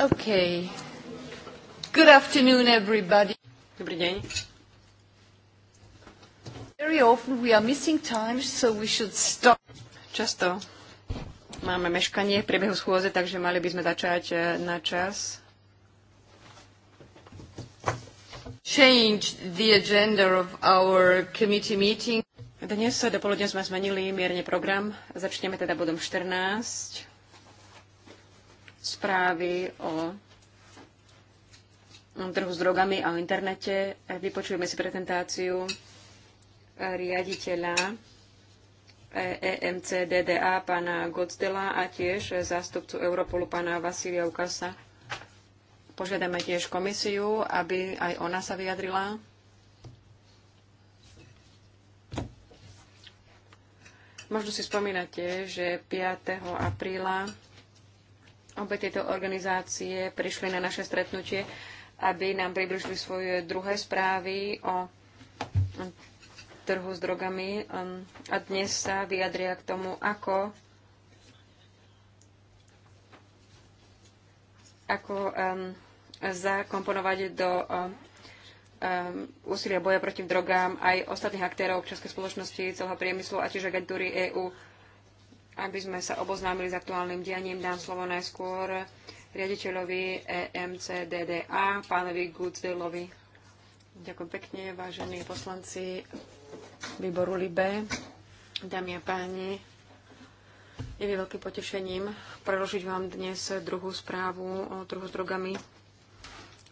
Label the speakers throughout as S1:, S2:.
S1: Okay. Good afternoon, everybody. Dobrý deň. Very often we are missing time,
S2: so we should stop. Často máme meškanie v priebehu schôze, takže mali by sme začať eh, na čas. Change the agenda of our committee meeting. Dnes sme zmenili mierne program. Začneme teda bodom 14 správy o trhu s drogami a o internete. Vypočujeme si prezentáciu riaditeľa EMC e DDA pána Godzdela a tiež zástupcu Europolu pána Vasilia Ukasa. Požiadame tiež komisiu, aby aj ona sa vyjadrila. Možno si spomínate, že 5. apríla Obe tieto organizácie prišli na naše stretnutie, aby nám približili svoje druhé správy o trhu s drogami um, a dnes sa vyjadria k tomu, ako ako um, zakomponovať do um, um úsilia boja proti drogám aj ostatných aktérov českej spoločnosti, celého priemyslu a tiež agentúry EÚ aby sme sa oboznámili s aktuálnym dianím. Dám slovo najskôr riaditeľovi EMCDDA, pánovi Goodsdaleovi. Ďakujem pekne, vážení poslanci výboru LIBE, dámy a páni. Je mi veľkým potešením preložiť vám dnes druhú správu o trhu s drogami,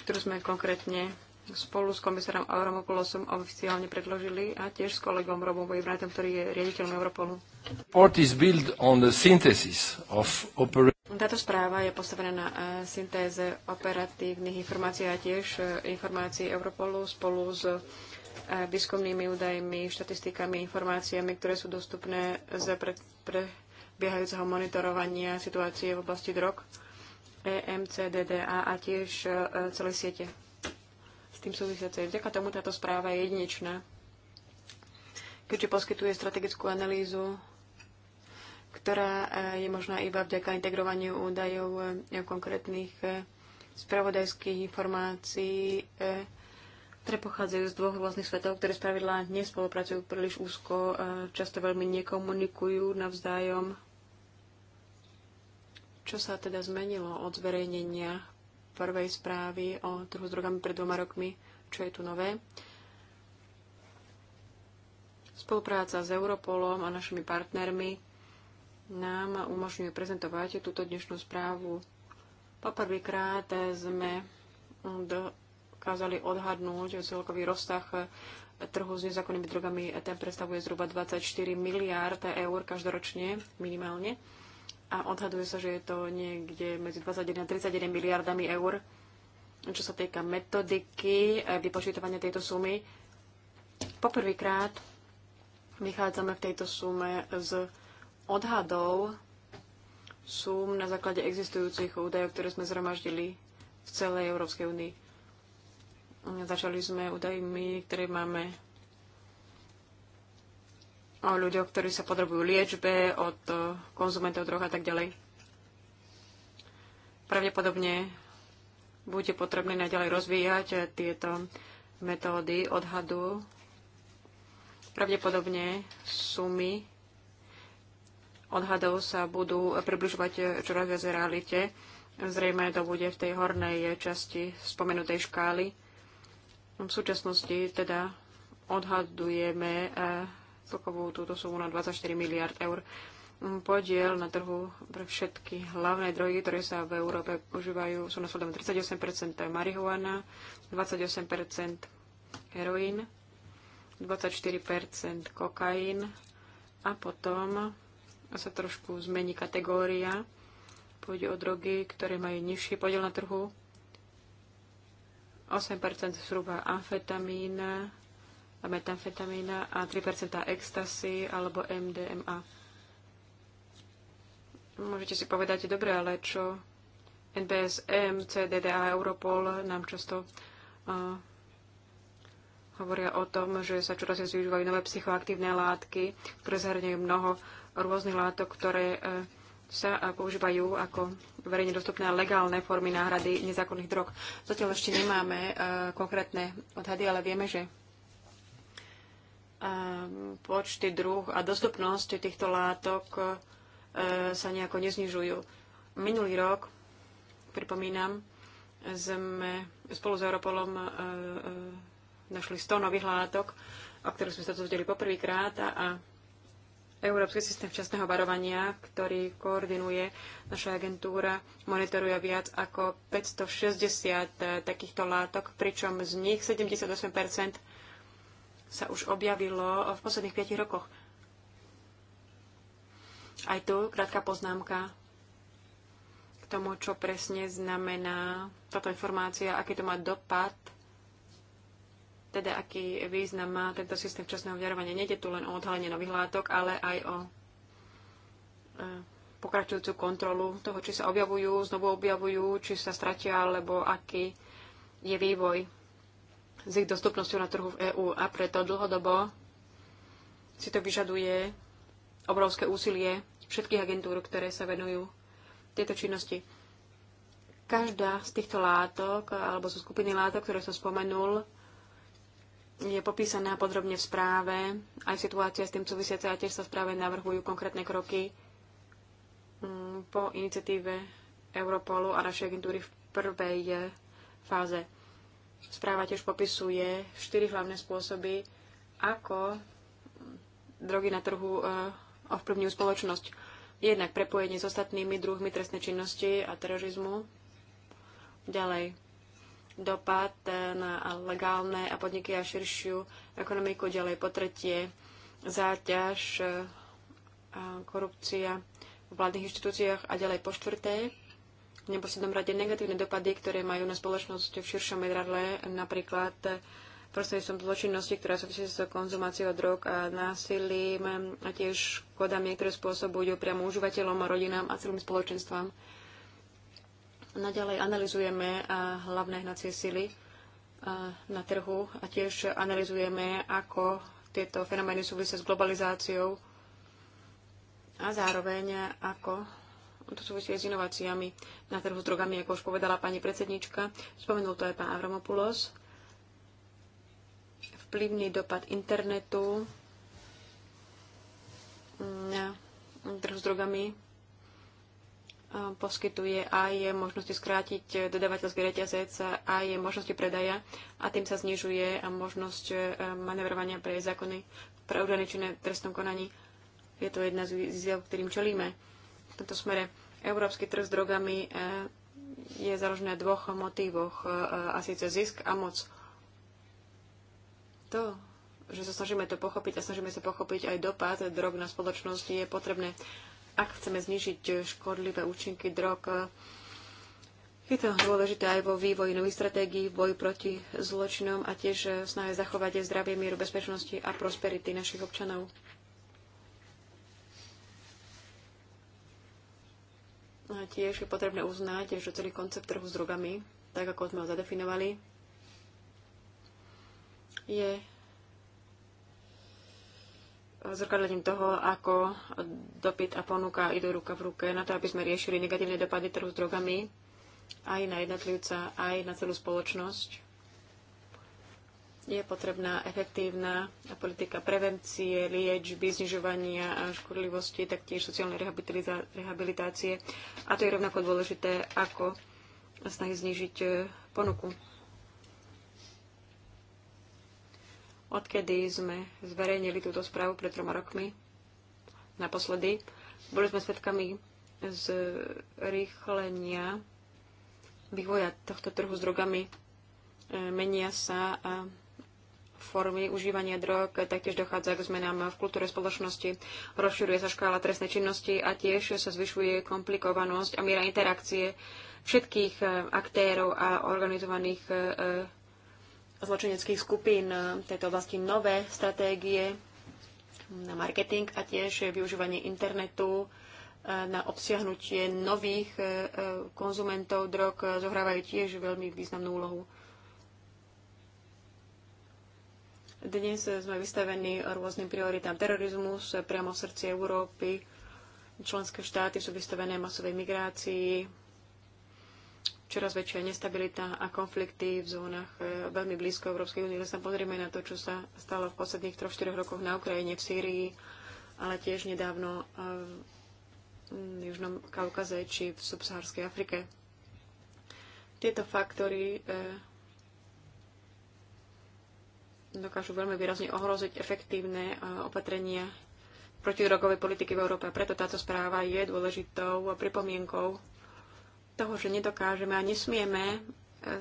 S2: ktorú sme konkrétne spolu s komisárom Avramopoulosom oficiálne predložili a tiež s kolegom Robom Vojvratom, ktorý je riaditeľom Europolu. Táto správa je postavená na e, syntéze operatívnych informácií a tiež e, informácií Europolu spolu s e, výskumnými údajmi, štatistikami, informáciami, ktoré sú dostupné z predbiehajúceho pre monitorovania situácie v oblasti drog, EMCDDA a tiež celej siete s tým súvisiace. Vďaka tomu táto správa je jedinečná, keďže poskytuje strategickú analýzu, ktorá e, je možná iba vďaka integrovaniu údajov e, konkrétnych e, spravodajských informácií, ktoré pochádzajú z dvoch rôznych svetov, ktoré spravidla nespolupracujú príliš úzko, často veľmi nekomunikujú navzájom. Čo sa teda zmenilo od zverejnenia prvej správy o trhu s drogami pred dvoma rokmi, čo je tu nové. Spolupráca s Europolom a našimi partnermi nám umožňuje prezentovať túto dnešnú správu. Poprvýkrát sme dokázali odhadnúť celkový rozsah trhu s nezákonnými drogami. Ten predstavuje zhruba 24 miliárd eur každoročne minimálne a odhaduje sa, že je to niekde medzi 21 a 31 miliardami eur. Čo sa týka metodiky eh, vypočítavania tejto sumy, poprvýkrát vychádzame v tejto sume z odhadov sum na základe existujúcich údajov, ktoré sme zhromaždili v celej Európskej únii. Začali sme údajmi, ktoré máme o ľuďoch, ktorí sa podrobujú liečbe, od e, konzumentov droh a tak ďalej. Pravdepodobne bude potrebné naďalej rozvíjať e, tieto metódy odhadu. Pravdepodobne sumy odhadov sa budú približovať e, čoraz viac realite. Zrejme to bude v tej hornej časti spomenutej škály. V súčasnosti teda odhadujeme celkovú túto sumu na 24 miliard eur. Mm, podiel na trhu pre všetky hlavné drogy, ktoré sa v Európe užívajú, sú nasledovne 38% marihuana, 28% heroín, 24% kokain a potom sa trošku zmení kategória. Pôjde o drogy, ktoré majú nižší podiel na trhu. 8% zhruba amfetamín, a metamfetamína a 3% ecstasy alebo MDMA. Môžete si povedať, dobre, ale čo NBSM, CDDA a Europol nám často uh, hovoria o tom, že sa čoraz využívajú nové psychoaktívne látky, ktoré zahrňujú mnoho rôznych látok, ktoré uh, sa e, používajú ako verejne dostupné a legálne formy náhrady nezákonných drog. Zatiaľ ešte nemáme uh, konkrétne odhady, ale vieme, že počty druh a dostupnosť týchto látok e, sa nejako neznižujú. Minulý rok, pripomínam, sme spolu s Europolom e, e, našli 100 nových látok, o ktorých sme sa dozvedeli poprvýkrát a, a Európsky systém včasného varovania, ktorý koordinuje naša agentúra, monitoruje viac ako 560 takýchto látok, pričom z nich 78 sa už objavilo v posledných 5 rokoch. Aj tu krátka poznámka k tomu, čo presne znamená táto informácia, aký to má dopad, teda aký význam má tento systém včasného vďarovania. Nede tu len o odhalenie nových látok, ale aj o e, pokračujúcu kontrolu toho, či sa objavujú, znovu objavujú, či sa stratia, alebo aký je vývoj s ich dostupnosťou na trhu v EÚ a preto dlhodobo si to vyžaduje obrovské úsilie všetkých agentúr, ktoré sa venujú tejto činnosti. Každá z týchto látok, alebo zo skupiny látok, ktoré som spomenul, je popísaná podrobne v správe, aj situácia s tým súvisiaca a tiež sa v správe navrhujú konkrétne kroky mm, po iniciatíve Europolu a našej agentúry v prvej fáze. Správa tiež popisuje štyri hlavné spôsoby, ako drogy na trhu e, ovplyvňujú spoločnosť. Jednak prepojenie s ostatnými druhmi trestnej činnosti a terorizmu. Ďalej, dopad e, na legálne a podniky a širšiu ekonomiku. Ďalej, po tretie, záťaž, e, korupcia v vládnych inštitúciách a ďalej po štvrté, v neposlednom rade negatívne dopady, ktoré majú na spoločnosť v širšom medradle, napríklad prostredníctvom zločinnosti, ktorá súvisí s konzumáciou drog a násilím a tiež škodami, ktoré spôsobujú priamo užívateľom, rodinám a celým spoločenstvám. Naďalej analizujeme hlavné hnacie sily na trhu a tiež analizujeme, ako tieto fenomény súvisia s globalizáciou a zároveň ako to súvisí s inováciami na trhu s drogami, ako už povedala pani predsednička. Spomenul to aj pán Avramopoulos. Vplyvný dopad internetu na trhu s drogami poskytuje aj možnosti skrátiť dodavateľský reťazec, aj možnosti predaja a tým sa znižuje možnosť e, manevrovania pre zákony pre organičné trestnom konaní. Je to jedna z výziev, ktorým čelíme v tomto smere európsky trh s drogami eh, je založený na dvoch motívoch, eh, a síce zisk a moc. To, že sa snažíme to pochopiť a snažíme sa pochopiť aj dopad drog na spoločnosti, je potrebné, ak chceme znižiť škodlivé účinky drog. Eh, je to dôležité aj vo vývoji nových stratégií, v boji proti zločinom a tiež snahe zachovať zdravie, mieru bezpečnosti a prosperity našich občanov. A tiež je potrebné uznať, že celý koncept trhu s drogami, tak ako sme ho zadefinovali, je zrkadlením toho, ako dopyt a ponuka idú ruka v ruke na to, aby sme riešili negatívne dopady trhu s drogami aj na jednotlivca, aj na celú spoločnosť je potrebná efektívna politika prevencie, liečby, znižovania škodlivosti, taktiež sociálnej rehabilitácie. A to je rovnako dôležité ako snahy znižiť e, ponuku. Odkedy sme zverejnili túto správu pred troma rokmi, naposledy, boli sme svedkami zrýchlenia vývoja tohto trhu s drogami. E, menia sa a formy užívania drog, taktiež dochádza k zmenám v kultúre spoločnosti, rozširuje sa škála trestnej činnosti a tiež sa zvyšuje komplikovanosť a miera interakcie všetkých e, aktérov a organizovaných e, e, zločineckých skupín v tejto oblasti nové stratégie na marketing a tiež využívanie internetu na obsiahnutie nových konzumentov drog zohrávajú tiež veľmi významnú úlohu. Dnes sme vystavení rôznym prioritám. Terorizmus priamo v srdci Európy, členské štáty sú vystavené masovej migrácii, čoraz väčšia nestabilita a konflikty v zónach e, veľmi blízko Európskej únie. Sa pozrieme na to, čo sa stalo v posledných 3-4 rokoch na Ukrajine, v Sýrii, ale tiež nedávno e, v Južnom Kaukaze či v subsahárskej Afrike. Tieto faktory e, dokážu veľmi výrazne ohroziť efektívne e, opatrenia protidrogovej politiky v Európe. Preto táto správa je dôležitou pripomienkou toho, že nedokážeme a nesmieme e,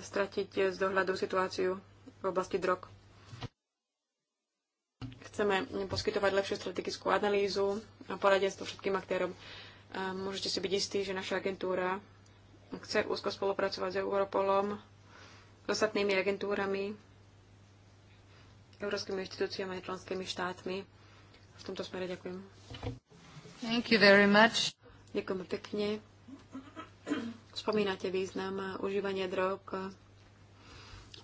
S2: stratiť z dohľadu situáciu v oblasti drog. Chceme poskytovať lepšiu strategickú analýzu a poradenstvo všetkým aktérom. E, môžete si byť istí, že naša agentúra chce úzko spolupracovať s Europolom, s ostatnými agentúrami európskymi inštitúciami a členskými štátmi. V tomto smere ďakujem. Thank you very much. Ďakujem pekne. Spomínate význam užívania drog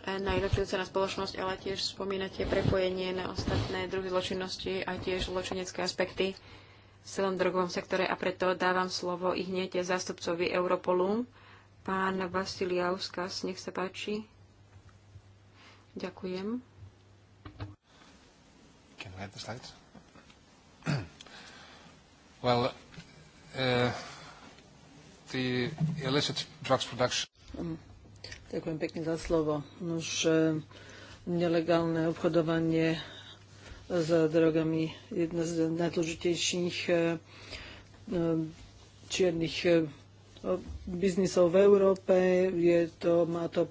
S2: na jednotlivce na spoločnosť, ale tiež spomínate prepojenie na ostatné druhy zločinnosti a tiež zločinecké aspekty v celom drogovom sektore a preto dávam slovo i hneď zástupcovi Europolu. Pán Vasiliauskas, nech sa páči. Ďakujem.
S3: Can we have the slides?
S2: well, uh, the illicit drugs production...
S3: Mm. Ďakujem pekne za slovo. Nož, eh, nelegálne obchodovanie s drogami je jedna z najdôležitejších eh, eh, čiernych biznisov v Európe, je to, má to,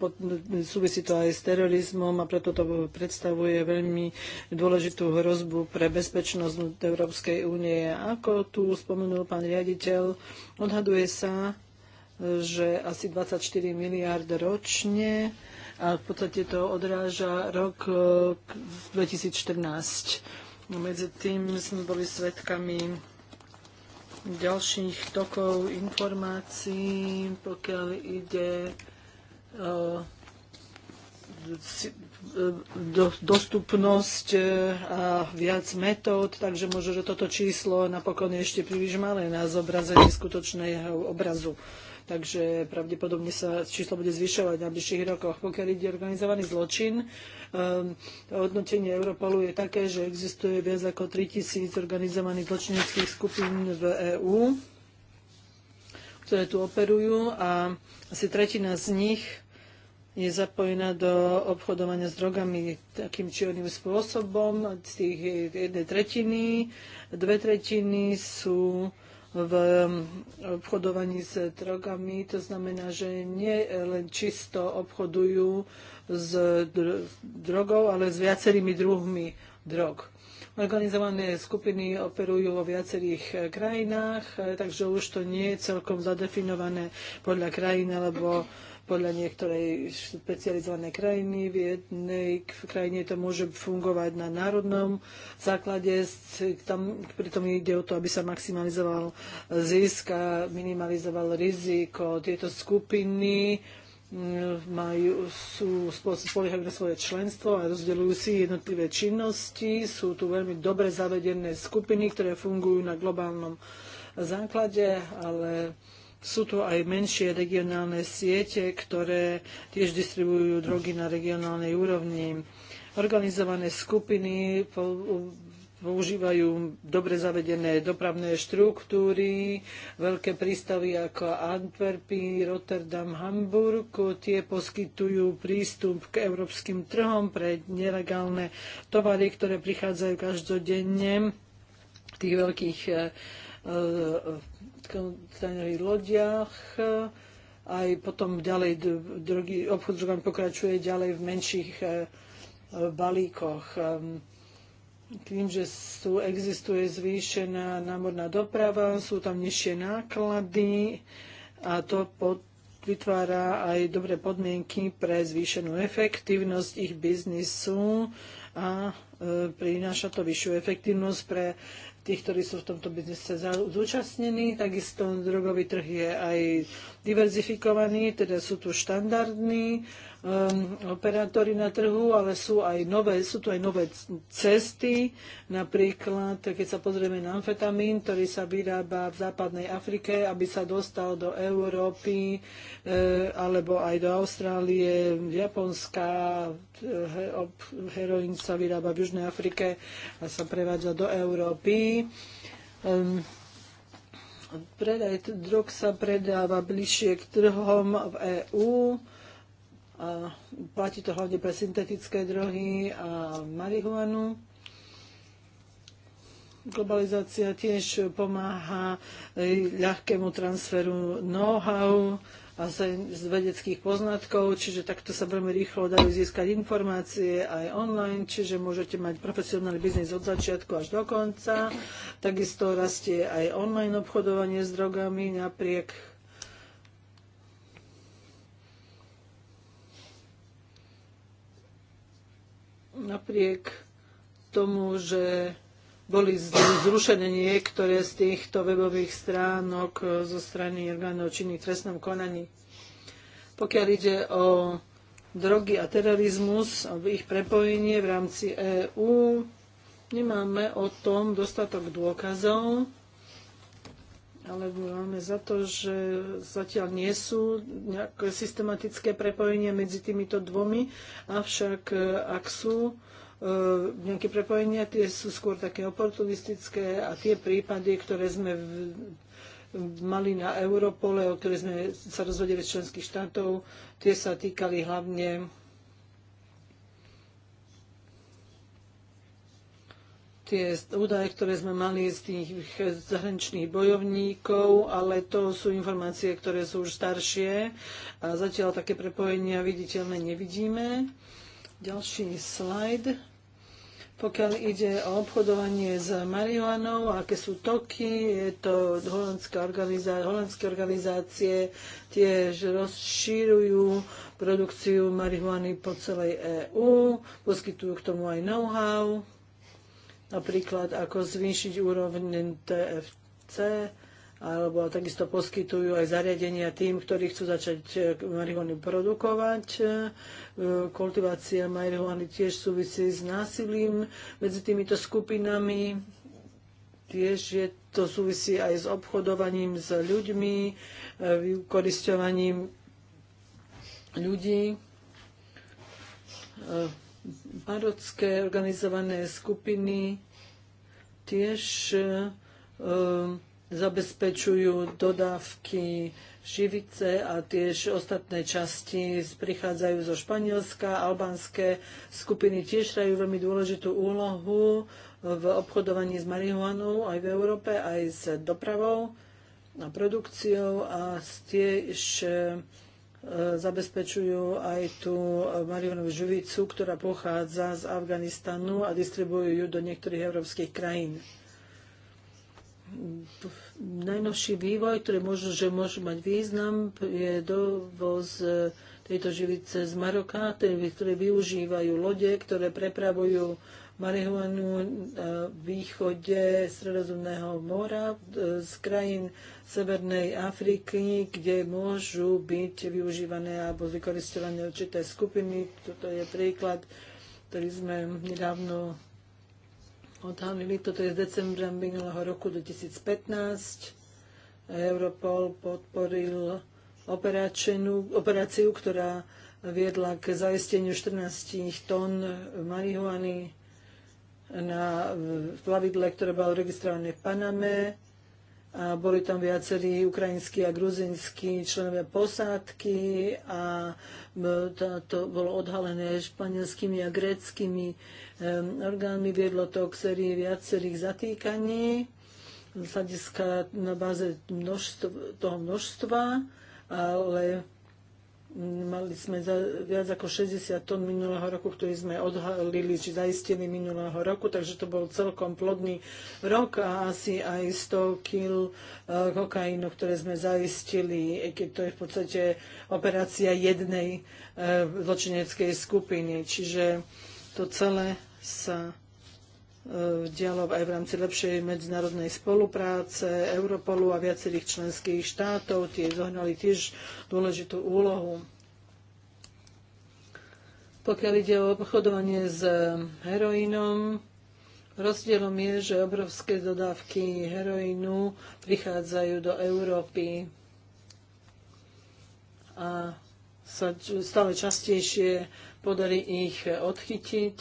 S3: súvisí to aj s terorizmom a preto to predstavuje veľmi dôležitú hrozbu pre bezpečnosť Európskej únie. Ako tu spomenul pán riaditeľ, odhaduje sa, že asi 24 miliard ročne a v podstate to odráža rok 2014. Eh, Medzi tým sme boli svedkami ďalších tokov informácií, pokiaľ ide do, dostupnosť e, a viac metód, takže možno, že toto číslo napokon je ešte príliš malé na zobrazenie skutočného obrazu takže pravdepodobne sa číslo bude zvyšovať v najbližších rokoch. Pokiaľ ide organizovaný zločin, um, hodnotenie Europolu je také, že existuje viac ako 3000 organizovaných zločineckých skupín v EÚ, ktoré tu operujú a asi tretina z nich je zapojená do obchodovania s drogami takým či oným spôsobom. Z tých jednej tretiny, dve tretiny sú v um, obchodovaní s drogami. To znamená, že nie len čisto obchodujú s drogou, ale s viacerými druhmi drog. Organizované skupiny operujú vo viacerých eh, krajinách, eh, takže už to nie je celkom zadefinované podľa krajín lebo podľa niektorej špecializovanej krajiny. V jednej krajine to môže fungovať na národnom základe, tam, pritom ide o to, aby sa maximalizoval zisk a minimalizoval riziko. Tieto skupiny mm, majú, sú, spoliehajú na svoje členstvo a rozdeľujú si jednotlivé činnosti. Sú tu veľmi dobre zavedené skupiny, ktoré fungujú na globálnom základe, ale sú tu aj menšie regionálne siete, ktoré tiež distribujú drogy na regionálnej úrovni. Organizované skupiny používajú dobre zavedené dopravné štruktúry, veľké prístavy ako Antwerpy, Rotterdam, Hamburg. Tie poskytujú prístup k európskym trhom pre nelegálne tovary, ktoré prichádzajú každodenne v tých veľkých eh, kontajnerových lodiach. Aj potom ďalej drogy, obchod s drogami pokračuje ďalej v menších eh, balíkoch. Ehm, tým, že tu existuje zvýšená námorná doprava, sú tam nižšie náklady a to pod vytvára aj dobré podmienky pre zvýšenú efektívnosť ich biznisu a e, prináša to vyššiu efektívnosť pre tých, ktorí sú v tomto biznise zúčastnení. Takisto drogový trh je aj diverzifikovaný, teda sú tu štandardní um, operátori na trhu, ale sú, aj nové, sú tu aj nové cesty. Napríklad, keď sa pozrieme na amfetamín, ktorý sa vyrába v západnej Afrike, aby sa dostal do Európy, e, alebo aj do Austrálie, Japonska, e, eh, heroin sa vyrába v Južnej Afrike a sa prevádza do Európy. Um, predaj drog sa predáva bližšie k trhom v EÚ a platí to hlavne pre syntetické drohy a marihuanu. Globalizácia tiež pomáha e, ľahkému transferu know-how a z vedeckých poznatkov, čiže takto sa veľmi rýchlo dajú získať informácie aj online, čiže môžete mať profesionálny biznis od začiatku až do konca. Takisto rastie aj online obchodovanie s drogami napriek napriek tomu, že boli zrušené niektoré z týchto webových stránok e, zo strany orgánov činných v trestnom konaní. Pokiaľ ide o drogy a terorizmus, o ich prepojenie v rámci EÚ, nemáme o tom dostatok dôkazov alebo máme za to, že zatiaľ nie sú nejaké systematické prepojenia medzi týmito dvomi, avšak e, ak sú e, nejaké prepojenia, tie sú skôr také oportunistické a tie prípady, ktoré sme v, mali na Europole, o ktoré sme sa rozhodili z členských štátov, tie sa týkali hlavne tie údaje, ktoré sme mali z tých zahraničných bojovníkov, ale to sú informácie, ktoré sú už staršie a zatiaľ také prepojenia viditeľné nevidíme. Ďalší slajd pokiaľ ide o obchodovanie s marihuanou, aké sú toky, je to holandské organizácie tiež rozšírujú produkciu marihuany po celej EÚ, poskytujú k tomu aj know-how napríklad ako zvýšiť úroveň TFC, alebo takisto poskytujú aj zariadenia tým, ktorí chcú začať e, marihuany produkovať. E, Kultivácia marihuany tiež súvisí s násilím medzi týmito skupinami. Tiež je, to súvisí aj s obchodovaním s ľuďmi, e, vykoristovaním ľudí marocké organizované skupiny tiež e, e, zabezpečujú dodávky živice a tiež ostatné časti prichádzajú zo Španielska. Albánske skupiny tiež hrajú veľmi dôležitú úlohu v obchodovaní s marihuanou aj v Európe, aj s dopravou a produkciou a tiež e, zabezpečujú aj tú marihuanovú živicu, ktorá pochádza z Afganistanu a distribujú ju do niektorých európskych krajín. Najnovší vývoj, ktorý môžu, že môže mať význam, je dovoz tejto živice z Maroka, ktorý využívajú lode, ktoré prepravujú marihuanu na východe Stredozemného mora e, z krajín Severnej Afriky, kde môžu byť využívané alebo vykoristované určité skupiny. Toto je príklad, ktorý sme nedávno odhalili. Toto je z decembra minulého roku 2015. Europol podporil operáciu, ktorá viedla k zaisteniu 14 tón marihuany na plavidle, ktoré bolo registrované v Paname a boli tam viacerí ukrajinskí a gruzinskí členovia posádky a to bolo odhalené španielskými a gréckými orgánmi. Viedlo to k sérii viacerých zatýkaní z hľadiska na báze množstv, toho množstva, ale Mali sme za viac ako 60 tón minulého roku, ktorý sme odhalili či zaistili minulého roku, takže to bol celkom plodný rok a asi aj 100 kg e, kokainu, ktoré sme zaistili, e, keď to je v podstate operácia jednej e, zločineckej skupiny. Čiže to celé sa E, dialo aj v rámci lepšej medzinárodnej spolupráce Europolu a viacerých členských štátov. Tie zohnali tiež dôležitú úlohu. Pokiaľ ide o obchodovanie s heroínom, rozdielom je, že obrovské dodávky heroínu prichádzajú do Európy a sa stále častejšie podarí ich odchytiť.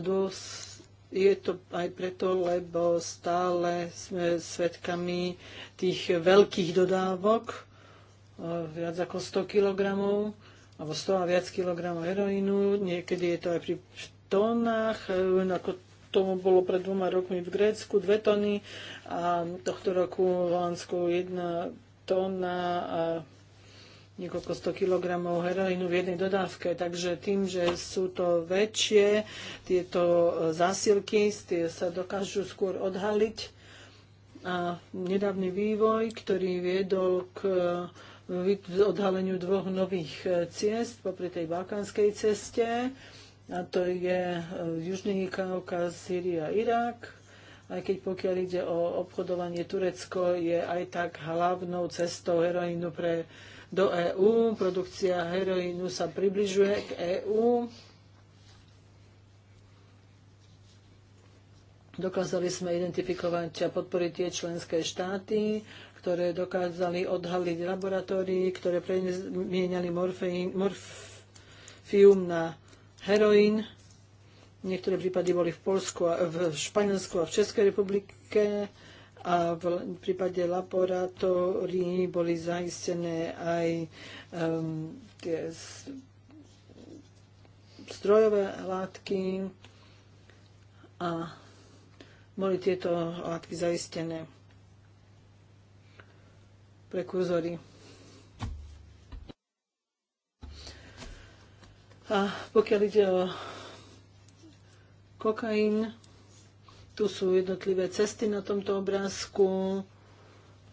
S3: dôs je to aj preto, lebo stále sme svedkami tých veľkých dodávok, e, viac ako 100 kg, alebo 100 a viac kilogramov heroínu, niekedy je to aj pri tónach, e, ako tomu bolo pred dvoma rokmi v Grécku dve tony a tohto roku v Holandsku jedna tóna a niekoľko 100 kg heroínu v jednej dodávke. Takže tým, že sú to väčšie tieto e, zásilky, tie sa dokážu skôr odhaliť. A nedávny vývoj, ktorý viedol k e, odhaleniu dvoch nových e, ciest popri tej balkánskej ceste, a to je Južný Kaukaz, Sýria, Irak, aj keď pokiaľ ide o obchodovanie, Turecko je aj tak hlavnou cestou heroínu pre do EÚ, produkcia heroínu sa približuje k EÚ. Dokázali sme identifikovať a podporiť tie členské štáty, ktoré dokázali odhaliť laboratórii, ktoré premieniali morfium na heroín. Niektoré prípady boli v Polsku a v Španielsku a v Českej republike a v prípade laboratórií boli zaistené aj um, tie strojové látky a boli tieto látky zaistené prekurzory. A pokiaľ ide o kokain, tu sú jednotlivé cesty na tomto obrázku.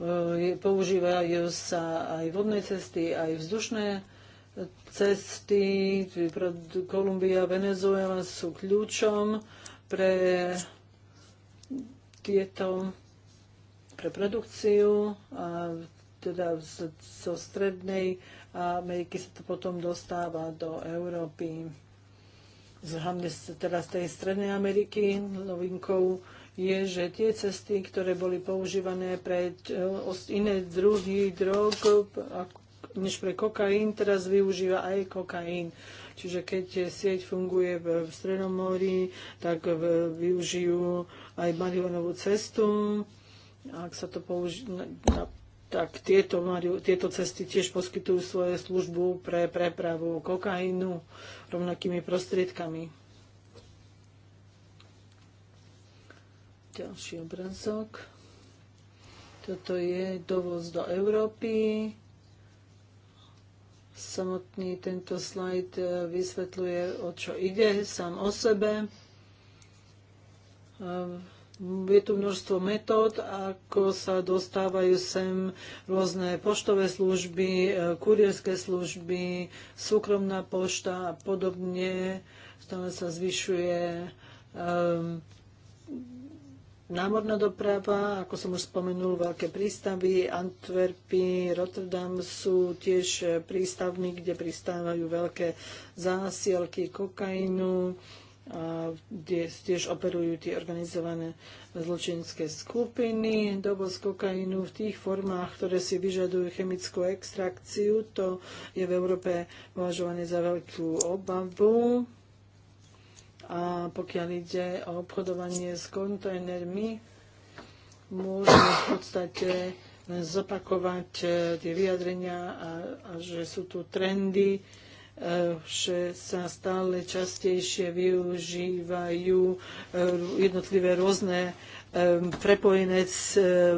S3: E, používajú sa aj vodné cesty, aj vzdušné cesty. Kolumbia a Venezuela sú kľúčom pre tieto pre produkciu a teda zo Strednej Ameriky sa to potom dostáva do Európy hlavne teraz tej Strednej Ameriky. Novinkou je, že tie cesty, ktoré boli používané pre e, iné druhy drog, než pre kokain, teraz využíva aj kokain. Čiže keď sieť funguje v Strednom mori, tak využijú aj marihuanovú cestu. Ak sa to použi- tak tieto, mariu, tieto cesty tiež poskytujú svoje službu pre prepravu kokainu rovnakými prostriedkami. Ďalší obrazok. Toto je dovoz do Európy. Samotný tento slajd eh, vysvetľuje, o čo ide sám o sebe. Um je tu množstvo metód, ako sa dostávajú sem rôzne poštové služby, e, kurierské služby, súkromná pošta a podobne. Stále sa zvyšuje um, námorná doprava, ako som už spomenul, veľké prístavy, Antwerpy, Rotterdam sú tiež e, prístavmi, kde pristávajú veľké zásielky kokainu. Um, kde tiež operujú tie organizované zločinské skupiny. Dovoz kokainu v tých formách, ktoré si vyžadujú chemickú extrakciu, to je v Európe považované za veľkú obavu. A pokiaľ ide o obchodovanie s kontajnermi, môžeme v podstate zopakovať eh, tie vyjadrenia a, a že sú tu trendy, že sa stále častejšie využívajú eh, jednotlivé rôzne eh, prepojené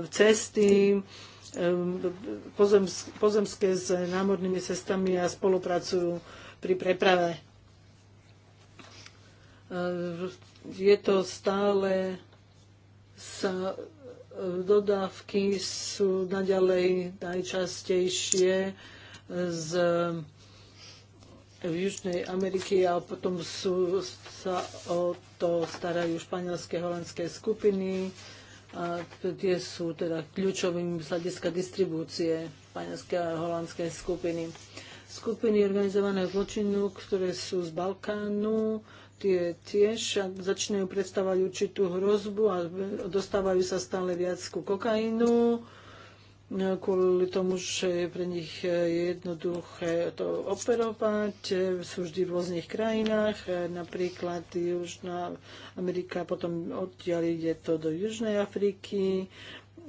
S3: cesty, eh, pozemské s námornými cestami a spolupracujú pri preprave. Je to stále sa dodávky sú naďalej najčastejšie z v Južnej Amerike a potom sú, sa o to starajú španielské, holandské skupiny a tie sú teda kľúčovým z hľadiska distribúcie španielské a holandské skupiny. Skupiny organizovaného zločinu, ktoré sú z Balkánu, tie tiež začínajú predstavovať určitú hrozbu a dostávajú sa stále viac ku kokainu No, kvôli tomu, že pre nich je jednoduché to operovať, e, sú vždy v rôznych krajinách, e, napríklad Južná Amerika, potom odtiaľ ide to do Južnej Afriky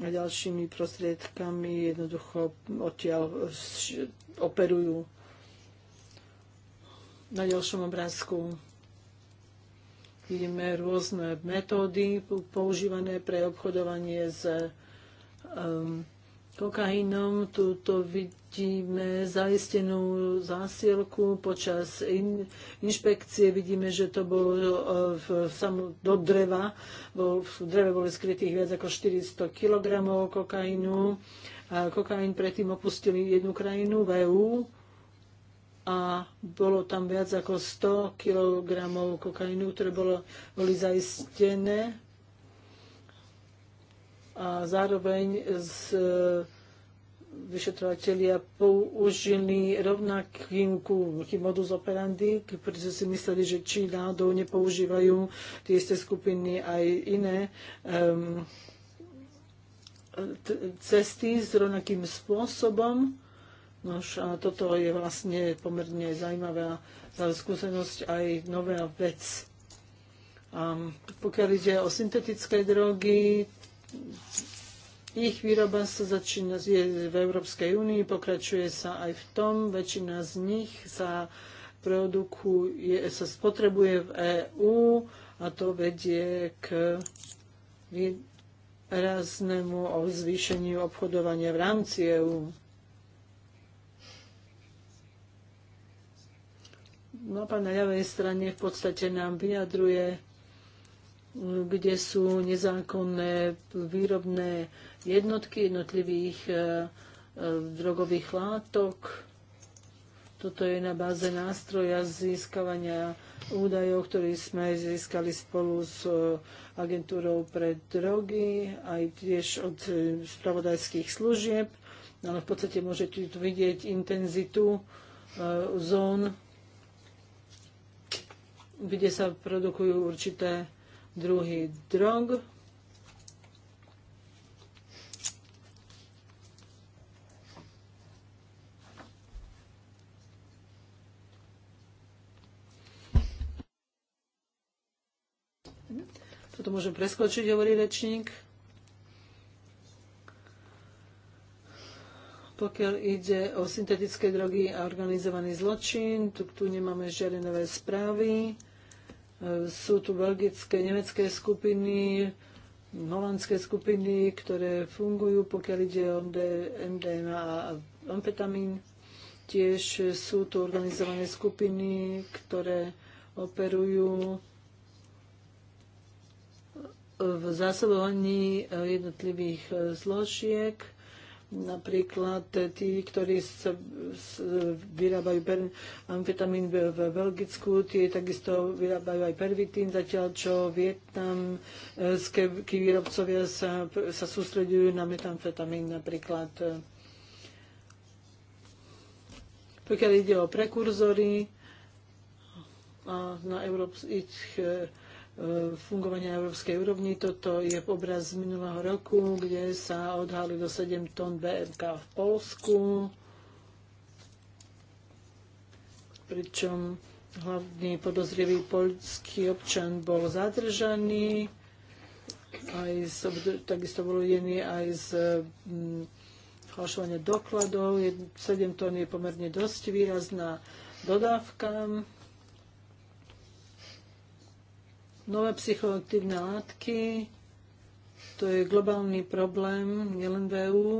S3: a ďalšími prostriedkami jednoducho odtiaľ operujú. Na ďalšom obrázku vidíme rôzne metódy používané pre obchodovanie s um, kokainom. Tuto vidíme zaistenú zásielku. Počas in, inšpekcie vidíme, že to bolo e, v, v, do dreva. Bol, v dreve boli skrytých viac ako 400 kg kokainu. A kokain predtým opustili jednu krajinu, v EU a bolo tam viac ako 100 kg kokainu, ktoré bolo, boli zaistené a zároveň z e, vyšetrovateľia použili rovnakým modus operandi, pretože si mysleli, že či náhodou nepoužívajú tie isté skupiny aj iné um, cesty s rovnakým spôsobom. Nož, a toto je vlastne pomerne zaujímavá skúsenosť aj nová vec. A pokiaľ ide o syntetické drogy, ich výroba sa začína v Európskej únii, pokračuje sa aj v tom, väčšina z nich sa produkuje, sa spotrebuje v EÚ a to vedie k výraznému zvýšeniu obchodovania v rámci EÚ. No pán na ľavej strane v podstate nám vyjadruje kde sú nezákonné výrobné jednotky jednotlivých e, e, drogových látok. Toto je na báze nástroja získavania údajov, ktorý sme získali spolu s e, agentúrou pre drogy, aj tiež od spravodajských služieb. Ale v podstate môžete tu vidieť intenzitu zón, kde sa produkujú určité Druhý drog. Toto môžem preskočiť, hovorí rečník. Pokiaľ ide o syntetické drogy a organizovaný zločin, tu, tu nemáme žiadne nové správy. Sú tu belgické, nemecké skupiny, holandské skupiny, ktoré fungujú, pokiaľ ide o MDMA a amfetamín. Tiež sú tu organizované skupiny, ktoré operujú v zásobovaní jednotlivých zložiek Napríklad eh, tí, ktorí sa, vyrábajú per, amfetamín v, v Belgicku, tie takisto vyrábajú aj pervitín, zatiaľ čo vietnamskí výrobcovia sa, sa sústredujú na metamfetamín napríklad. Pokiaľ ide o prekurzory, a na európskych eh, E, fungovania európskej úrovni. Toto je obraz z minulého roku, kde sa odhalilo 7 tón BMK v Polsku, pričom hlavný podozrivý poľský občan bol zadržaný, aj z, takisto bol ujený aj z mm, falšovania dokladov. 7 tón je pomerne dosť výrazná dodávka. Nové psychoaktívne látky, to je globálny problém, nielen v EU.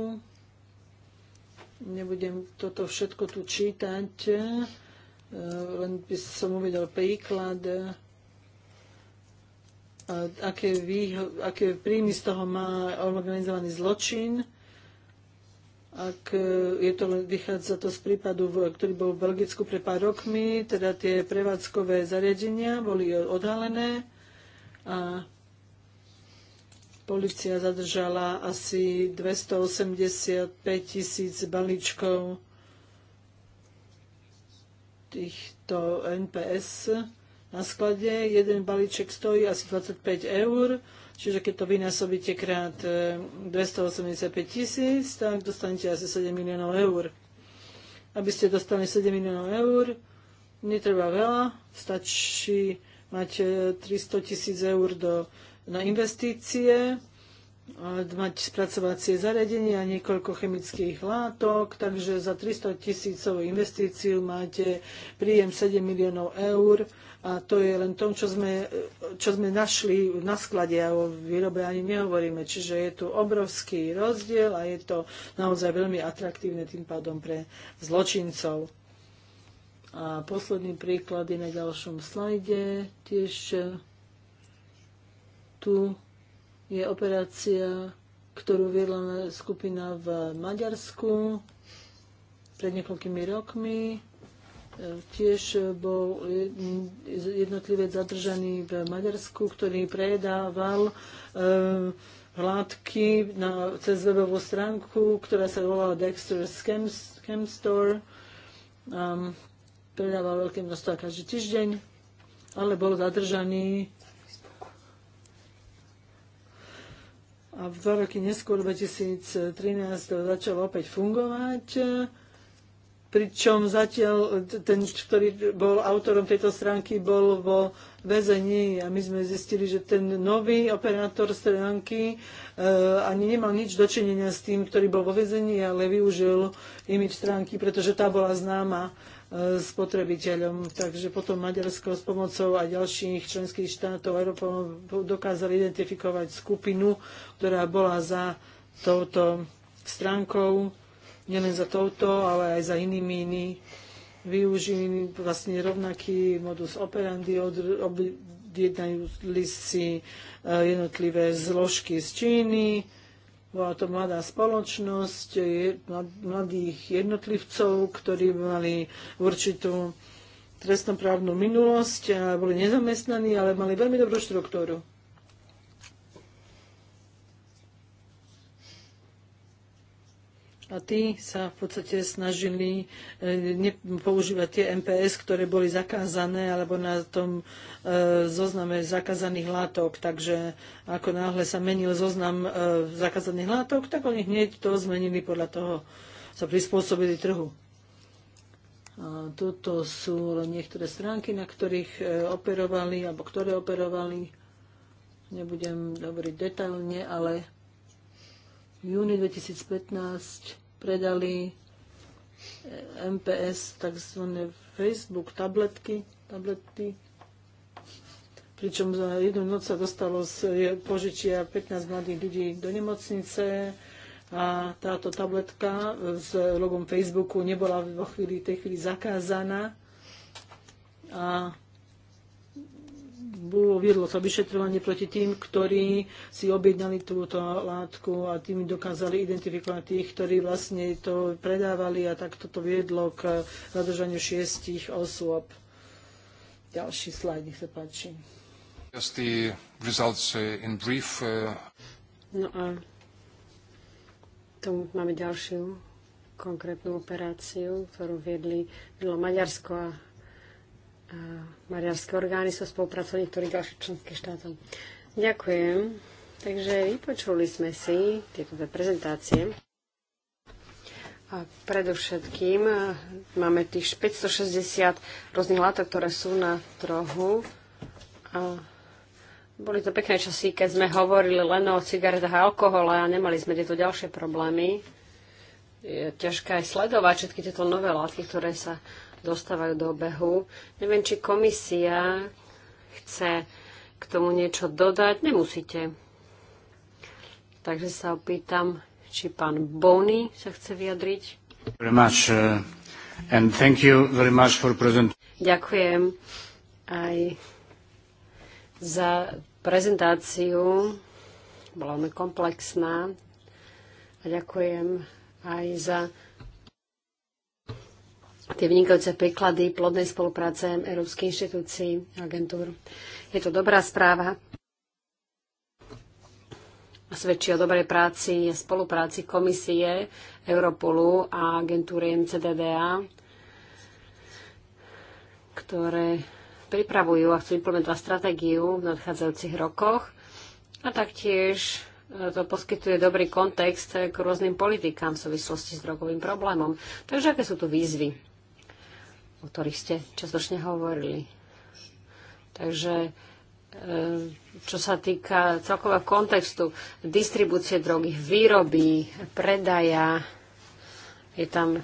S3: Nebudem toto všetko tu čítať, e, len by som uvedel príklad, e, aké, výho- aké príjmy z toho má organizovaný zločin. Ak e, je to, vychádza to z prípadu, ktorý bol v Belgicku pre pár rokmi, teda tie prevádzkové zariadenia boli odhalené a policia zadržala asi 285 tisíc balíčkov týchto NPS na sklade. Jeden balíček stojí asi 25 eur, čiže keď to vynásobíte krát 285 e, tisíc, tak dostanete asi 7 miliónov eur. Aby ste dostali 7 miliónov eur, netreba veľa, stačí mať 300 e, tisíc eur do, na investície, mať spracovacie zariadenie a niekoľko chemických látok, takže za 300 tisícovú investíciu máte príjem 7 miliónov eur a to je len to, čo sme, čo sme našli na sklade a o výrobe ani nehovoríme. Čiže je tu obrovský rozdiel a je to naozaj veľmi atraktívne tým pádom pre zločincov. A posledný príklad je na ďalšom slajde. Tiež eh, tu je operácia, ktorú viedla skupina v Maďarsku pred niekoľkými rokmi. Eh, tiež eh, bol jednotlivec zadržaný v Maďarsku, ktorý predával hladky na, cez webovú stránku, ktorá sa volala Dexter Scam, Scam Store. Um, predával veľké množstvo každý týždeň, ale bol zadržaný a v dva roky neskôr, 2013, začal opäť fungovať. Pričom zatiaľ ten, ktorý bol autorom tejto stránky, bol vo väzení a my sme zistili, že ten nový operátor stránky e, ani nemal nič dočinenia s tým, ktorý bol vo väzení, ale využil imič stránky, pretože tá bola známa spotrebiteľom. Takže potom Maďarsko s pomocou aj ďalších členských štátov Európov dokázali identifikovať skupinu, ktorá bola za touto stránkou, nielen za touto, ale aj za inými, iní využili vlastne rovnaký modus operandi, od, objednajú si eh, jednotlivé zložky z Číny, bola to mladá spoločnosť mladých jednotlivcov, ktorí mali určitú trestnoprávnu minulosť a boli nezamestnaní, ale mali veľmi dobrú štruktúru. a tí sa v podstate snažili e, používať tie MPS, ktoré boli zakázané alebo na tom e, zozname zakázaných látok. Takže ako náhle sa menil zoznam e, zakázaných látok, tak oni hneď to zmenili podľa toho, sa prispôsobili trhu. A toto sú len niektoré stránky, na ktorých operovali, alebo ktoré operovali. Nebudem hovoriť detailne, ale v júni 2015 predali eh, MPS tzv. Facebook tabletky, tablety, pričom za jednu noc sa dostalo z eh, požičia 15 mladých ľudí do nemocnice a táto tabletka eh, s logom Facebooku nebola vo chvíli, tej chvíli zakázaná a bolo viedlo sa vyšetrovanie proti tým, ktorí si objednali túto látku a tým dokázali identifikovať tých, ktorí vlastne to predávali a tak toto viedlo k zadržaniu šiestich osôb. Ďalší slajd, nech sa páči. Just the results uh, in brief. Uh, no a
S1: tu máme ďalšiu konkrétnu operáciu, ktorú viedli, viedlo Maďarsko a maďarské orgány sú spolupracovní niektorých ďalších členských štátov. Ďakujem. Takže vypočuli sme si tieto dve prezentácie. A predovšetkým e, máme tých 560 rôznych látok, ktoré sú na trohu. A boli to pekné časy, keď sme hovorili len o cigaretách a alkohole a nemali sme tieto ďalšie problémy. Je ťažké aj sledovať všetky tieto nové látky, ktoré sa dostávajú do obehu. Neviem, či komisia chce k tomu niečo dodať. Nemusíte. Takže sa opýtam, či pán Bony sa chce vyjadriť.
S3: Much, uh,
S1: Ďakujem aj za prezentáciu. Bola veľmi komplexná. A ďakujem aj za tie vynikajúce príklady plodnej spolupráce Európskej inštitúcií a agentúr. Je to dobrá správa a svedčí o dobrej práci a spolupráci komisie Europolu a agentúry MCDDA, ktoré pripravujú a chcú implementovať stratégiu v nadchádzajúcich rokoch a taktiež e, to poskytuje dobrý kontext k rôznym politikám v súvislosti s drogovým problémom. Takže aké sú tu výzvy? o ktorých ste častočne hovorili. Takže e, čo sa týka celkového kontextu distribúcie drogy, výroby, predaja, je tam,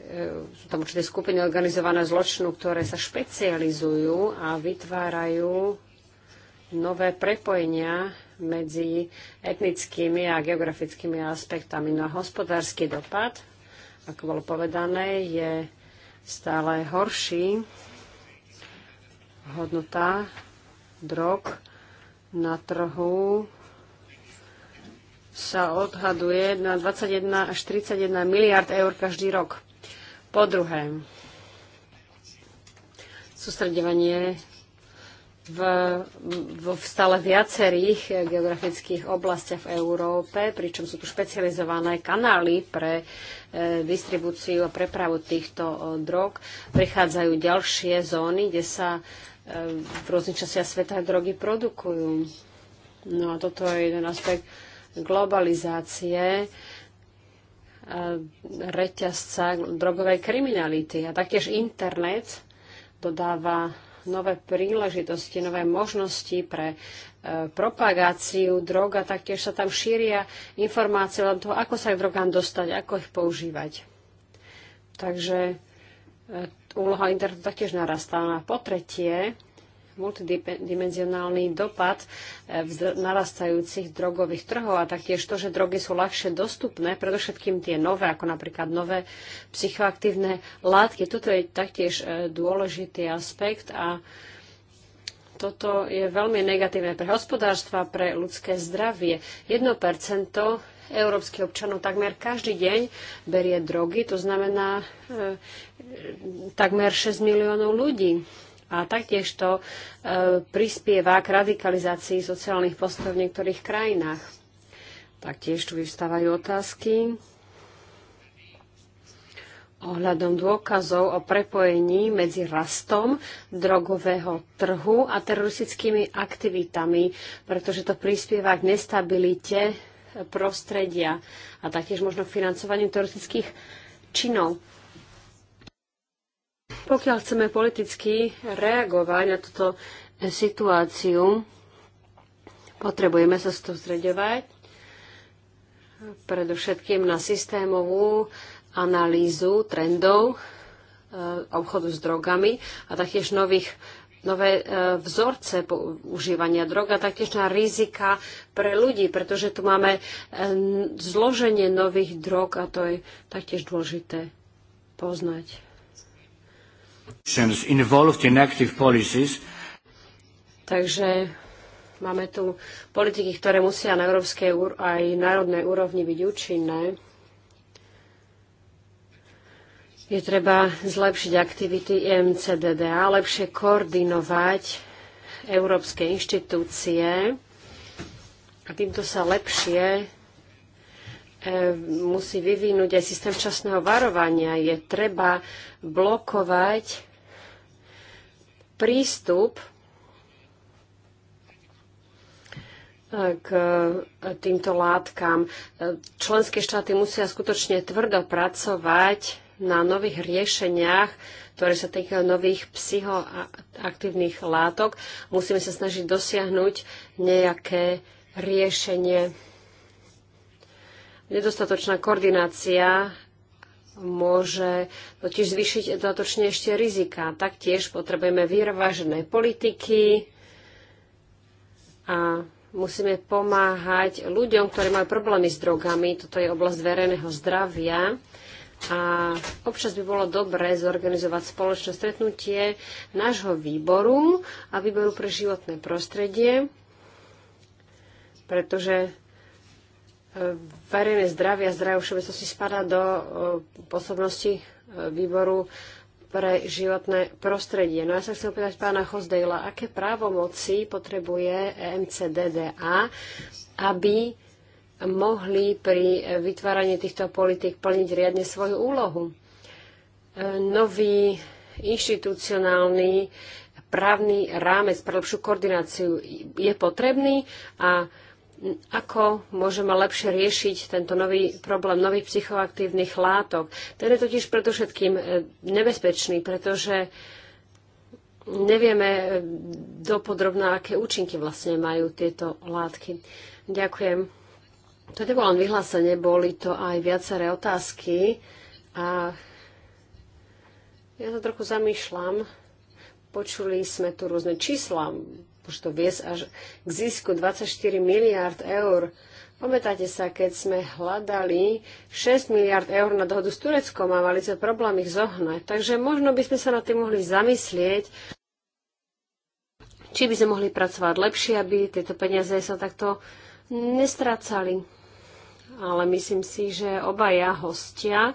S1: e, sú tam určité skupiny organizované zločinu, ktoré sa špecializujú a vytvárajú nové prepojenia medzi etnickými a geografickými aspektami. No a hospodársky dopad, ako bolo povedané, je stále horší. Hodnota drog na trhu sa odhaduje na 21 až 31 miliard eur každý rok. Po druhé, sústredovanie v, v, v stále viacerých eh, geografických oblastiach v Európe, pričom sú tu špecializované kanály pre e, distribúciu a prepravu týchto o, eh, drog. Prichádzajú ďalšie zóny, kde sa e, v rôznych častiach sveta drogy produkujú. No a toto je jeden aspekt globalizácie reťazca drogovej kriminality. A taktiež internet dodáva nové príležitosti, nové možnosti pre e, propagáciu drog a taktiež sa tam šíria informácie o tom, ako sa k drogám dostať, ako ich používať. Takže e, úloha internetu taktiež narastá. A po tretie, multidimenzionálny dopad eh, v narastajúcich drogových trhov a taktiež to, že drogy sú ľahšie dostupné, predovšetkým tie nové, ako napríklad nové psychoaktívne látky. Toto je taktiež eh, dôležitý aspekt a toto je veľmi negatívne pre hospodárstva, pre ľudské zdravie. 1% európskych občanov takmer každý deň berie drogy, to znamená e, takmer 6 miliónov ľudí a taktiež to e, prispieva k radikalizácii sociálnych postojov v niektorých krajinách. Taktiež tu vyvstávajú otázky ohľadom dôkazov o prepojení medzi rastom drogového trhu a teroristickými aktivitami, pretože to prispieva k nestabilite prostredia a taktiež možno financovaniu teroristických činov. Pokiaľ chceme politicky reagovať na túto situáciu, potrebujeme sa sústreďovať predovšetkým na systémovú analýzu trendov e, obchodu s drogami a taktiež nových, nové e, vzorce užívania drog a taktiež na rizika pre ľudí, pretože tu máme e, zloženie nových drog a to je taktiež dôležité poznať. Takže máme tu politiky, ktoré musia na európskej aj národnej úrovni byť účinné. Je treba zlepšiť aktivity a lepšie koordinovať európske inštitúcie a týmto sa lepšie E, musí vyvinúť aj systém časného varovania. Je treba blokovať prístup e, k e, týmto látkam. Členské štáty musia skutočne tvrdo pracovať na nových riešeniach, ktoré sa týkajú nových psychoaktívnych látok. Musíme sa snažiť dosiahnuť nejaké riešenie nedostatočná koordinácia môže totiž zvýšiť dodatočne ešte rizika. Taktiež potrebujeme vyrovážené politiky a musíme pomáhať ľuďom, ktorí majú problémy s drogami. Toto je oblasť verejného zdravia. A občas by bolo dobré zorganizovať spoločné stretnutie nášho výboru a výboru pre životné prostredie, pretože verejné zdravie a zdravie všeobecnosti spadá do e, pôsobnosti e, výboru pre životné prostredie. No ja sa chcem opýtať pána Hozdejla, aké právomoci potrebuje EMCDDA, aby mohli pri vytváraní týchto politik plniť riadne svoju úlohu. E, nový inštitucionálny právny rámec pre lepšiu koordináciu je potrebný a ako môžeme lepšie riešiť tento nový problém nových psychoaktívnych látok. Ten je totiž predovšetkým e, nebezpečný, pretože nevieme e, dopodrobná, aké účinky vlastne majú tieto látky. Ďakujem. To nebolo len vyhlásenie, boli to aj viaceré otázky a ja sa trochu zamýšľam. Počuli sme tu rôzne čísla, to viesť až k zisku 24 miliard eur. Pamätáte sa, keď sme hľadali 6 miliard eur na dohodu s Tureckom a mali sme problém ich zohnať. Takže možno by sme sa na tým mohli zamyslieť, či by sme mohli pracovať lepšie, aby tieto peniaze sa takto nestracali. Ale myslím si, že obaja hostia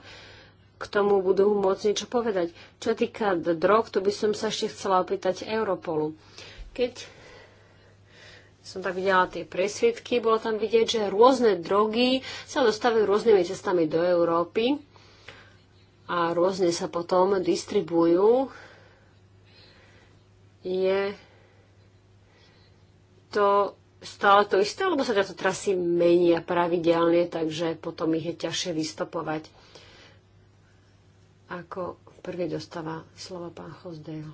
S1: k tomu budú môcť niečo povedať. Čo týka drog, tu by som sa ešte chcela opýtať Europolu. Keď som tak videla tie presvietky, bolo tam vidieť, že rôzne drogy sa dostávajú rôznymi cestami do Európy a rôzne sa potom distribujú. Je to stále to isté, lebo sa tieto trasy menia pravidelne, takže potom ich je ťažšie vystopovať. Ako prvý dostáva slovo pán Chosdale.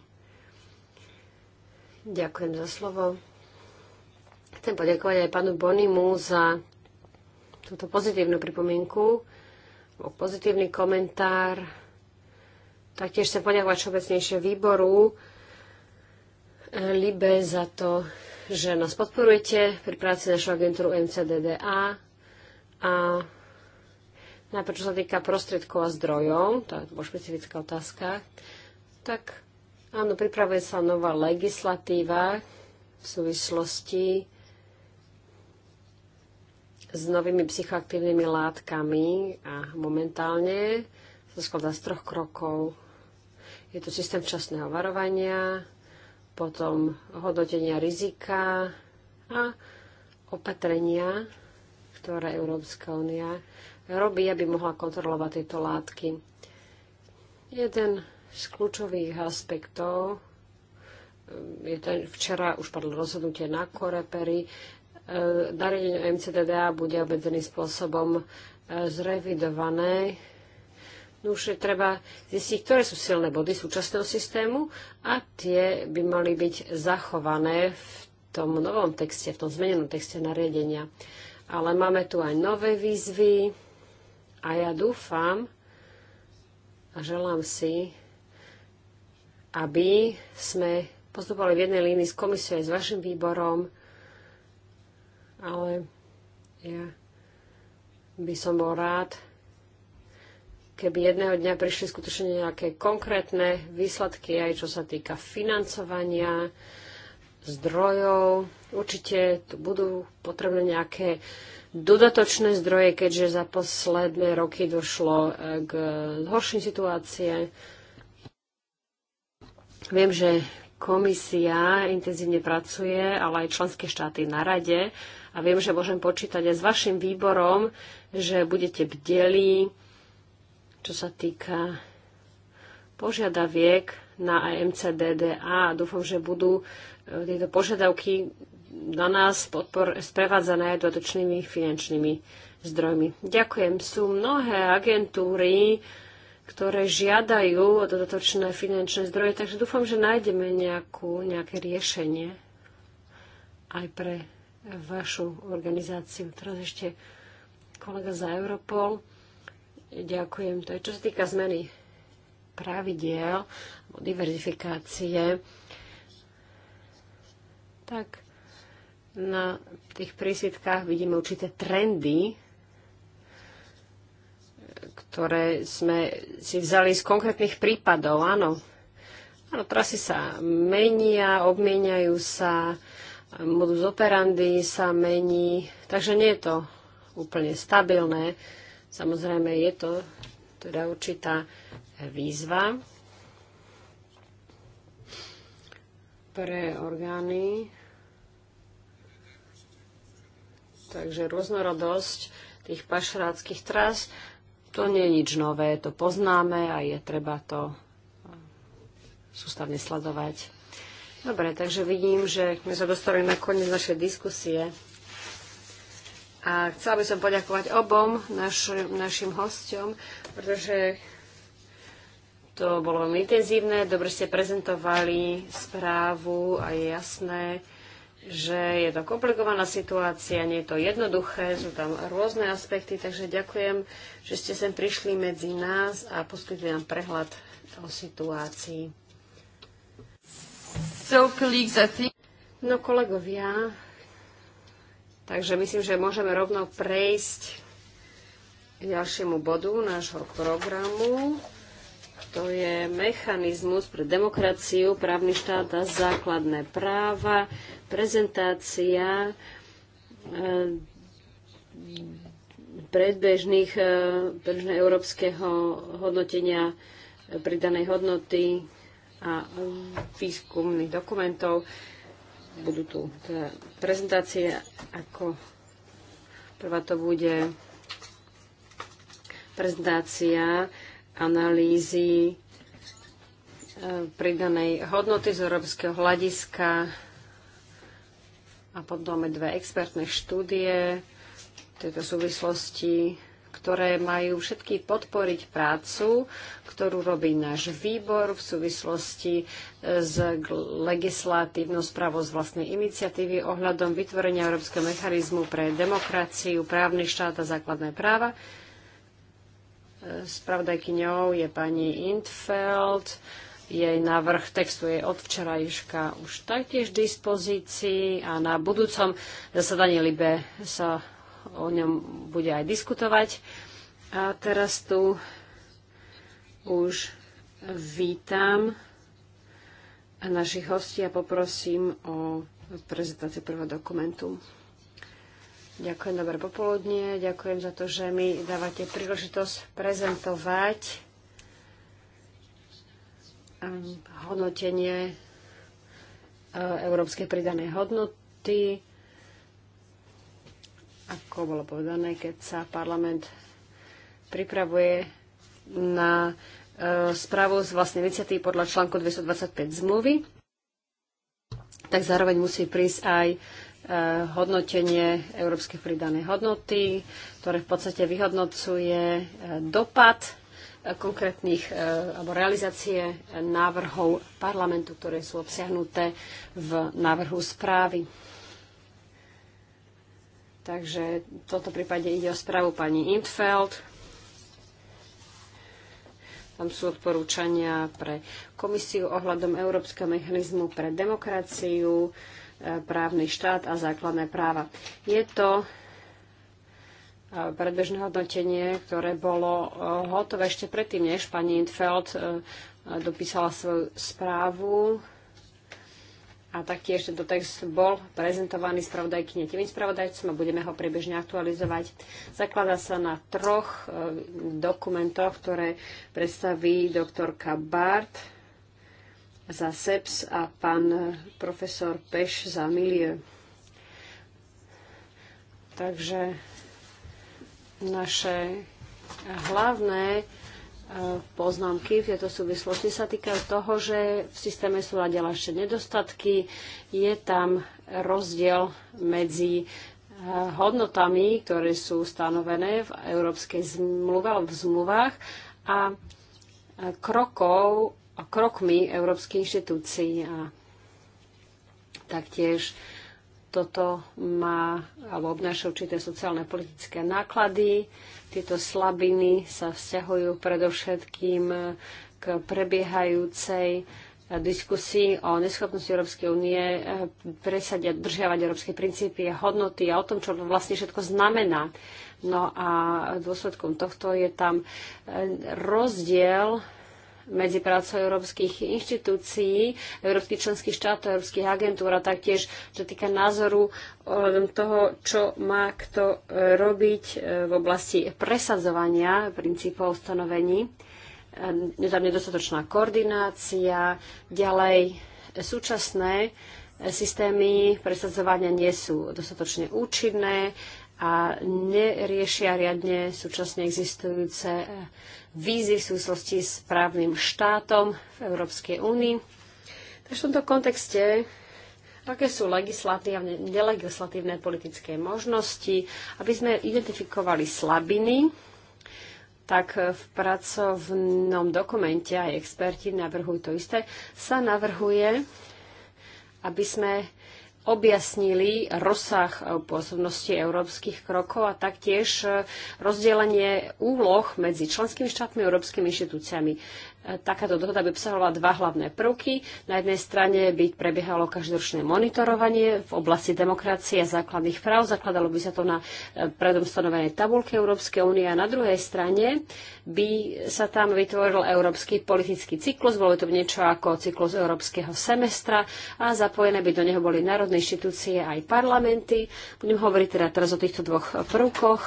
S1: Ďakujem za slovo. Chcem poďakovať aj pánu Bonimu za túto pozitívnu pripomienku, pozitívny komentár. Taktiež chcem poďakovať všeobecnejšie výboru eh, Libe za to, že nás podporujete pri práci našu agentúru MCDDA a najprv, čo sa týka prostriedkov a zdrojov, to je špecifická otázka, tak áno, pripravuje sa nová legislatíva v súvislosti s novými psychoaktívnymi látkami a momentálne sa skladá z troch krokov. Je to systém včasného varovania, potom hodnotenia rizika a opatrenia, ktoré Európska únia robí, aby mohla kontrolovať tieto látky. Jeden z kľúčových aspektov ehm, je ten, včera už padlo rozhodnutie na Korepery, E, nariadenie MCDDA bude obmedzeným spôsobom e, zrevidované. No už je treba zistiť, ktoré sú silné body súčasného systému a tie by mali byť zachované v tom novom texte, v tom zmenenom texte nariadenia. Ale máme tu aj nové výzvy a ja dúfam a želám si, aby sme postupovali v jednej línii s komisiou aj s vašim výborom, ale ja by som bol rád, keby jedného dňa prišli skutočne nejaké konkrétne výsledky, aj čo sa týka financovania, zdrojov. Určite tu budú potrebné nejaké dodatočné zdroje, keďže za posledné roky došlo eh, k horším situácie. Viem, že komisia intenzívne pracuje, ale aj členské štáty na rade a viem, že môžem počítať aj s vašim výborom, že budete bdeli, čo sa týka požiadaviek na a Dúfam, že budú e, tieto požiadavky na nás podpor sprevádzané aj dodatočnými finančnými zdrojmi. Ďakujem. Sú mnohé agentúry, ktoré žiadajú o dodatočné finančné zdroje, takže dúfam, že nájdeme nejakú, nejaké riešenie aj pre vašu organizáciu. Teraz ešte kolega za Europol. Ďakujem. To je čo sa týka zmeny pravidiel, diverzifikácie, tak na tých prísvitkách vidíme určité trendy, ktoré sme si vzali z konkrétnych prípadov, áno. Áno, trasy sa menia, obmieniajú sa, modus operandi sa mení, takže nie je to úplne stabilné. Samozrejme je to teda určitá výzva pre orgány. Takže rôznorodosť tých pašráckých tras, to nie je nič nové, to poznáme a je treba to sústavne sledovať. Dobre, takže vidím, že sme sa dostali na koniec našej diskusie. A chcela by som poďakovať obom naš, našim hosťom, pretože to bolo veľmi intenzívne, dobre ste prezentovali správu a je jasné, že je to komplikovaná situácia, nie je to jednoduché, sú tam rôzne aspekty, takže ďakujem, že ste sem prišli medzi nás a poskytli nám prehľad o situácii. So, colleagues, I think... No kolegovia, takže myslím, že môžeme rovno prejsť k ďalšiemu bodu nášho programu. To je mechanizmus pre demokraciu, právny štát a základné práva, prezentácia eh, predbežných, eh, predbežného európskeho hodnotenia pridanej hodnoty a výskumných dokumentov. Budú tu teda prezentácie, ako prvá to bude prezentácia analýzy e, pridanej hodnoty z európskeho hľadiska a potom dve expertné štúdie v tejto súvislosti ktoré majú všetky podporiť prácu, ktorú robí náš výbor v súvislosti e, s legislatívnou správou z vlastnej iniciatívy ohľadom vytvorenia Európskeho mechanizmu pre demokraciu, právny štát a základné práva. E, Spravdajkyňou je pani Intfeld. Jej návrh textu je od včerajška už taktiež v dispozícii a na budúcom zasadaní Libe sa o ňom bude aj diskutovať. A teraz tu už vítam našich hostí a poprosím o prezentáciu prvého dokumentu. Ďakujem, dobré popoludnie. Ďakujem za to, že mi dávate príležitosť prezentovať um, hodnotenie uh, európskej pridanej hodnoty ako bolo povedané, keď sa parlament pripravuje na e, správu z vlastnej iniciatívy podľa článku 225 zmluvy, tak zároveň musí prísť aj e, hodnotenie európskej pridanej hodnoty, ktoré v podstate vyhodnocuje e, dopad konkrétnych alebo realizácie návrhov parlamentu, ktoré sú obsiahnuté v návrhu správy. Takže v tomto prípade ide o správu pani Intfeld. Tam sú odporúčania pre komisiu ohľadom Európskeho mechanizmu pre demokraciu, e, právny štát a základné práva. Je to e, predbežné hodnotenie, ktoré bolo e, hotové ešte predtým, než pani Intfeld dopísala svoju správu a taktiež tento text bol prezentovaný spravodajkyne tým spravodajcom a budeme ho priebežne aktualizovať. Zaklada sa na troch eh, dokumentoch, ktoré predstaví doktorka Bart za SEPS a pán eh, profesor Peš za Milieu. Takže naše hlavné poznámky v tejto súvislosti sa týkajú toho, že v systéme sú naďalej ešte nedostatky. Je tam rozdiel medzi eh, hodnotami, ktoré sú stanovené v Európskej zmluve alebo v zmluvách a eh, krokov, krokmi Európskej inštitúcií a taktiež toto má alebo obnáša určité sociálne politické náklady. Tieto slabiny sa vzťahujú predovšetkým k prebiehajúcej diskusii o neschopnosti Európskej únie eh, presadiať, držiavať európske princípy a hodnoty a o tom, čo vlastne všetko znamená. No a dôsledkom tohto je tam eh, rozdiel medzi prácou európskych inštitúcií, európskych členských štátov, európskych agentúr a taktiež, čo týka názoru eh, toho, čo má kto eh, robiť eh, v oblasti presadzovania princípov ustanovení. Je tam nedostatočná koordinácia, ďalej súčasné systémy presadzovania nie sú dostatočne účinné, a neriešia riadne súčasne existujúce vízy v súvislosti s právnym štátom v Európskej únii. Takže v tomto kontexte, aké sú legislatívne, nelegislatívne politické možnosti, aby sme identifikovali slabiny, tak v pracovnom dokumente aj experti navrhujú to isté, sa navrhuje, aby sme objasnili rozsah eh, pôsobnosti európskych krokov a taktiež eh, rozdelenie úloh medzi členskými štátmi a európskymi inštitúciami takáto dohoda by obsahovala dva hlavné prvky. Na jednej strane by prebiehalo každoročné monitorovanie v oblasti demokracie a základných práv. Zakladalo by sa to na e, predom stanovenej tabulke Európskej únie a na druhej strane by sa tam vytvoril európsky politický cyklus. Bolo by to niečo ako cyklus európskeho semestra a zapojené by do neho boli národné inštitúcie aj parlamenty. Budem hovoriť teda teraz o týchto dvoch prvkoch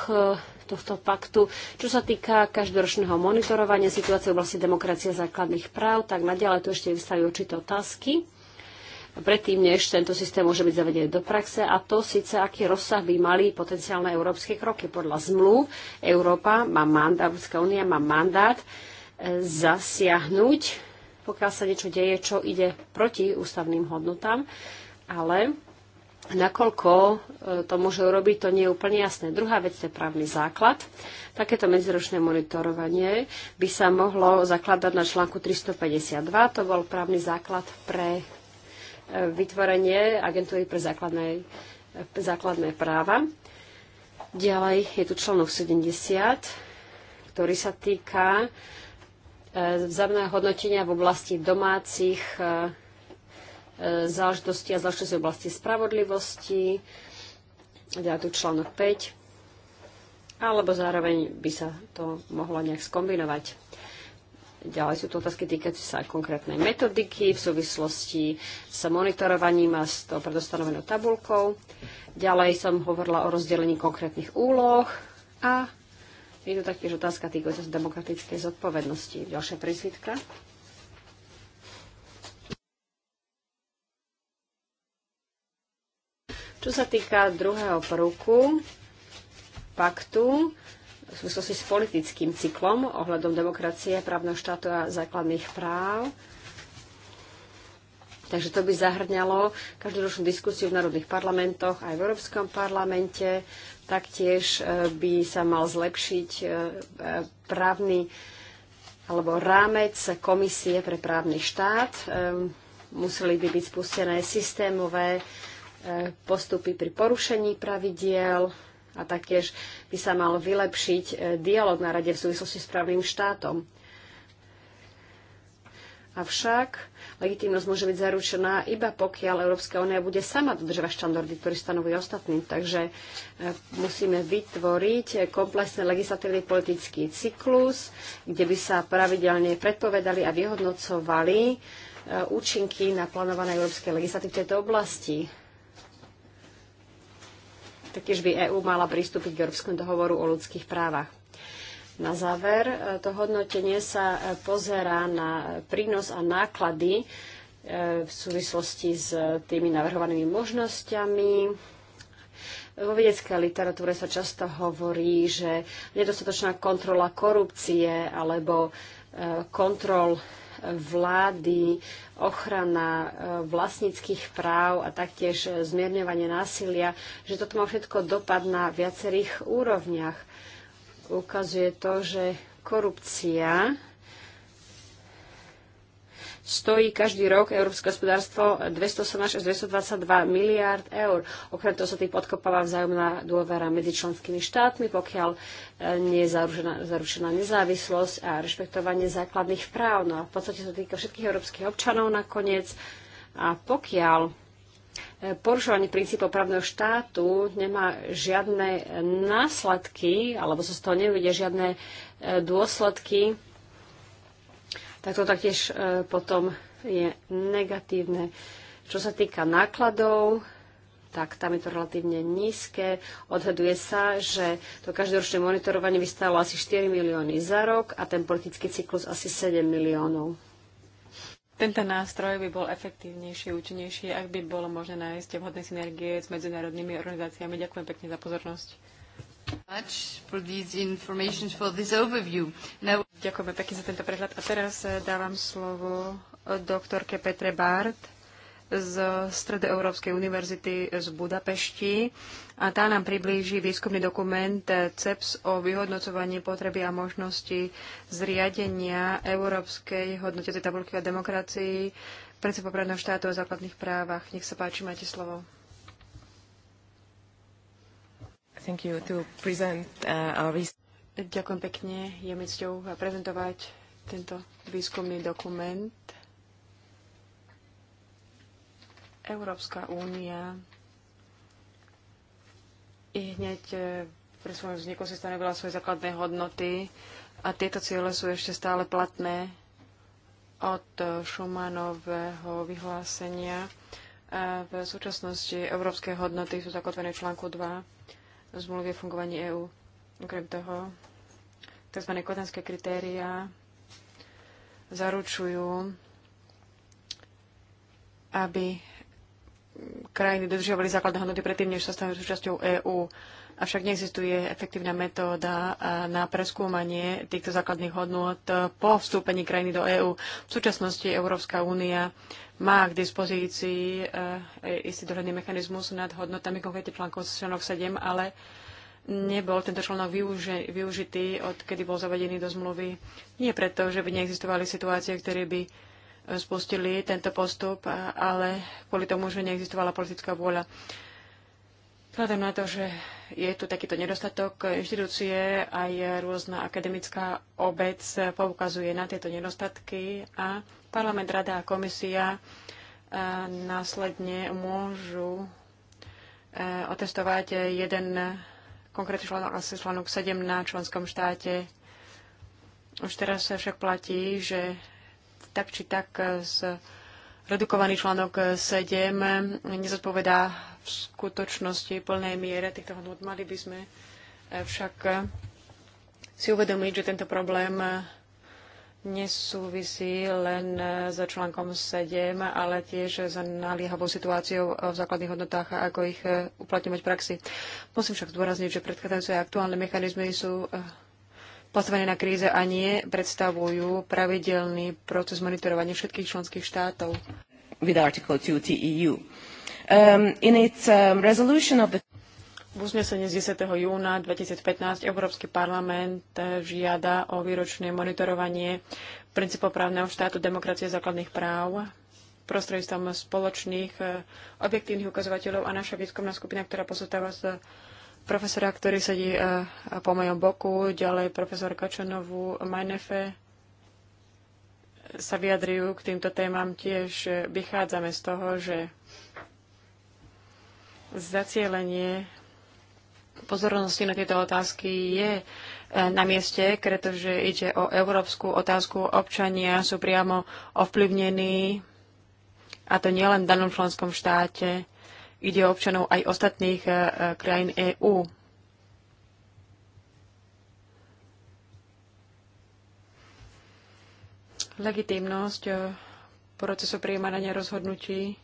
S1: e, tohto paktu. Čo sa týka každoročného monitorovania situácie v oblasti demokracie a základných práv, tak naďalej tu ešte vystavujú určité otázky predtým, než tento systém môže byť zavedený do praxe, a to síce, aký rozsah by mali potenciálne európske kroky. Podľa zmluv Európa má mandát, Európska únia má mandát e, zasiahnuť, pokiaľ sa niečo deje, čo ide proti ústavným hodnotám, ale Nakoľko e, to môže urobiť, to nie je úplne jasné. Druhá vec je právny základ. Takéto medziročné monitorovanie by sa mohlo zakladať na článku 352. To bol právny základ pre e, vytvorenie agentúry pre základné, e, základné práva. Ďalej je tu článok 70, ktorý sa týka vzájomného hodnotenia v oblasti domácich E, záležitosti a záležitosti v oblasti spravodlivosti, teda tu článok 5, alebo zároveň by sa to mohlo nejak skombinovať. Ďalej sú to otázky týkajúce sa konkrétnej metodiky v súvislosti s monitorovaním a s tou predostanovenou tabulkou. Ďalej som hovorila o rozdelení konkrétnych úloh a je to taktiež otázka týkajúca sa demokratickej zodpovednosti. Ďalšia prísvitka. Čo sa týka druhého prvku paktu, v súvislosti s politickým cyklom ohľadom demokracie, právneho štátu a základných práv, Takže to by zahrňalo každoročnú diskusiu v národných parlamentoch aj v Európskom parlamente. Taktiež e, by sa mal zlepšiť e, právny alebo rámec komisie pre právny štát. E, museli by byť spustené systémové postupy pri porušení pravidiel a taktiež by sa mal vylepšiť e, dialog na rade v súvislosti s právnym štátom. Avšak legitimnosť môže byť zaručená iba pokiaľ Európska únia bude sama dodržovať štandardy, ktoré stanovujú ostatní. Takže e, musíme vytvoriť komplexný legislatívny politický cyklus, kde by sa pravidelne predpovedali a vyhodnocovali e, účinky na plánované európskej legislatívy v tejto oblasti Taktiež by EÚ mala pristúpiť k Európskemu dohovoru o ľudských právach. Na záver, e, to hodnotenie sa e, pozerá na e, prínos a náklady v súvislosti s tými navrhovanými možnosťami. Vo vedeckej literatúre sa často hovorí, že nedostatočná kontrola korupcie alebo kontrol vlády, ochrana e, vlastníckých práv a taktiež e, zmierňovanie násilia, že toto má všetko dopad na viacerých úrovniach. Ukazuje to, že korupcia stojí každý rok európske hospodárstvo 217 až 222 miliárd eur. Okrem toho sa tým podkopáva vzájomná dôvera medzi členskými štátmi, pokiaľ e, nie je zaručená, zaručená nezávislosť a rešpektovanie základných práv. No a v podstate sa týka všetkých európskych občanov nakoniec. A pokiaľ e, porušovanie princípov právneho štátu nemá žiadne následky, alebo sa z toho nevidia žiadne e, dôsledky, tak to taktiež e, potom je negatívne. Čo sa týka nákladov, tak tam je to relatívne nízke. Odhaduje sa, že to každoročné monitorovanie by asi 4 milióny za rok a ten politický cyklus asi 7 miliónov.
S2: Tento nástroj by bol efektívnejší, účinnejší, ak by bolo možné nájsť vhodné synergie s medzinárodnými organizáciami. Ďakujem pekne za pozornosť. Ďakujeme pekne za tento prehľad. A teraz eh, dávam slovo eh, doktorke Petre Bart z Stredoeurópskej univerzity z Budapešti a tá nám priblíži výskumný dokument eh, CEPS o vyhodnocovaní potreby a možnosti zriadenia Európskej hodnotiacej tabulky o demokracii, princípu právneho štátu a základných právach. Nech sa páči, máte slovo. Thank you to present uh, our Ďakujem pekne. Je mi cťou prezentovať tento výskumný dokument. Európska únia i hneď e, pre svojom vzniku si stanovila svoje základné hodnoty a tieto ciele sú ešte stále platné od e, Šumanového vyhlásenia. A v súčasnosti európske hodnoty sú zakotvené v článku 2 zmluvy o fungovaní EÚ. Okrem toho tzv. kodanské kritéria zaručujú, aby krajiny dodržiavali základné hodnoty predtým, než sa stanú súčasťou EÚ. Avšak neexistuje efektívna metóda na preskúmanie týchto základných hodnôt po vstúpení krajiny do EÚ. V súčasnosti Európska únia má k dispozícii eh, istý dohľadný mechanizmus nad hodnotami konkrétne článkov 7, ale nebol tento článok využi- využitý, odkedy bol zavedený do zmluvy. Nie preto, že by neexistovali situácie, ktoré by e, spustili tento postup, ale kvôli tomu, že neexistovala politická vôľa. Vzhľadom na to, že je tu takýto nedostatok inštitúcie, aj rôzna akademická obec poukazuje na tieto nedostatky a parlament, rada a komisia e, následne môžu e, otestovať jeden konkrétne článok, asi článok 7 na členskom štáte. Už teraz sa však platí, že tak či tak z redukovaný článok 7 nezodpovedá v skutočnosti plnej miere týchto hodnot. Mali by sme však si uvedomiť, že tento problém nesúvisí len s e, článkom 7, ale tiež s naliehavou situáciou v základných hodnotách a ako ich e, uplatňovať v praxi. Musím však zdôrazniť, že predchádzajúce aktuálne mechanizmy sú e, postavené na kríze a nie predstavujú pravidelný proces monitorovania všetkých členských štátov. With Article 2 TEU. Um, in its um, resolution of the v uznesení z 10. júna 2015 Európsky parlament žiada o výročné monitorovanie princípov právneho štátu demokracie základných práv prostredstvom spoločných eh, objektívnych ukazovateľov a naša výskumná skupina, ktorá posúdava z profesora, ktorý sedí eh, po mojom boku, ďalej profesor Kačanovu Majnefe, sa vyjadrijú k týmto témam tiež eh, vychádzame z toho, že zacielenie pozornosti na tieto otázky je eh, na mieste, pretože ide o európsku otázku. Občania sú priamo ovplyvnení, a to nielen v danom členskom štáte, ide o občanov aj ostatných eh, eh, krajín EÚ. Legitímnosť procesu prijímania rozhodnutí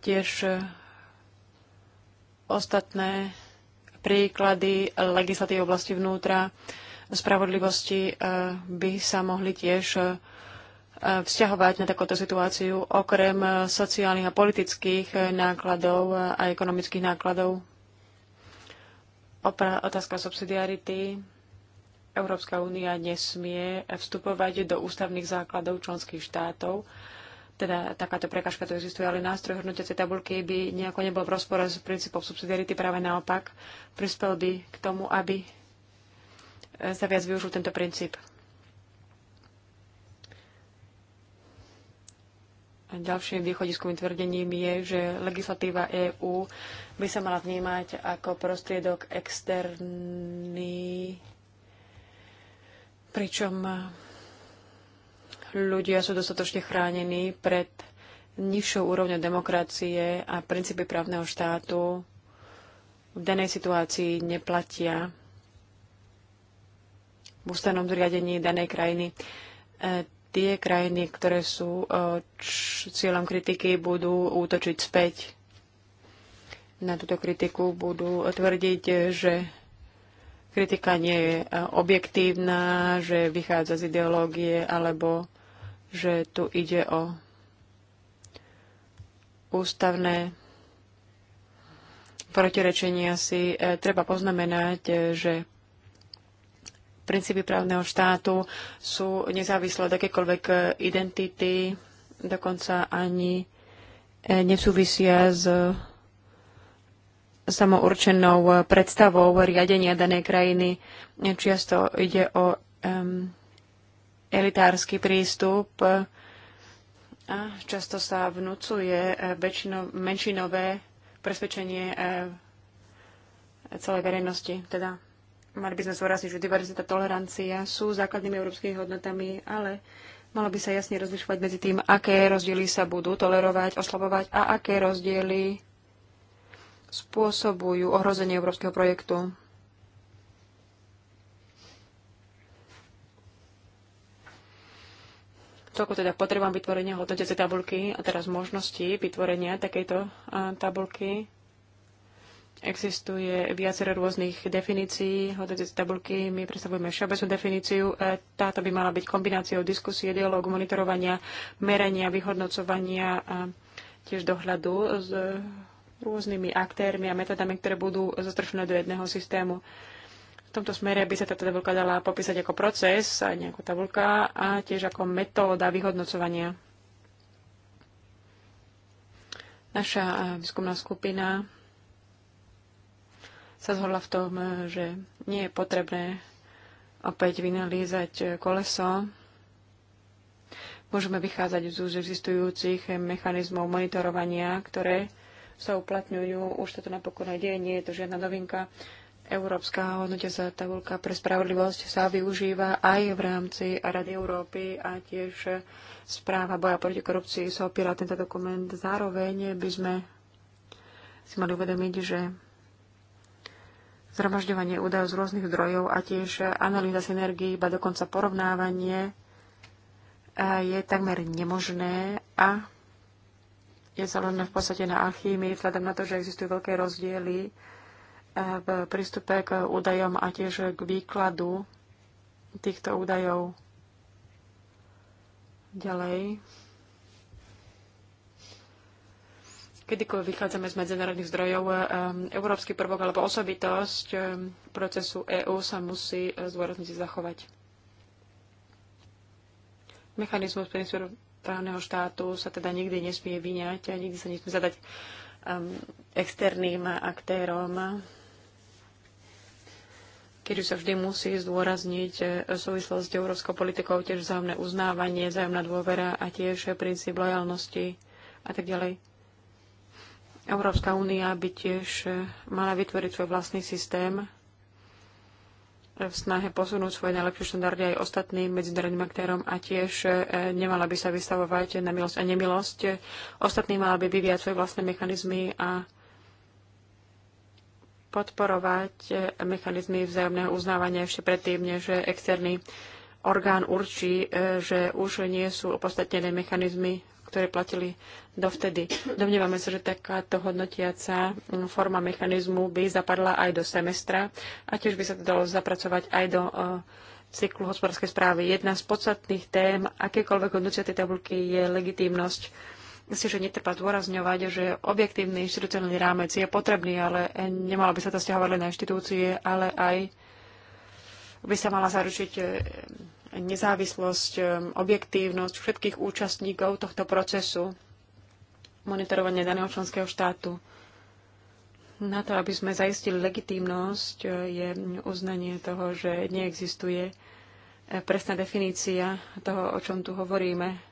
S2: tiež Ostatné príklady legislatívy oblasti vnútra spravodlivosti e, by sa mohli tiež e, vzťahovať na takúto situáciu, okrem e, sociálnych a politických nákladov a ekonomických nákladov. Opra- otázka subsidiarity. Európska únia nesmie vstupovať do ústavných základov členských štátov teda takáto prekažka tu existuje, ale nástroj hodnotiacej tabulky by nejako nebol v rozpore s princípom subsidiarity, práve naopak prispel by k tomu, aby sa viac využil tento princíp. A ďalším východiskovým tvrdením je, že legislatíva EÚ by sa mala vnímať ako prostriedok externý, pričom ľudia sú dostatočne chránení pred nižšou úrovňou demokracie a princípy právneho štátu v danej situácii neplatia v ústavnom zriadení danej krajiny. E, tie krajiny, ktoré sú e, cieľom kritiky, budú útočiť späť na túto kritiku, budú tvrdiť, že kritika nie je e, objektívna, že vychádza z ideológie alebo že tu ide o ústavné protirečenia si e, treba poznamenať, e, že princípy právneho štátu sú nezávislé od akékoľvek e, identity, dokonca ani nesúvisia s samourčenou predstavou riadenia danej krajiny. Čiasto ide o um, elitársky prístup eh, a často sa vnúcuje eh, menšinové presvedčenie eh, celej verejnosti. Teda mali by sme zúrazniť, že diverzita, tolerancia sú základnými európskymi hodnotami, ale malo by sa jasne rozlišovať medzi tým, aké rozdiely sa budú tolerovať, oslabovať a aké rozdiely spôsobujú ohrozenie európskeho projektu. Toľko teda potrebám vytvorenia hodnotiacej tabulky a teraz možnosti vytvorenia takejto tabulky. Existuje viacero rôznych definícií hodnotiacej tabulky. My predstavujeme všeobecnú definíciu. E, táto by mala byť kombináciou diskusie, dialogu, monitorovania, merania, vyhodnocovania a tiež dohľadu s rôznymi aktérmi a metodami, ktoré budú zostrčené do jedného systému. V tomto smere by sa táto tabulka dala popísať ako proces, aj nejaká tabulka a tiež ako metóda vyhodnocovania. Naša eh, výskumná skupina sa zhodla v tom, eh, že nie je potrebné opäť vynalízať eh, koleso. Môžeme vychádzať z už existujúcich mechanizmov monitorovania, ktoré sa uplatňujú. Už sa to napokon aj deje, nie je to žiadna novinka. Európska hodnotiaca tabulka pre spravodlivosť sa využíva aj v rámci Rady Európy a tiež správa boja proti korupcii sa opiera tento dokument. Zároveň by sme si mali uvedomiť, že zhromažďovanie údajov z rôznych zdrojov a tiež analýza synergií, iba dokonca porovnávanie je takmer nemožné a je založené v podstate na alchýmii, vzhľadom na to, že existujú veľké rozdiely v prístupe k údajom a tiež k výkladu týchto údajov. Ďalej. kedykoľvek vychádzame z medzinárodných zdrojov, um, európsky prvok alebo osobitosť um, procesu EÚ sa musí uh, zdôrazniť zachovať. Mechanizmus právneho štátu sa teda nikdy nesmie vyňať a nikdy sa nesmie zadať um, externým aktérom keďže sa vždy musí zdôrazniť e, súvislosti s európskou politikou, tiež vzájomné uznávanie, vzájomná dôvera a tiež princíp lojalnosti a tak ďalej. Európska únia by tiež e, mala vytvoriť svoj vlastný systém v snahe posunúť svoje najlepšie štandardy aj ostatným medzinárodným aktérom a tiež e, nemala by sa vystavovať na milosť a nemilosť. Ostatní mala by vyvíjať svoje vlastné mechanizmy a podporovať e, mechanizmy vzájomného uznávania ešte predtým, než externý orgán určí, e, že už nie sú opodstatnené mechanizmy, ktoré platili dovtedy. Domnievame sa, že takáto hodnotiaca forma mechanizmu by zapadla aj do semestra a tiež by sa to dalo zapracovať aj do e, cyklu hospodárskej správy. Jedna z podstatných tém akékoľvek hodnotia tej tabulky je legitímnosť si, že netreba zdôrazňovať, že objektívny inštitucionálny rámec je potrebný, ale nemalo by sa to stiahovať len na inštitúcie, ale aj by sa mala zaručiť eh, nezávislosť, eh, objektívnosť všetkých účastníkov tohto procesu monitorovania daného členského štátu. Na to, aby sme zaistili legitímnosť, eh, je uznanie toho, že neexistuje presná definícia toho, o čom tu hovoríme.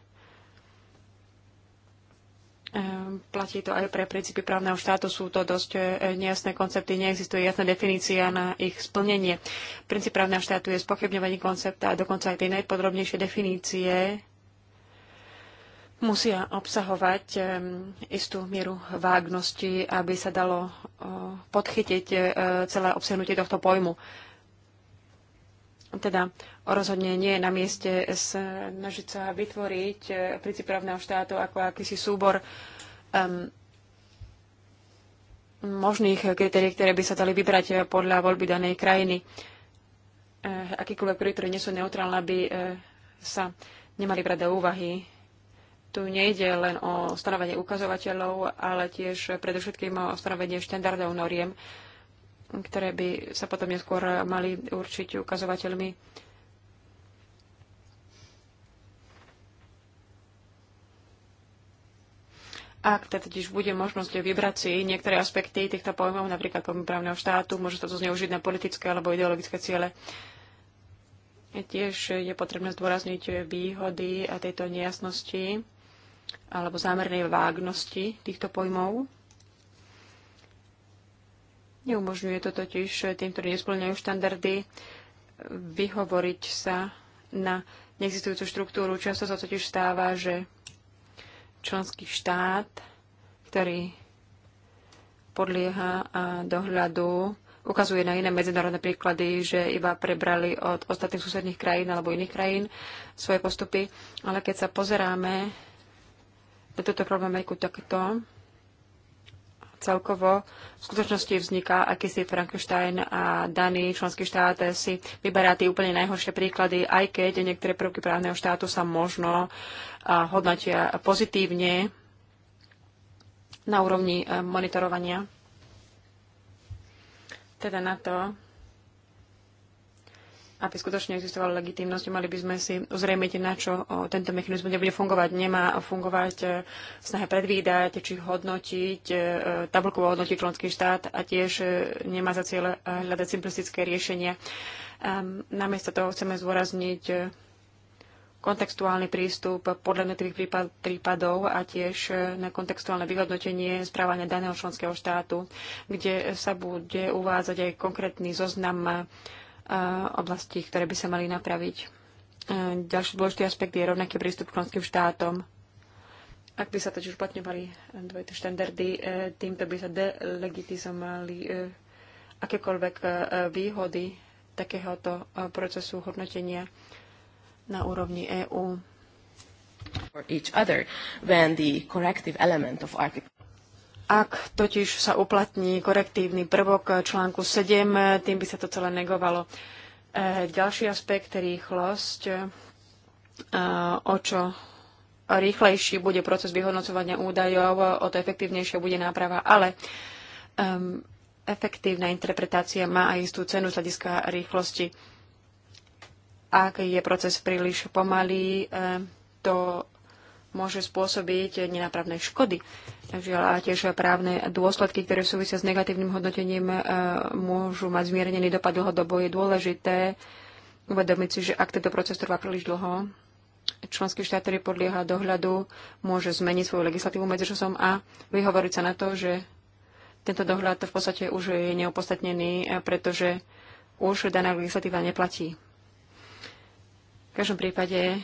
S2: Ehm, platí to aj pre princípy právneho štátu. Sú to dosť e, nejasné koncepty, neexistuje jasná definícia na ich splnenie. Princíp právneho štátu je spochybňovanie koncepta a dokonca aj tie najpodrobnejšie definície musia obsahovať ehm, istú mieru vágnosti, aby sa dalo podchytiť e, celé obsahnutie tohto pojmu. Teda rozhodne nie je na mieste snažiť sa vytvoriť eh, princíp právneho štátu ako akýsi súbor um, možných kritérií, ktoré by sa dali vybrať eh, podľa voľby danej krajiny. Eh, akýkoľvek kritérií, ktoré nie sú neutrálne, by sa nemali brať do úvahy. Tu nejde len o stanovenie ukazovateľov, ale tiež predovšetkým o stanovenie štandardov noriem, ktoré by sa potom neskôr mali určiť ukazovateľmi. Ak teda totiž bude možnosť vybrať si niektoré aspekty týchto pojmov, napríklad pojmy právneho štátu, môže sa to zneužiť na politické alebo ideologické ciele. Tiež je potrebné zdôrazniť výhody a tejto nejasnosti alebo zámernej vágnosti týchto pojmov. Neumožňuje to totiž tým, ktorí nesplňajú štandardy, vyhovoriť sa na neexistujúcu štruktúru. Často sa totiž stáva, že členský štát, ktorý podlieha dohľadu, ukazuje na iné medzinárodné príklady, že iba prebrali od ostatných susedných krajín alebo iných krajín svoje postupy. Ale keď sa pozeráme na toto problematiku takto, celkovo v skutočnosti vzniká akýsi Frankenstein a daný členský štát si vyberá tie úplne najhoršie príklady, aj keď niektoré prvky právneho štátu sa možno hodnotia pozitívne na úrovni monitorovania. Teda na to, aby skutočne existovala legitimnosť, mali by sme si uzrejmiť, na čo tento mechanizmus nebude fungovať. Nemá fungovať e, snahe predvídať, či hodnotiť, e, tabulkovo hodnotiť členský štát a tiež e, nemá za cieľ hľadať simplistické riešenia. Ehm, namiesto toho chceme zdôrazniť kontextuálny prístup podľa jednotlivých prípadov a tiež na kontextuálne vyhodnotenie správania daného členského štátu, kde sa bude uvádzať aj konkrétny zoznam oblasti, ktoré by sa mali napraviť. E, ďalší dôležitý aspekt je rovnaký prístup k členským štátom. Ak by sa totiž uplatňovali dvojité štandardy, e, týmto by sa delegitizovali e, akékoľvek výhody takéhoto procesu hodnotenia na úrovni EÚ. Article... Ak totiž sa uplatní korektívny prvok článku 7, tým by sa to celé negovalo. E, ďalší aspekt, rýchlosť, e, o čo rýchlejší bude proces vyhodnocovania údajov, o to efektívnejšia bude náprava, ale um, efektívna interpretácia má aj istú cenu z hľadiska rýchlosti. Ak je proces príliš pomalý, e, to môže spôsobiť nenápravné škody. Takže a tiež právne dôsledky, ktoré súvisia s negatívnym hodnotením, e, môžu mať zmiernený dopad dlhodobo. Je dôležité uvedomiť si, že ak tento proces trvá príliš dlho, členský štát, ktorý podlieha dohľadu, môže zmeniť svoju legislatívu medzičasom a vyhovoriť sa na to, že tento dohľad v podstate už je neopostatnený, e, pretože už daná legislatíva neplatí. V každom prípade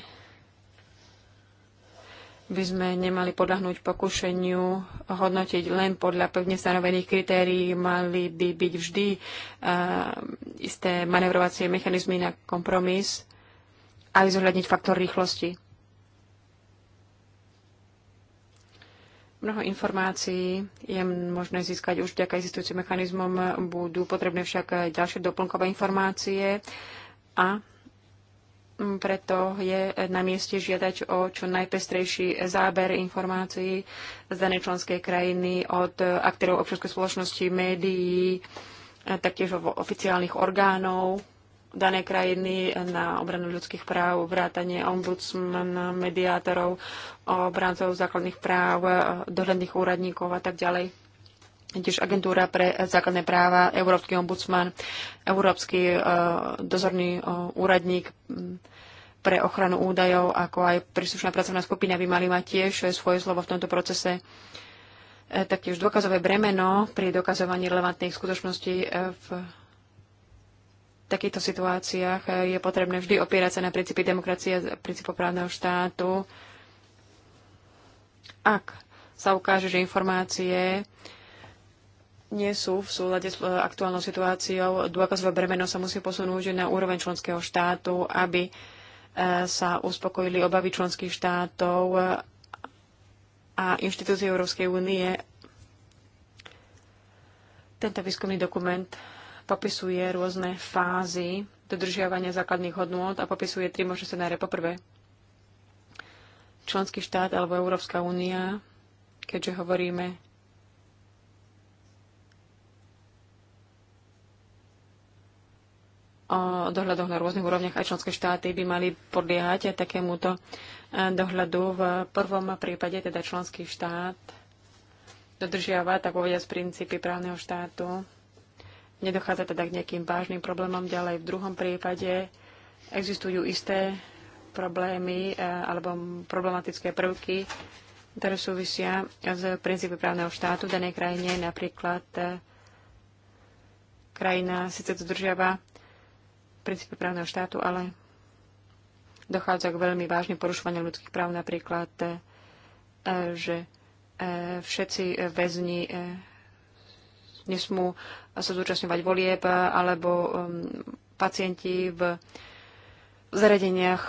S2: by sme nemali podľahnúť pokušeniu hodnotiť len podľa pevne stanovených kritérií, mali by byť vždy uh, isté manevrovacie mechanizmy na kompromis a zohľadniť faktor rýchlosti. Mnoho informácií je možné získať už vďaka existujúcim mechanizmom, budú potrebné však ďalšie doplnkové informácie a preto je na mieste žiadať o čo najpestrejší záber informácií z danej členskej krajiny od aktérov občianskej spoločnosti, médií, taktiež oficiálnych orgánov danej krajiny na obranu ľudských práv, vrátanie ombudsmana, mediátorov, obrancov základných práv, dohľadných úradníkov a tak ďalej tiež agentúra pre základné práva, Európsky ombudsman, Európsky e, dozorný e, úradník pre ochranu údajov, ako aj príslušná pracovná skupina by mali mať tiež svoje slovo v tomto procese. E, taktiež dôkazové bremeno pri dokazovaní relevantných skutočností v takýchto situáciách je potrebné vždy opierať sa na princípy demokracie a princípov právneho štátu. Ak sa ukáže, že informácie nie sú v súlade s e, aktuálnou situáciou. Dôkazové bremeno sa musí posunúť na úroveň členského štátu, aby e, sa uspokojili obavy členských štátov a inštitúcií Európskej únie. Tento výskumný dokument popisuje rôzne fázy dodržiavania základných hodnôt a popisuje tri možné scenáre. Poprvé, členský štát alebo Európska únia, keďže hovoríme o dohľadoch na rôznych úrovniach aj členské štáty by mali podliehať takémuto e, dohľadu. V prvom prípade teda členský štát dodržiava, tak povediať, princípy právneho štátu. Nedochádza teda k nejakým vážnym problémom ďalej. V druhom prípade existujú isté problémy e, alebo problematické prvky, ktoré súvisia s princípy právneho štátu v danej krajine. Napríklad e, krajina síce dodržiava princípe právneho štátu, ale dochádza k veľmi vážnym porušovaniu ľudských práv, napríklad, e, že e, všetci väzni e, nesmú sa zúčastňovať volieb, alebo um, pacienti v zariadeniach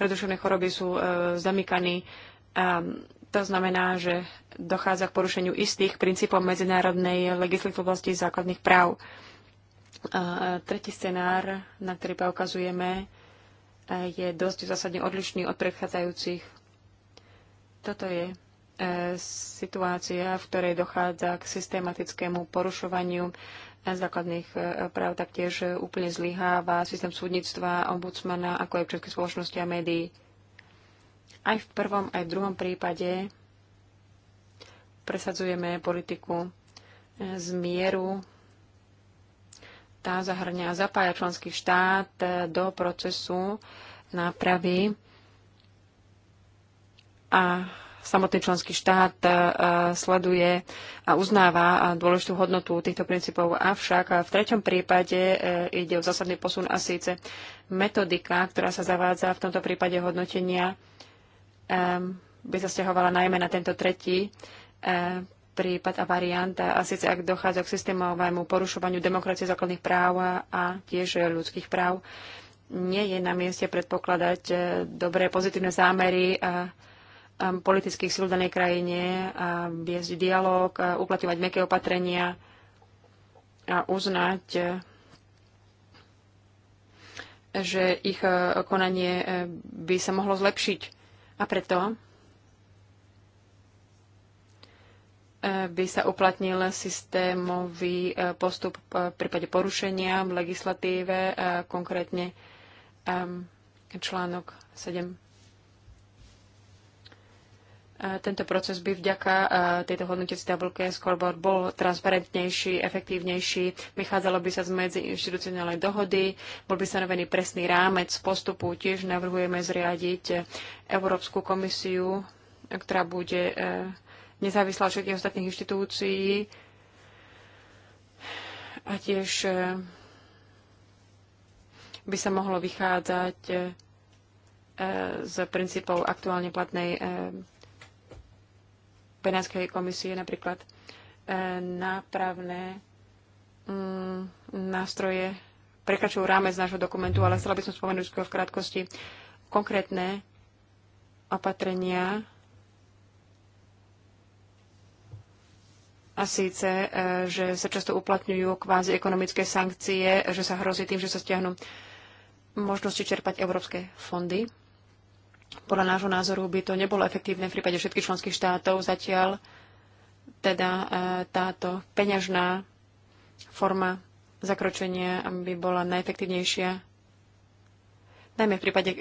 S2: predušené choroby sú zamykaní. To znamená, že dochádza k porušeniu istých princípov medzinárodnej legislatívy v oblasti základných práv. A tretí scenár, na ktorý poukazujeme, je dosť zásadne odlišný od predchádzajúcich. Toto je e, situácia, v ktorej dochádza k systematickému porušovaniu e, základných e, práv, taktiež úplne zlyháva systém súdnictva, ombudsmana, ako aj v českej spoločnosti a médií. Aj v prvom, aj v druhom prípade presadzujeme politiku zmieru tá zahrňa zapája členský štát e, do procesu nápravy a samotný členský štát e, e, sleduje a uznáva dôležitú hodnotu týchto princípov. Avšak v treťom prípade ide o zásadný posun a síce metodika, ktorá sa zavádza v tomto prípade hodnotenia, by sa stiahovala najmä na tento tretí prípad a variant, a síce ak dochádza k systémovému porušovaniu demokracie základných práv a tiež ľudských práv, nie je na mieste predpokladať e, dobré pozitívne zámery a e, e, politických síl v danej krajine, a viesť dialog, a uplatňovať meké opatrenia a uznať, že ich konanie by sa mohlo zlepšiť. A preto by sa uplatnil systémový e, postup e, v prípade porušenia v legislatíve, e, konkrétne článok 7. Tento proces by vďaka tejto hodnotiacej tabulke scoreboard bol transparentnejší, efektívnejší, vychádzalo by sa z inštitucionálnej dohody, bol by stanovený presný rámec postupu. Tiež navrhujeme zriadiť Európsku komisiu, ktorá bude nezávislá od všetkých ostatných inštitúcií a tiež e, by sa mohlo vychádzať e, z princípov aktuálne platnej Penánskej e, komisie napríklad nápravné mm, nástroje prekračujú rámec nášho dokumentu, ale chcela by som spomenúť v krátkosti konkrétne opatrenia, A síce, e, že sa často uplatňujú kvázi ekonomické sankcie, že sa hrozí tým, že sa stiahnu možnosti čerpať európske fondy. Podľa nášho názoru by to nebolo efektívne v prípade všetkých členských štátov. Zatiaľ teda e, táto peňažná forma zakročenia by bola najefektívnejšia najmä v prípade, e,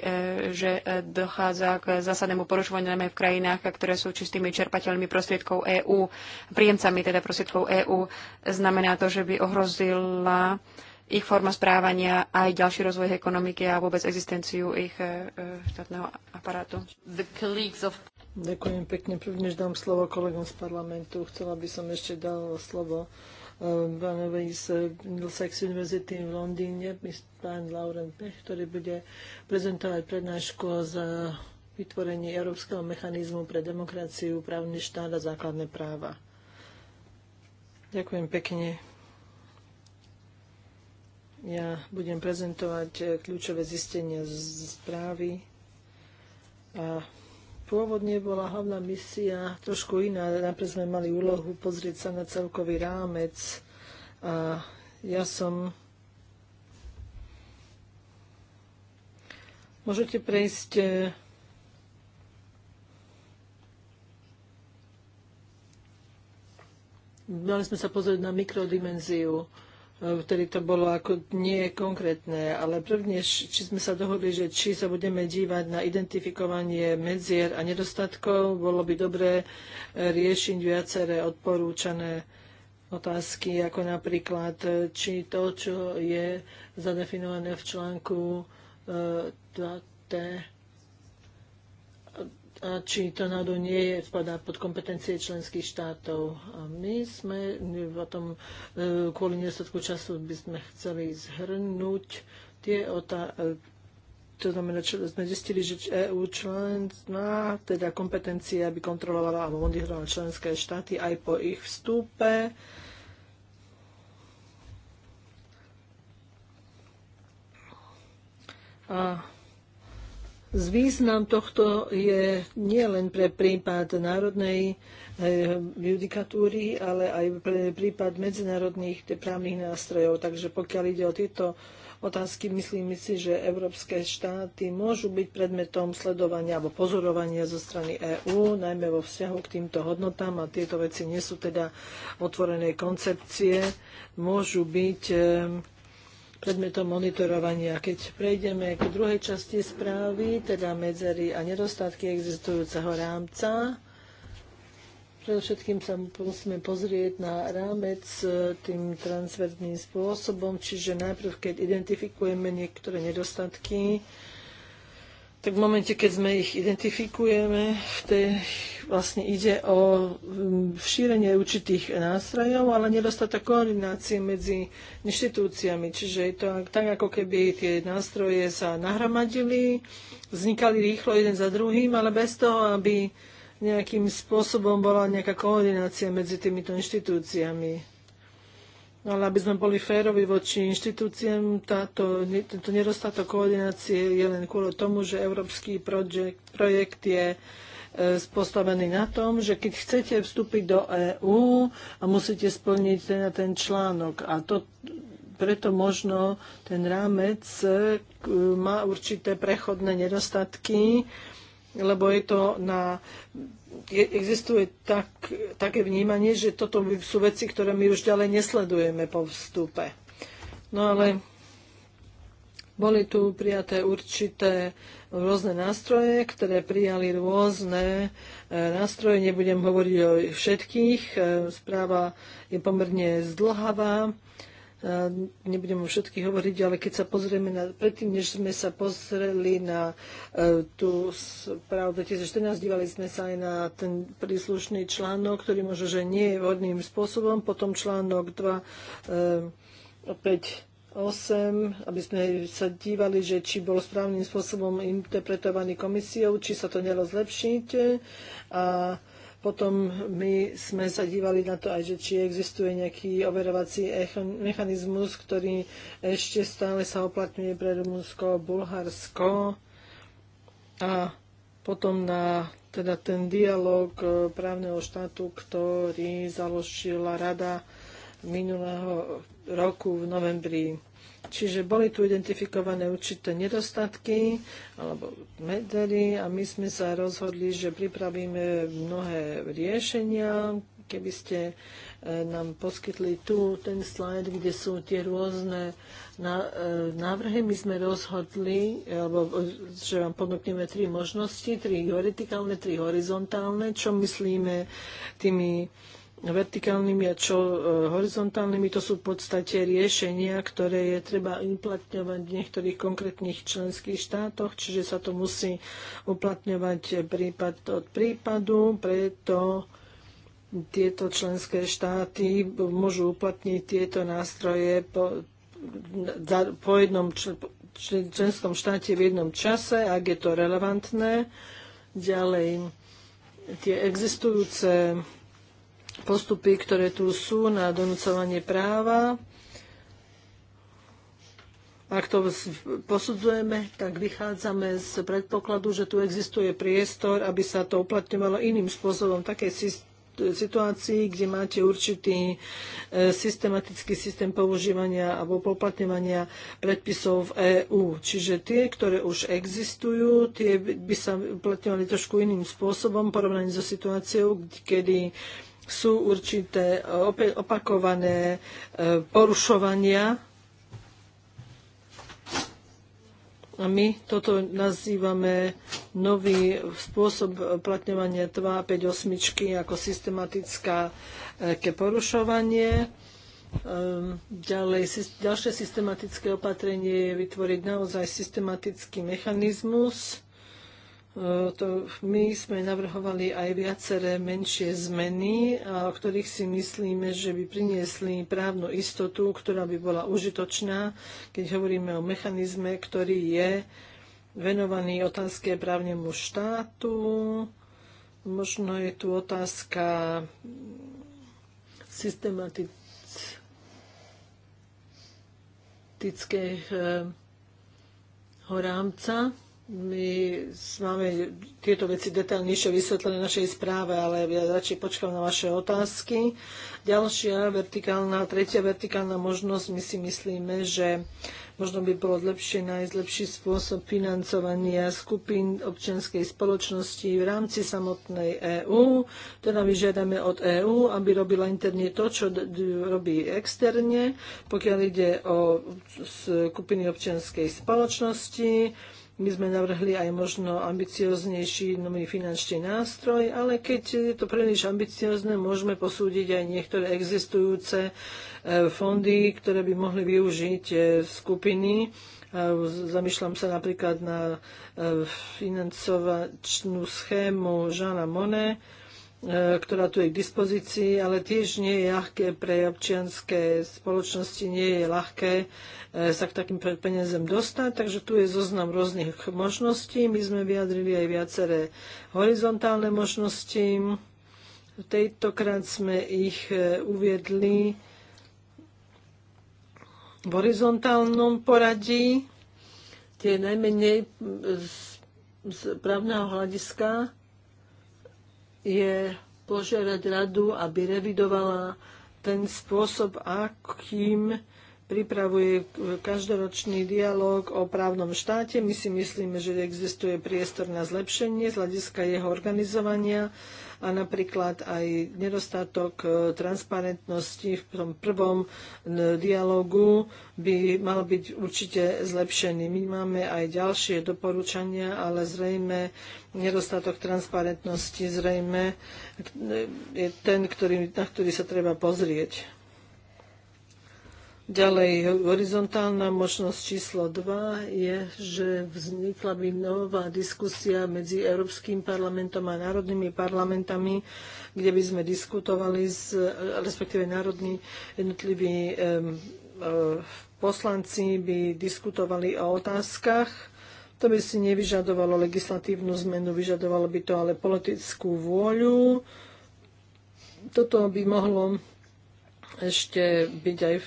S2: že e, dochádza k zásadnému porušovaniu najmä v krajinách, ktoré sú čistými čerpateľmi prostriedkov EÚ, príjemcami teda prostriedkov EÚ, znamená to, že by ohrozila ich forma správania aj ďalší rozvoj ekonomiky a vôbec existenciu ich
S3: e, štátneho aparátu. Ďakujem pekne. Prvnež dám slovo kolegom z parlamentu. Chcela by som ešte dal slovo pánovi z Middlesex Univerzity v Londýne, pán Lauren Pech, ktorý bude prezentovať prednášku za vytvorení Európskeho mechanizmu pre demokraciu, právny štát a základné práva. Ďakujem pekne. Ja budem prezentovať kľúčové zistenia z správy a Pôvodne bola hlavná misia trošku iná, najprv sme mali úlohu pozrieť sa na celkový rámec a ja som... Môžete prejsť e, Mali sme sa pozrieť na mikrodimenziu vtedy ehm, to bolo ako nie konkrétne, ale prvne, či sme sa dohodli, že či sa budeme dívať na identifikovanie medzier a nedostatkov, bolo by dobré eh, riešiť viaceré odporúčané otázky, ako napríklad, eh, či to, čo je zadefinované v článku 2T, eh, či to náhodou nie je, spadá pod kompetencie členských štátov. A my sme tom e, kvôli nedostatku času by sme chceli zhrnúť tie otá... E, to znamená, že sme zistili, že EU člen má teda kompetencie, aby kontrolovala alebo monitorovala členské štáty aj po ich vstupe. A Význam tohto je nielen pre prípad národnej eh, judikatúry, ale aj pre prípad medzinárodných právnych nástrojov. Takže pokiaľ ide o tieto otázky, myslím si, že európske štáty môžu byť predmetom sledovania alebo pozorovania zo strany EÚ, najmä vo vzťahu k týmto hodnotám a tieto veci nie sú teda otvorené koncepcie, môžu byť eh, predmetom monitorovania. Keď prejdeme k druhej časti správy, teda medzery a nedostatky existujúceho rámca, Predovšetkým sa musíme pozrieť na rámec e, tým transferným spôsobom, čiže najprv, keď identifikujeme niektoré nedostatky, tak v momente, keď sme ich identifikujeme, tej vlastne ide o šírenie určitých nástrojov, ale nedostatok koordinácie medzi inštitúciami. Čiže je to tak, ako keby tie nástroje sa nahromadili, vznikali rýchlo jeden za druhým, ale bez toho, aby nejakým spôsobom bola nejaká koordinácia medzi týmito inštitúciami ale aby sme boli férovi voči inštitúciám, táto, tento nedostatok koordinácie je len kvôli tomu, že európsky projekt, projekt je spostavený e, na tom, že keď chcete vstúpiť do EÚ a musíte splniť ten, ten článok. A to, preto možno ten rámec e, má určité prechodné nedostatky, lebo je to na, existuje tak, také vnímanie, že toto sú veci, ktoré my už ďalej nesledujeme po vstupe. No ale boli tu prijaté určité rôzne nástroje, ktoré prijali rôzne e, nástroje. Nebudem hovoriť o všetkých. E, správa je pomerne zdlhavá. Nebudem o všetkých hovoriť, ale keď sa pozrieme na, predtým, než sme sa pozreli na e, tú správu 2014, dívali sme sa aj na ten príslušný článok, ktorý môže, že nie je vhodným spôsobom, potom článok 2, 5, 8, aby sme sa dívali, že či bol správnym spôsobom interpretovaný komisiou, či sa to nelo zlepšiť. A potom my sme sa dívali na to aj, že či existuje nejaký overovací mechanizmus, ktorý ešte stále sa oplatňuje pre Rumunsko, Bulharsko a potom na teda ten dialog e, právneho štátu, ktorý založila rada minulého roku v novembri. Čiže boli tu identifikované určité nedostatky alebo medery a my sme sa rozhodli, že pripravíme mnohé riešenia. Keby ste e, nám poskytli tu ten slajd, kde sú tie rôzne e, návrhy, my sme rozhodli, alebo, že vám ponúkneme tri možnosti, tri vertikálne, tri horizontálne, čo myslíme tými vertikálnymi a čo e, horizontálnymi, to sú v podstate riešenia, ktoré je treba uplatňovať v niektorých konkrétnych členských štátoch, čiže sa to musí uplatňovať prípad od prípadu, preto tieto členské štáty môžu uplatniť tieto nástroje po, po jednom členskom štáte v jednom čase, ak je to relevantné. Ďalej, tie existujúce postupy, ktoré tu sú na donúcovanie práva. Ak to posudzujeme, tak vychádzame z predpokladu, že tu existuje priestor, aby sa to uplatňovalo iným spôsobom v takej situácii, kde máte určitý e, systematický systém používania alebo poplatňovania predpisov v EÚ. Čiže tie, ktoré už existujú, tie by sa uplatňovali trošku iným spôsobom porovnaní so situáciou, kedy sú určité opakované e, porušovania. A my toto nazývame nový spôsob uplatňovania osmičky ako systematické e, porušovanie. Ehm, ďalej, ďalšie systematické opatrenie je vytvoriť naozaj systematický mechanizmus, Eh, to my sme navrhovali aj viaceré menšie zmeny, o ktorých si myslíme, že by priniesli právnu istotu, ktorá by bola užitočná, keď hovoríme o mechanizme, ktorý je venovaný otázke právnemu štátu. Možno je tu otázka systematického rámca my máme tieto veci detaľnejšie vysvetlené v našej správe, ale ja radšej počkám na vaše otázky. Ďalšia vertikálna, tretia vertikálna možnosť, my si myslíme, že možno by bolo lepšie nájsť lepší spôsob financovania skupín občianskej spoločnosti v rámci samotnej EÚ. Teda vyžiadame od EÚ, aby robila interne to, čo robí externe, pokiaľ ide o skupiny občianskej spoločnosti my sme navrhli aj možno ambicioznejší nový finančný nástroj, ale keď je to príliš ambiciozne, môžeme posúdiť aj niektoré existujúce e, fondy, ktoré by mohli využiť e, skupiny. E, zamýšľam sa napríklad na financovačnú schému Žana Monet, E, ktorá tu je k dispozícii, ale tiež nie je ľahké pre občianské spoločnosti, nie je ľahké e, sa k takým peniazem dostať, takže tu je zoznam rôznych možností. My sme vyjadrili aj viaceré horizontálne možnosti. Tejtokrát sme ich e, uviedli v horizontálnom poradí, tie najmenej z právneho hľadiska je požiadať radu, aby revidovala ten spôsob, akým pripravuje každoročný dialog o právnom štáte. My si myslíme, že existuje priestor na zlepšenie z hľadiska jeho organizovania a napríklad aj nedostatok e, transparentnosti v tom prvom dialogu by mal byť určite zlepšený. My máme aj ďalšie doporučania, ale zrejme nedostatok transparentnosti zrejme e, je ten, ktorý, na ktorý sa treba pozrieť. Ďalej, horizontálna možnosť číslo 2 je, že vznikla by nová diskusia medzi Európskym parlamentom a národnými parlamentami, kde by sme diskutovali, s, respektíve národní jednotliví um, poslanci by diskutovali o otázkach. To by si nevyžadovalo legislatívnu zmenu, vyžadovalo by to ale politickú vôľu. Toto by mohlo ešte byť aj e,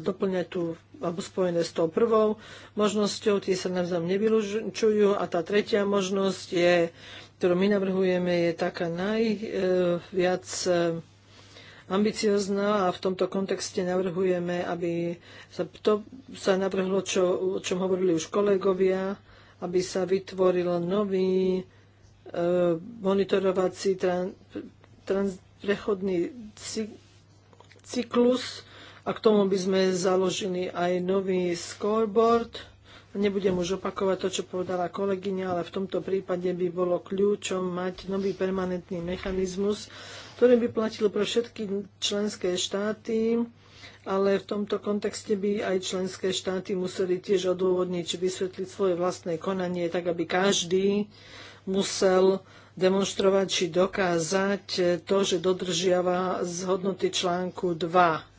S3: doplňať tú, alebo spojené s tou prvou možnosťou, tie sa navzájom nevylučujú a tá tretia možnosť je, ktorú my navrhujeme, je taká najviac e, e, ambiciozná a v tomto kontexte navrhujeme, aby sa to sa navrhlo, čo, o čom hovorili už kolegovia, aby sa vytvoril nový e, monitorovací tran, trans, prechodný cyklus a k tomu by sme založili aj nový scoreboard. Nebudem už opakovať to, čo povedala kolegyňa, ale v tomto prípade by bolo kľúčom mať nový permanentný mechanizmus, ktorý by platil pre všetky členské štáty, ale v tomto kontexte by aj členské štáty museli tiež odôvodniť či vysvetliť svoje vlastné konanie, tak aby každý musel demonstrovať či dokázať to, že dodržiava z hodnoty článku 2.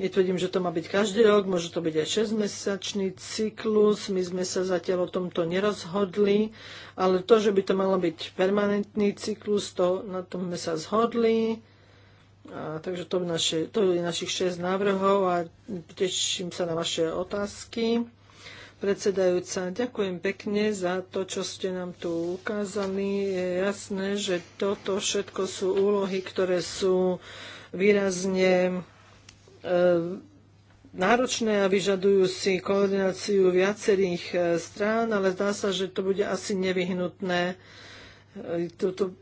S3: Netvrdím, že to má byť každý rok, môže to byť aj 6-mesačný cyklus. My sme sa zatiaľ o tomto nerozhodli, ale to, že by to malo byť permanentný cyklus, to, na tom sme sa zhodli. A, takže to, naše, to je našich 6 návrhov a teším sa na vaše otázky predsedajúca. Ďakujem pekne za to, čo ste nám tu ukázali. Je jasné, že toto všetko sú úlohy, ktoré sú výrazne e, náročné a vyžadujú si koordináciu viacerých e, strán, ale zdá sa, že to bude asi nevyhnutné e,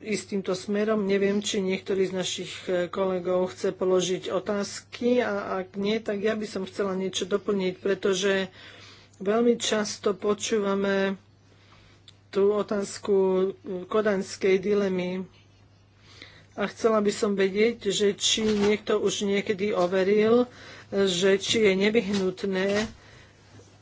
S3: ísť týmto smerom. Neviem, či niektorý z našich e, kolegov chce položiť otázky a ak nie, tak ja by som chcela niečo doplniť, pretože Veľmi často počúvame tú otázku kodanskej dilemy. A chcela by som vedieť, že či niekto už niekedy overil, že či je nevyhnutné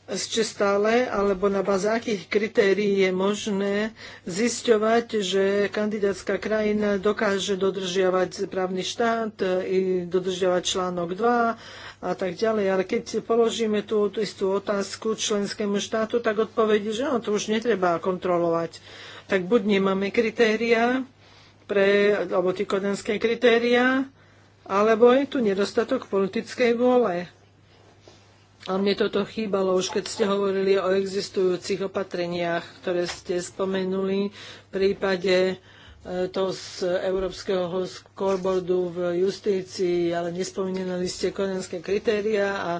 S3: ste stále, alebo na baze akých kritérií je možné zisťovať, že kandidátska krajina dokáže dodržiavať právny štát, e, i dodržiavať článok 2 a tak ďalej. Ale keď položíme tú, tú istú otázku členskému štátu, tak odpovedí, že no, to už netreba kontrolovať. Tak buď nemáme kritéria, pre, alebo tie kodenské kritéria, alebo je tu nedostatok politickej vôle. A mne toto chýbalo už, keď ste hovorili o existujúcich opatreniach, ktoré ste spomenuli v prípade e, to z Európskeho scoreboardu v justícii, ale nespomínali ste konenské kritéria a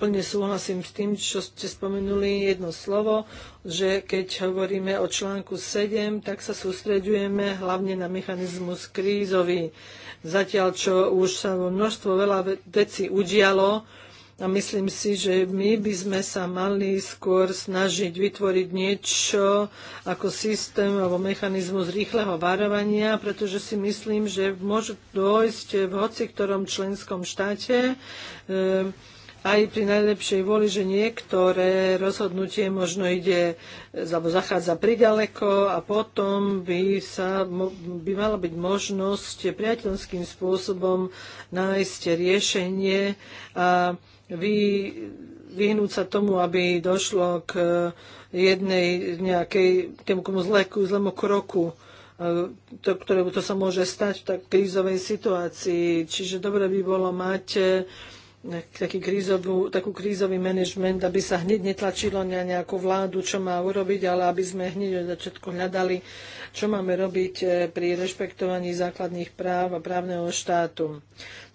S3: plne súhlasím s tým, čo ste spomenuli jedno slovo, že keď hovoríme o článku 7, tak sa sústredujeme hlavne na mechanizmus krízový. Zatiaľ, čo už sa množstvo veľa vecí udialo, a myslím si, že my by sme sa mali skôr snažiť vytvoriť niečo ako systém alebo mechanizmus rýchleho varovania, pretože si myslím, že môže dôjsť v hoci ktorom členskom štáte eh, aj pri najlepšej voli, že niektoré rozhodnutie možno ide eh, alebo zachádza pridaleko a potom by, sa, by mala byť možnosť priateľským spôsobom nájsť riešenie a vy, vyhnúť sa tomu, aby došlo k eh, jednej nejakej tomu zléku, zlému kroku, eh, to, ktoré to sa môže stať v tak krízovej situácii. Čiže dobre by bolo mať eh, taký krízovú, takú krízový manažment, aby sa hneď netlačilo na nejakú vládu, čo má urobiť, ale aby sme hneď od začiatku hľadali, čo máme robiť pri rešpektovaní základných práv a právneho štátu.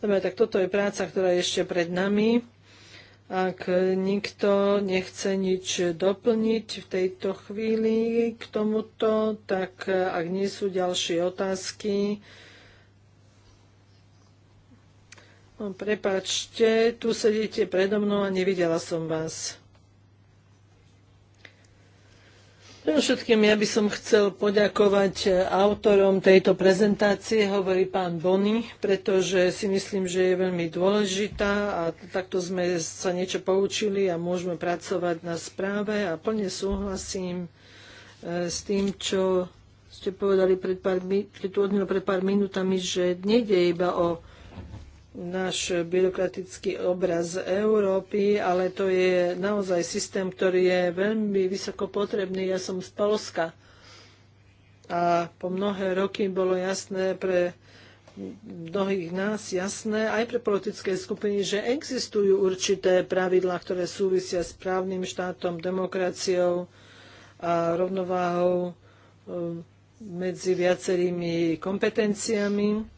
S3: Dobre, tak toto je práca, ktorá je ešte pred nami. Ak nikto nechce nič doplniť v tejto chvíli k tomuto, tak ak nie sú ďalšie otázky, no, prepačte, tu sedíte predo mnou a nevidela som vás. Pre všetkým ja by som chcel poďakovať eh, autorom tejto prezentácie, hovorí pán Bony, pretože si myslím, že je veľmi dôležitá a takto sme sa niečo poučili a môžeme pracovať na správe a plne súhlasím eh, s tým, čo ste povedali pred pár, pred, pred pár minútami, že nejde iba o náš byrokratický obraz Európy, ale to je naozaj systém, ktorý je veľmi vysoko potrebný. Ja som z Polska a po mnohé roky bolo jasné pre mnohých nás jasné, aj pre politické skupiny, že existujú určité pravidlá, ktoré súvisia s právnym štátom, demokraciou a rovnováhou um, medzi viacerými kompetenciami.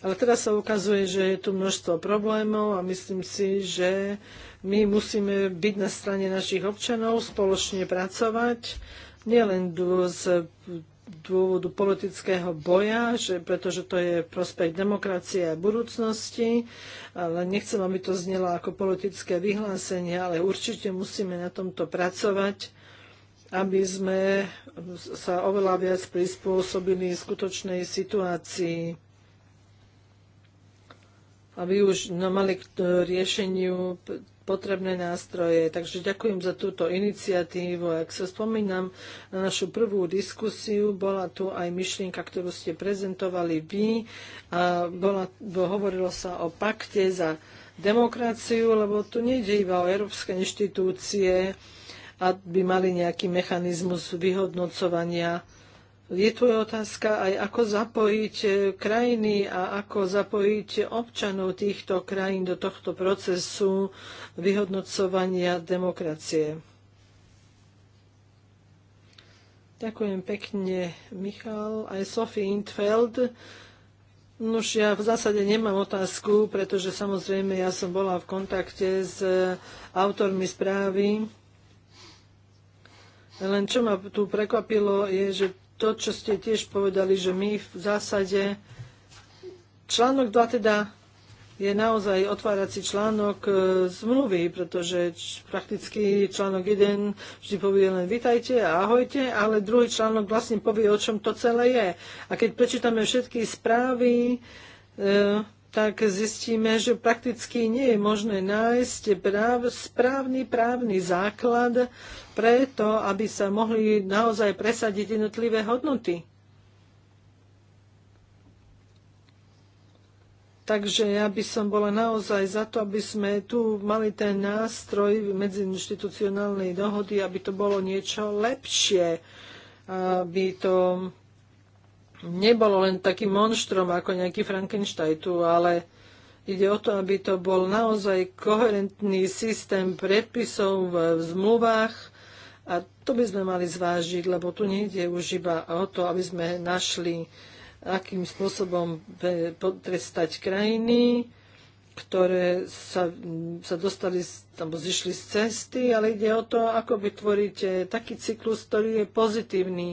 S3: Ale teraz sa ukazuje, že je tu množstvo problémov a myslím si, že my musíme byť na strane našich občanov, spoločne pracovať, nielen z dôvodu politického boja, že, pretože to je prospekt demokracie a budúcnosti, ale nechcem, aby to znelo ako politické vyhlásenie, ale určite musíme na tomto pracovať, aby sme sa oveľa viac prispôsobili skutočnej situácii aby už mali k riešeniu potrebné nástroje. Takže ďakujem za túto iniciatívu. Ak sa spomínam na našu prvú diskusiu, bola tu aj myšlienka, ktorú ste prezentovali vy. A bola, bo hovorilo sa o pakte za demokraciu, lebo tu nejde iba o európske inštitúcie, aby mali nejaký mechanizmus vyhodnocovania je tu otázka aj, ako zapojiť e, krajiny a ako zapojiť občanov týchto krajín do tohto procesu vyhodnocovania demokracie. Ďakujem pekne, Michal. Aj Sophie Intfeld. Už ja v zásade nemám otázku, pretože samozrejme ja som bola v kontakte s e, autormi správy. Len čo ma tu prekvapilo je, že to, čo ste tiež povedali, že my v zásade článok 2 teda je naozaj otvárací článok e, zmluvy, pretože prakticky článok 1 vždy povie len vitajte a ahojte, ale druhý článok vlastne povie, o čom to celé je. A keď prečítame všetky správy, e tak zistíme, že prakticky nie je možné nájsť práv, správny právny základ pre to, aby sa mohli naozaj presadiť jednotlivé hodnoty. Takže ja by som bola naozaj za to, aby sme tu mali ten nástroj medziinstitucionálnej dohody, aby to bolo niečo lepšie, aby to nebolo len takým monštrom ako nejaký Frankensteitu, ale ide o to, aby to bol naozaj koherentný systém predpisov v, v zmluvách a to by sme mali zvážiť, lebo tu nejde už iba o to, aby sme našli, akým spôsobom potrestať krajiny, ktoré sa, sa dostali, alebo zišli z cesty, ale ide o to, ako vytvoríte taký cyklus, ktorý je pozitívny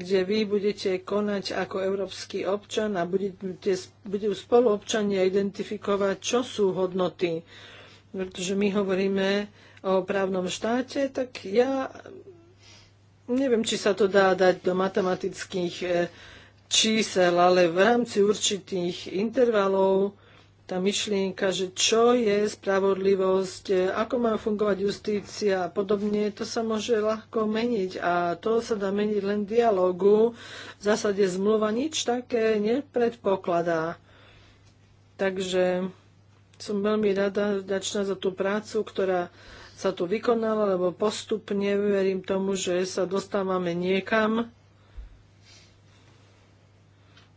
S3: kde vy budete konať ako európsky občan a budete, budú spoluobčania identifikovať, čo sú hodnoty. Pretože my hovoríme o právnom štáte, tak ja neviem, či sa to dá dať do matematických eh, čísel, ale v rámci určitých intervalov tá myšlienka, že čo je spravodlivosť, e, ako má fungovať justícia a podobne, to sa môže ľahko meniť a to sa dá meniť len dialogu. V zásade zmluva nič také nepredpokladá. Takže som veľmi rada, vďačná za tú prácu, ktorá sa tu vykonala, lebo postupne verím tomu, že sa dostávame niekam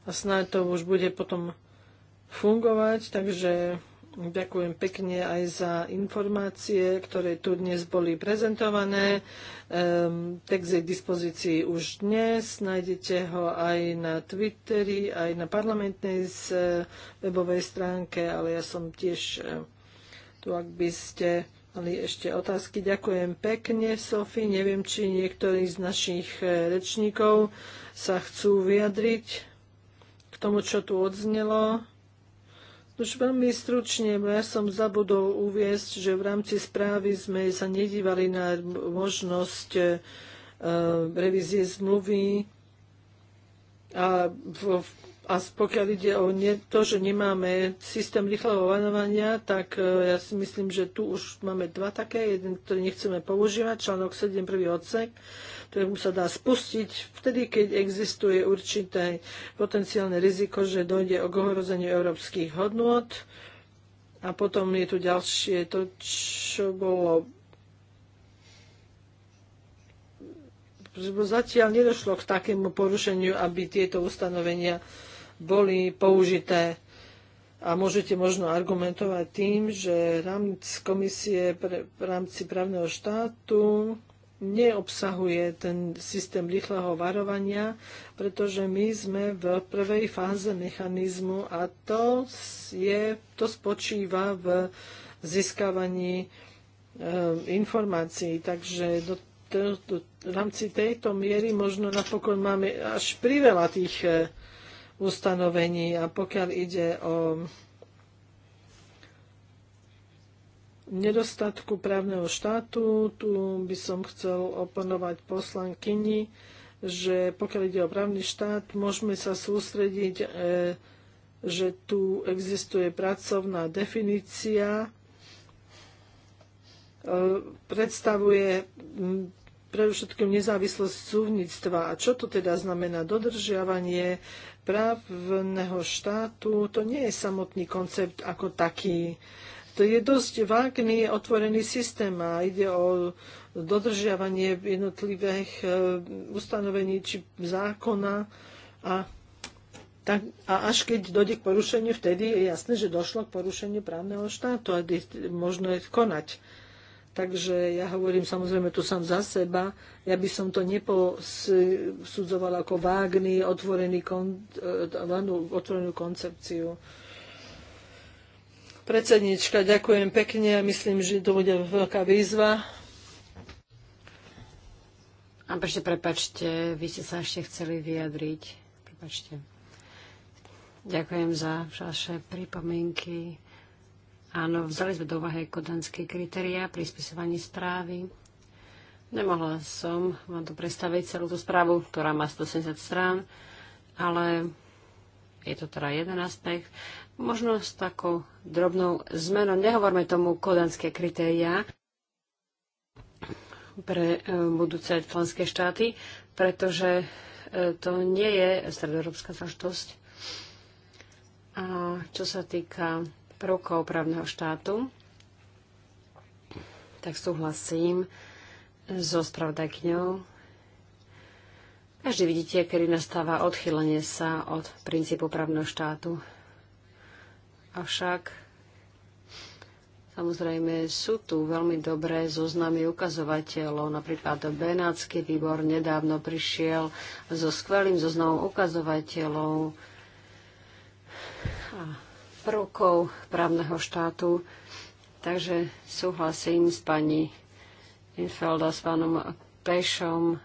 S3: a snáď to už bude potom fungovať, takže Ďakujem pekne aj za informácie, ktoré tu dnes boli prezentované. Um, text je k dispozícii už dnes. Nájdete ho aj na Twitteri, aj na parlamentnej z, e, webovej stránke, ale ja som tiež e, tu, ak by ste mali ešte otázky. Ďakujem pekne, Sofi. Neviem, či niektorí z našich e, rečníkov sa chcú vyjadriť k tomu, čo tu odznelo. Už veľmi stručne, ja som zabudol uviesť, že v rámci správy sme sa nedívali na možnosť uh, revízie zmluvy a, a pokiaľ ide o ne, to, že nemáme systém rýchleho vanovania, tak e, ja si myslím, že tu už máme dva také. Jeden, ktorý nechceme používať, článok 7, prvý odsek ktorému sa dá spustiť vtedy, keď existuje určité potenciálne riziko, že dojde k ohrozeniu európskych hodnot A potom je tu ďalšie to, čo bolo zatiaľ nedošlo k takému porušeniu, aby tieto ustanovenia boli použité a môžete možno argumentovať tým, že rámci komisie v rámci právneho štátu neobsahuje ten systém rýchleho varovania, pretože my sme v prvej fáze mechanizmu a to, je, to spočíva v získavaní e, informácií. Takže do, do, do, v rámci tejto miery možno napokon máme až priveľa tých e, ustanovení a pokiaľ ide o nedostatku právneho štátu, tu by som chcel oponovať poslankyni, že pokiaľ ide o právny štát, môžeme sa sústrediť, e, že tu existuje pracovná definícia, e, predstavuje predstavuje všetkým nezávislosť súvnictva. A čo to teda znamená dodržiavanie právneho štátu? To nie je samotný koncept ako taký. To je dosť vágný otvorený systém a ide o dodržiavanie jednotlivých e, ustanovení či zákona a tak, a až keď dojde k porušeniu, vtedy je jasné, že došlo k porušeniu právneho štátu a je možné konať. Takže ja hovorím samozrejme tu sám za seba. Ja by som to neposudzovala ako vágný, otvorený kon, e, otvorenú koncepciu. Predsednička, ďakujem pekne. Myslím, že to bude veľká výzva. A prečo, prepačte,
S1: vy ste sa ešte chceli vyjadriť. Prepačte. Ďakujem za vaše pripomienky. Áno, vzali sme do úvahy kodanské kritéria pri spisovaní správy. Nemohla som vám tu predstaviť celú tú správu, ktorá má 170 strán, ale je to teda jeden aspekt. Možno s takou drobnou zmenou. Nehovorme tomu kodanské kritériá pre e, budúce členské štáty, pretože e, to nie je stredoeurópska záležitosť. A čo sa týka prvkov právneho štátu, tak súhlasím so spravodajkňou. Každý vidíte, kedy nastáva odchylenie sa od princípu právneho štátu Avšak samozrejme sú tu veľmi dobré zoznamy ukazovateľov. Napríklad Benátsky výbor nedávno prišiel so skvelým zoznamom ukazovateľov a prvkov právneho štátu. Takže súhlasím s pani Infelda, s pánom Pešom,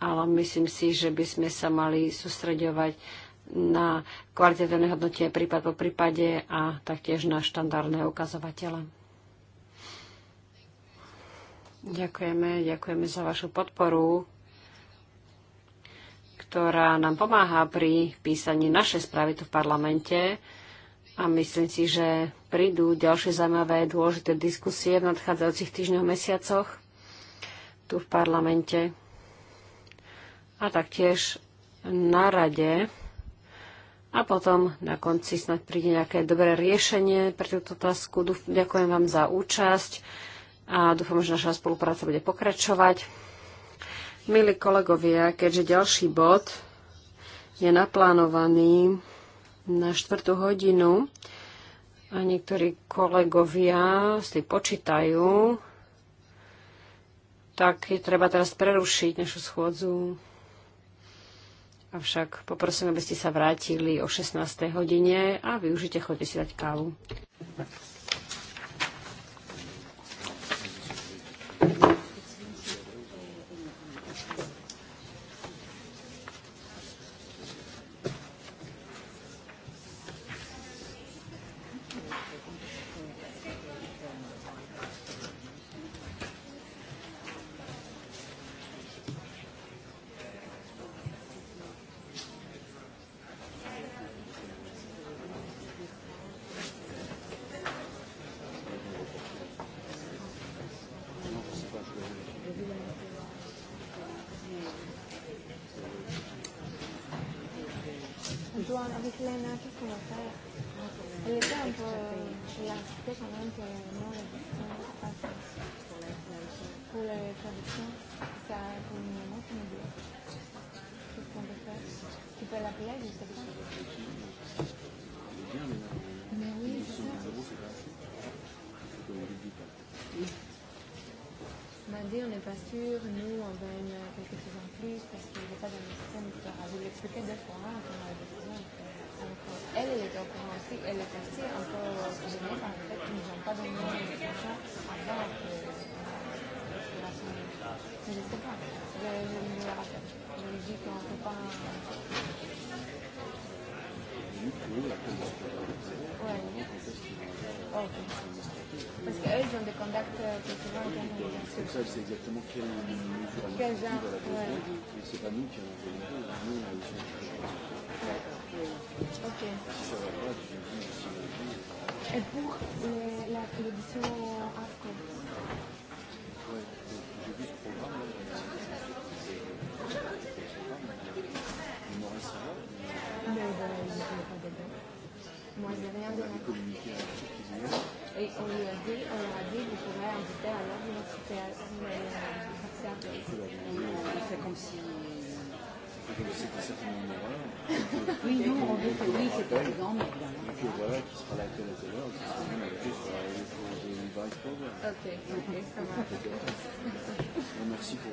S1: ale myslím si, že by sme sa mali sústreďovať na kvalitatívne hodnotie prípad po prípade a taktiež na štandardné ukazovatele. Ďakujeme, ďakujeme za vašu podporu, ktorá nám pomáha pri písaní našej správy tu v parlamente a myslím si, že prídu ďalšie zaujímavé dôležité diskusie v nadchádzajúcich týždňoch, mesiacoch tu v parlamente a taktiež na rade a potom na konci snad príde nejaké dobré riešenie pre túto otázku. Ďakujem vám za účasť a dúfam, že naša spolupráca bude pokračovať. Milí kolegovia, keďže ďalší bod je naplánovaný na 4. hodinu a niektorí kolegovia si počítajú, tak je treba teraz prerušiť našu schôdzu. Avšak poprosím, aby ste sa vrátili o 16. hodine a využite, chodite si dať kávu.
S2: ça, c'est exactement quelle alternative elle a la ouais. Et c'est pas nous qui allons envoyer une nous on a aussi un D'accord.
S3: Ok. Si
S2: ça va pas, dis, Et pour euh, l'édition AFCO Oui, j'ai vu ce programme
S3: Mais voilà, je pas
S2: dedans. Moi, n'ai rien demandé. On
S3: avait communiqué
S2: Et on lui a dit, on a dit, vous pourrez inviter alors l'université. C'est comme si.
S3: Oui, nous, on veut que lui, c'est pas grand, mais bien.
S1: Et puis voilà, qui sera là à telle heure, qui sera même avec lui, sera le vice-programme.
S3: Ok, ok, ça
S1: marche. Merci pour.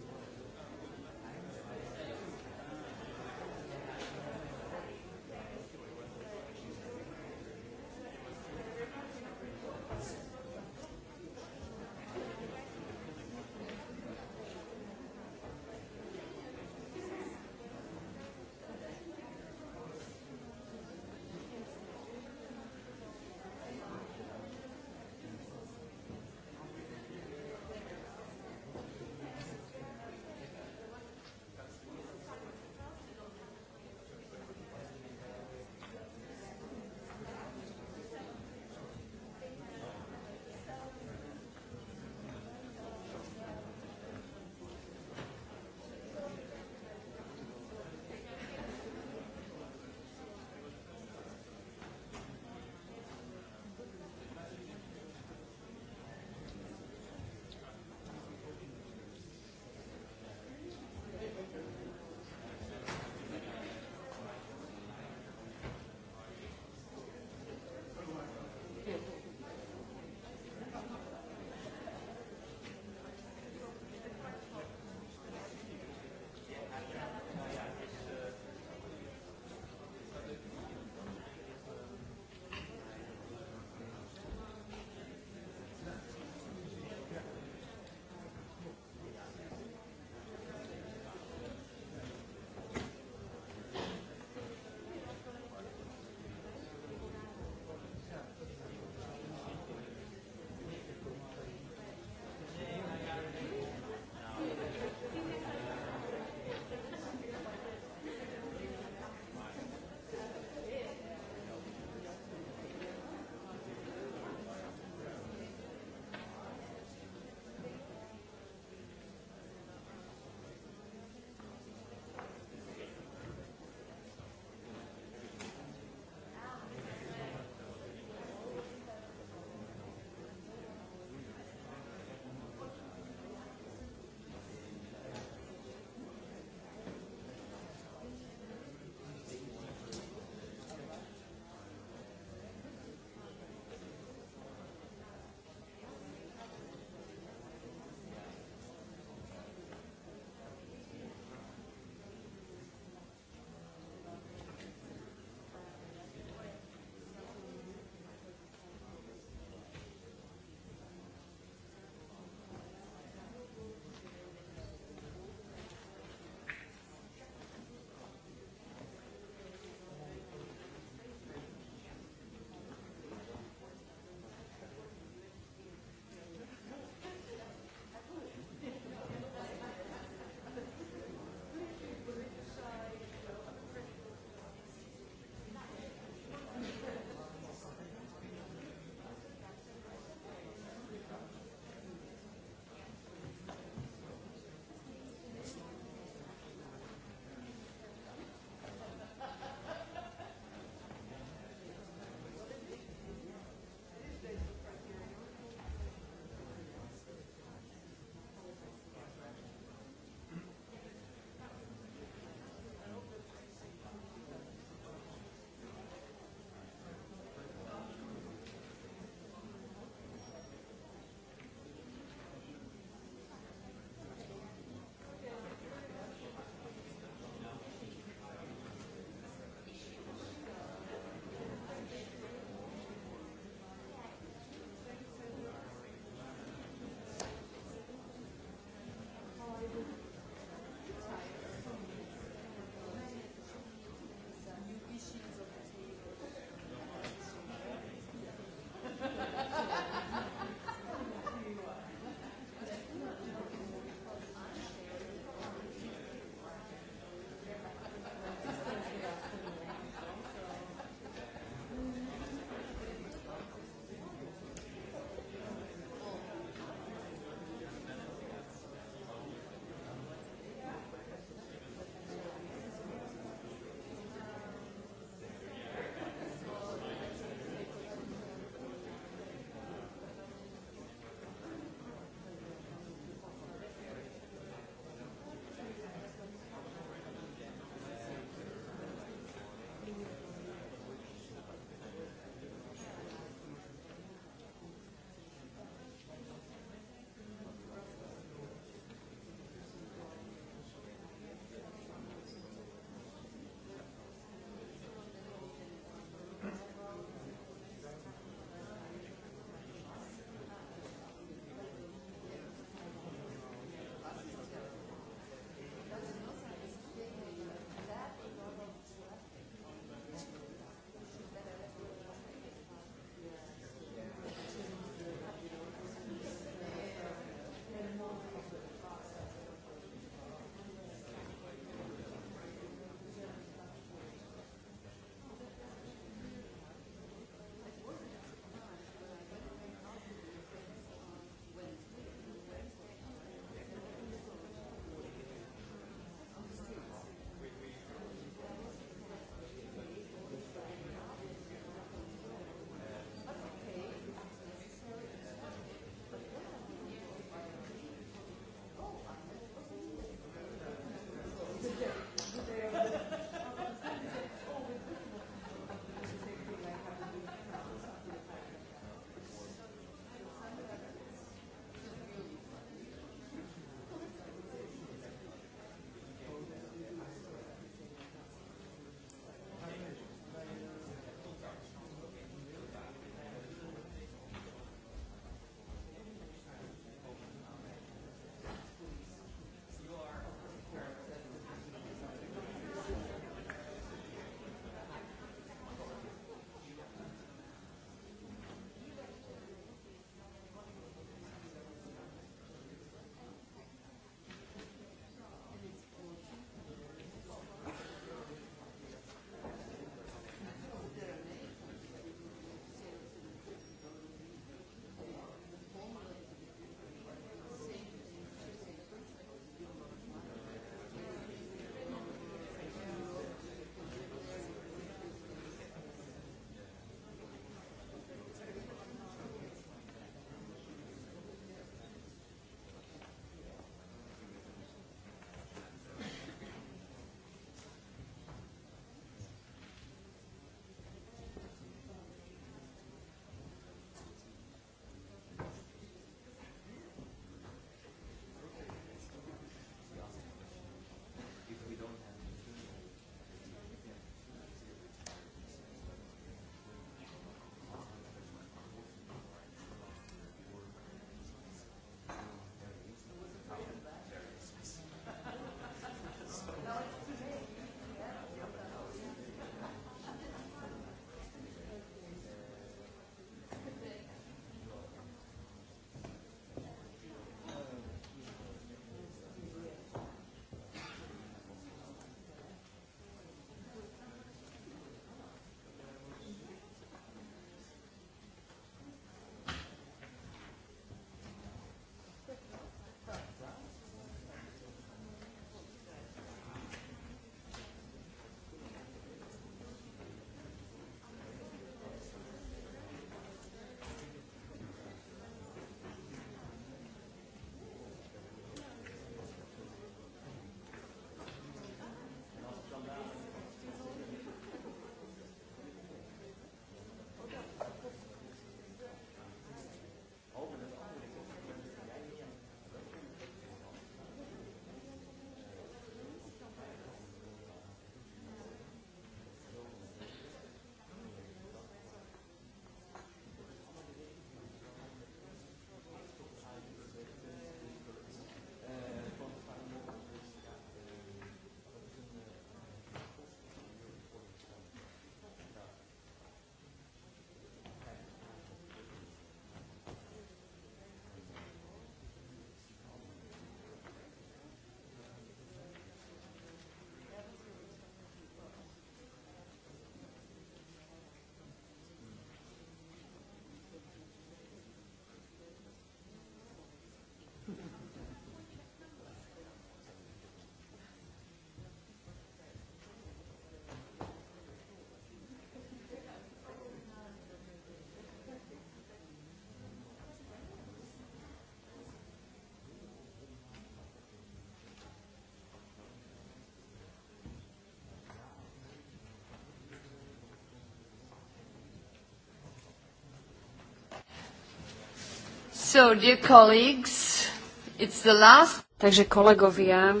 S1: So, dear colleagues, it's the last... Takže kolegovia,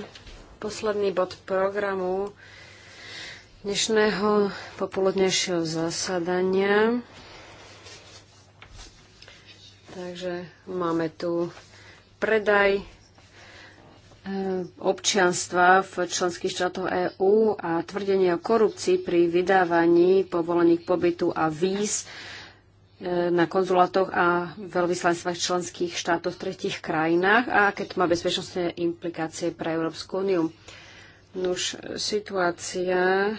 S1: posledný bod programu dnešného popoludnejšieho zasadania. Takže máme tu predaj eh, občianstva v členských štátoch EÚ a tvrdenie o korupcii pri vydávaní povolení k pobytu a víz E, na konzulátoch a veľvyslanstvách členských štátov v tretich krajinách a aké to má bezpečnostné implikácie pre Európsku úniu. Nuž, situácia e,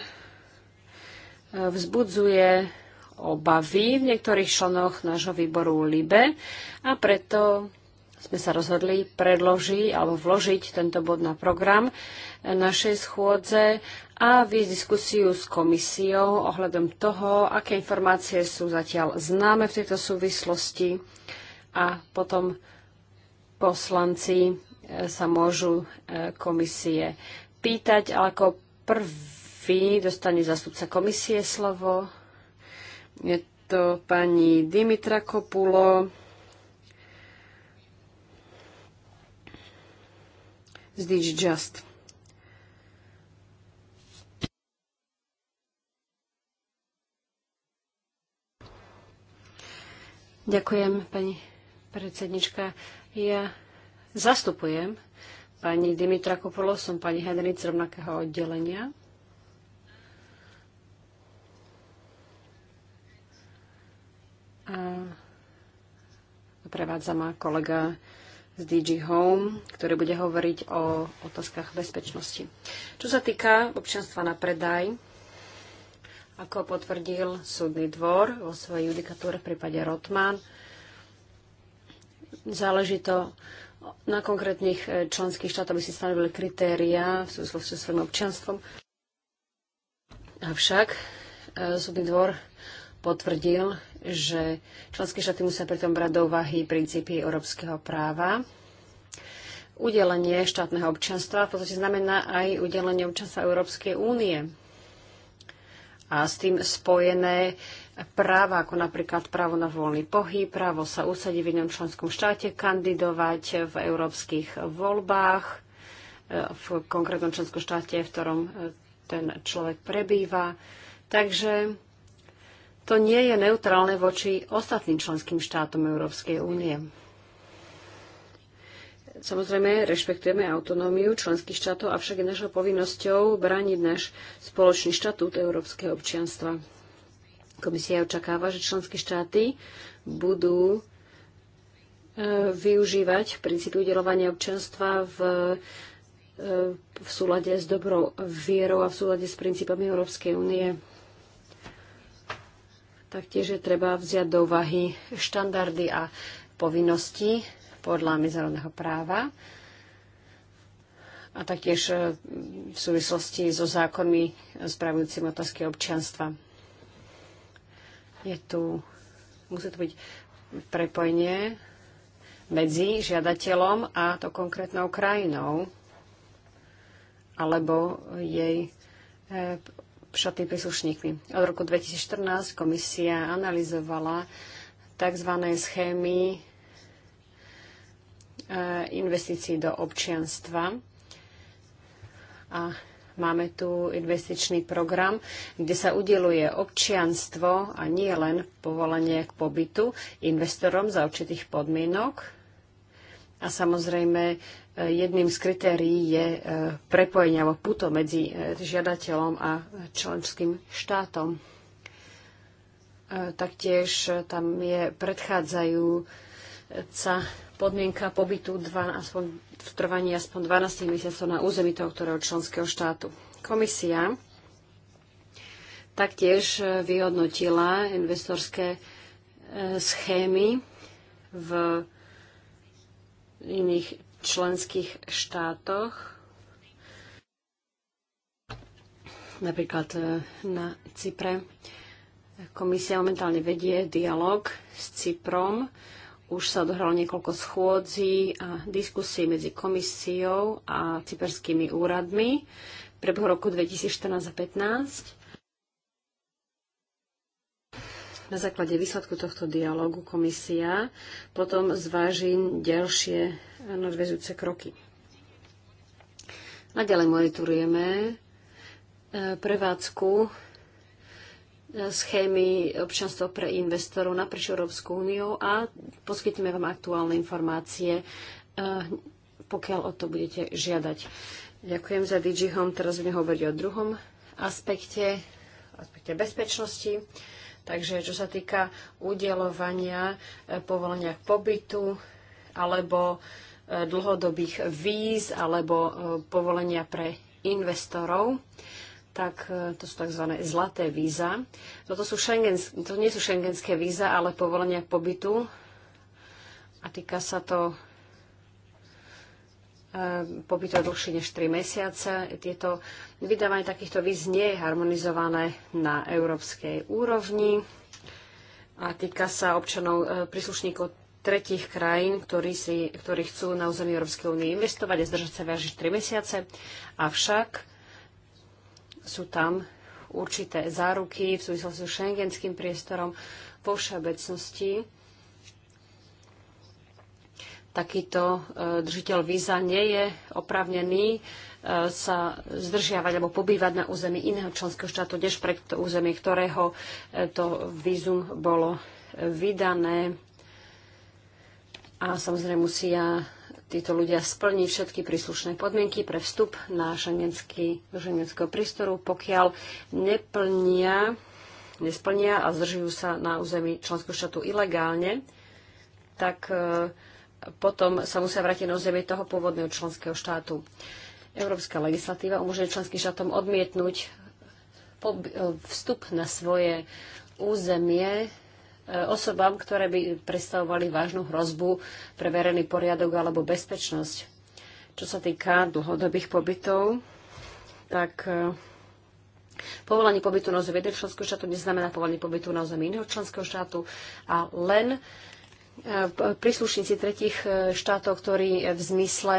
S1: vzbudzuje obavy v niektorých členoch nášho výboru LIBE a preto sme sa rozhodli predložiť alebo vložiť tento bod na program našej schôdze a viesť diskusiu s komisiou ohľadom toho, aké informácie sú zatiaľ známe v tejto súvislosti a potom poslanci e, sa môžu e, komisie pýtať, ale ako prvý dostane zastupca komisie slovo. Je to pani Dimitra Kopulo z DigiJust. Just. Ďakujem, pani predsednička. Ja zastupujem pani Dimitra Kopolo, som pani Henric z rovnakého oddelenia. A prevádza ma kolega z DG Home, ktorý bude hovoriť o otázkach bezpečnosti. Čo sa týka občianstva na predaj, ako potvrdil súdny dvor vo svojej judikatúre v prípade Rotman. Záleží to na konkrétnych eh, členských štátoch, aby si stanovili kritéria v súvislosti s svojim občianstvom. Avšak eh, súdny dvor potvrdil, že členské štáty musia pritom brať do úvahy princípy európskeho práva. Udelenie štátneho občanstva v podstate znamená aj udelenie občanstva Európskej únie a s tým spojené práva, ako napríklad právo na voľný pohyb, právo sa usadiť v inom členskom štáte, kandidovať v európskych voľbách e, v konkrétnom členskom štáte, v ktorom e, ten človek prebýva. Takže to nie je neutrálne voči ostatným členským štátom Európskej únie. Samozrejme, rešpektujeme autonómiu členských štátov, avšak je našou povinnosťou brániť náš spoločný štatút európskeho občianstva. Komisia očakáva, že členské štáty budú e, využívať princípy udelovania občanstva v, e, v súlade s dobrou vierou a v súlade s princípami Európskej únie. Taktiež je treba vziať do úvahy štandardy a povinnosti podľa medzinárodného práva a taktiež e, v súvislosti so zákonmi spravujúcimi otázky občianstva. Je tu, musí to byť prepojenie medzi žiadateľom a to konkrétnou krajinou alebo jej e, šatnými príslušníkmi. Od roku 2014 komisia analyzovala tzv. schémy Eh, investícií do občianstva. A máme tu investičný program, kde sa udeluje občianstvo a nie len povolenie k pobytu investorom za určitých podmienok. A samozrejme, eh, jedným z kritérií je eh, prepojenie alebo puto medzi žiadateľom a členským štátom. Taktiež tam je predchádzajú sa podmienka pobytu dva, aspoň v trvaní aspoň 12 mesiacov na území toho ktorého členského štátu. Komisia taktiež e, vyhodnotila investorské e, schémy v iných členských štátoch, napríklad e, na Cypre. Komisia momentálne vedie dialog s Cyprom už sa odohralo niekoľko schôdzí a diskusí medzi komisiou a cyperskými úradmi pre roku 2014 a 2015. Na základe výsledku tohto dialógu komisia potom zváži ďalšie nadväzujúce kroky. Naďalej monitorujeme eh, prevádzku schémy občanstva pre investorov naprieč Európsku úniu a poskytneme vám aktuálne informácie, eh, pokiaľ o to budete žiadať. Ďakujem za Digihom, Teraz budem hovoriť o druhom aspekte, aspekte bezpečnosti. Takže čo sa týka udelovania eh, povolenia k pobytu alebo eh, dlhodobých víz alebo povolenia pre investorov, tak e, to sú tzv. zlaté víza. No to, sú to nie sú šengenské víza, ale povolenia k pobytu. A týka sa to e, pobytu dlhšie než 3 mesiace. Tieto vydávanie takýchto víz nie je harmonizované na európskej úrovni a týka sa občanov e, príslušníkov tretich krajín, ktorí, si, ktorí chcú na území Európskej únie investovať a zdržať sa viac 3 mesiace. Avšak sú tam určité záruky v súvislosti s šengenským priestorom vo všeobecnosti. Takýto e, držiteľ víza nie je opravnený e, sa zdržiavať alebo pobývať na území iného členského štátu, než pre to územie, ktorého e, to vízum bolo vydané. A samozrejme musia títo ľudia splní všetky príslušné podmienky pre vstup na šengenský, do šengenského prístoru, pokiaľ neplnia, nesplnia a zdržujú sa na území členského štátu ilegálne, tak e, potom sa musia vrátiť na územie toho pôvodného členského štátu. Európska legislatíva umožňuje členským štátom odmietnúť e, vstup na svoje územie E, osobám, ktoré by predstavovali vážnu hrozbu pre verejný poriadok alebo bezpečnosť. Čo sa týka dlhodobých pobytov, tak e, povolanie pobytu na území jedného členského štátu neznamená povolenie pobytu na území iného členského štátu a len e, príslušníci tretich štátov, ktorí v zmysle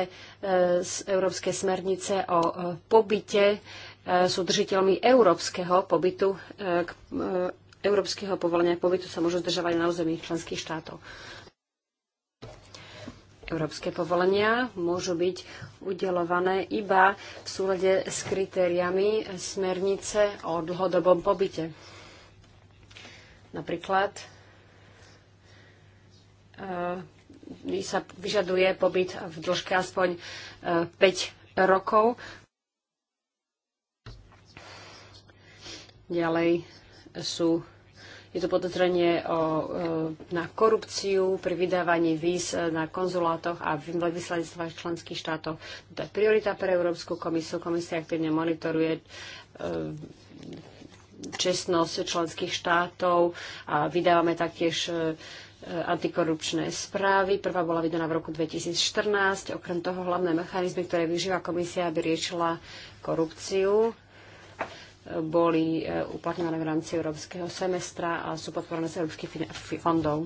S1: z Európskej smernice o pobyte sú držiteľmi európskeho pobytu európskeho povolenia pobytu sa môžu zdržovať na území členských štátov. Európske povolenia môžu byť udelované iba v súlade s kritériami smernice o dlhodobom pobyte. Napríklad e, sa vyžaduje pobyt v dĺžke aspoň 5 e, rokov. Ďalej sú je to podozrenie o, e, na korupciu pri vydávaní víz e, na konzulátoch a v legislatívach členských štátov. To je priorita pre Európsku komisiu. Komisia aktívne monitoruje e, čestnosť členských štátov a vydávame taktiež antikorupčné správy. Prvá bola vydaná v roku 2014. Okrem toho hlavné mechanizmy, ktoré využíva komisia, aby riešila korupciu boli eh, uplatňované v rámci európskeho semestra a sú podporované z európskych fondov.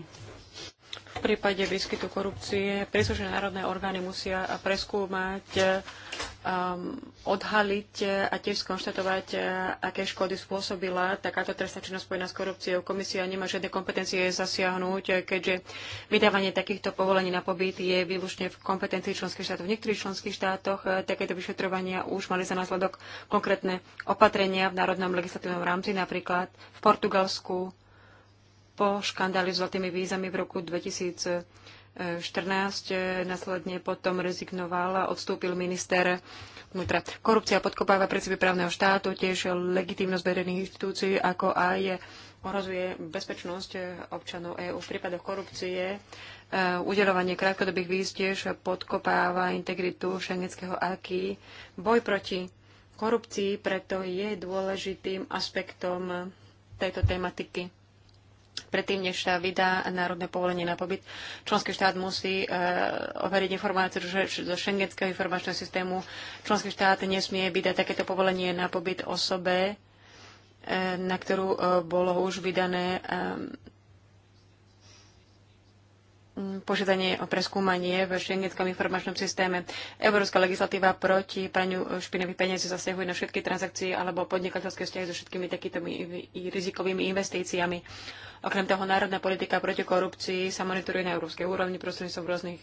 S1: V prípade
S2: výskytu korupcie príslušné národné orgány musia preskúmať, um, odhaliť a tiež skonštatovať, uh, aké škody spôsobila takáto trestná činnosť spojená s korupciou. Komisia nemá žiadne kompetencie zasiahnuť, keďže vydávanie takýchto povolení na pobyt je výlučne v kompetencii členských štátov. V niektorých členských štátoch uh, takéto vyšetrovania už mali za následok konkrétne opatrenia v národnom legislatívnom rámci, napríklad v Portugalsku, po škandáli s zlatými vízami v roku 2014 následne potom rezignoval a odstúpil minister vnútra. Korupcia podkopáva princípy právneho štátu, tiež legitímnosť verejných inštitúcií, ako aj ohrozuje bezpečnosť občanov EÚ. V prípadoch korupcie e, udelovanie krátkodobých víz tiež podkopáva integritu šengenského aký. Boj proti korupcii preto je dôležitým aspektom tejto tematiky predtým, než sa vydá národné povolenie na pobyt, členský štát musí e, overiť informáciu zo šengenského informačného systému. Členský štát nesmie vydať takéto povolenie na pobyt osobe, e, na ktorú e, bolo už vydané e, Mm, požiadanie o preskúmanie v šengenskom informačnom systéme. Európska legislatíva proti praniu špinavých peniazí zasahuje na všetky transakcie alebo podnikateľské vzťahy so všetkými takýmito rizikovými investíciami. Okrem toho, národná politika proti korupcii sa monitoruje na európskej úrovni prostredníctvom rôznych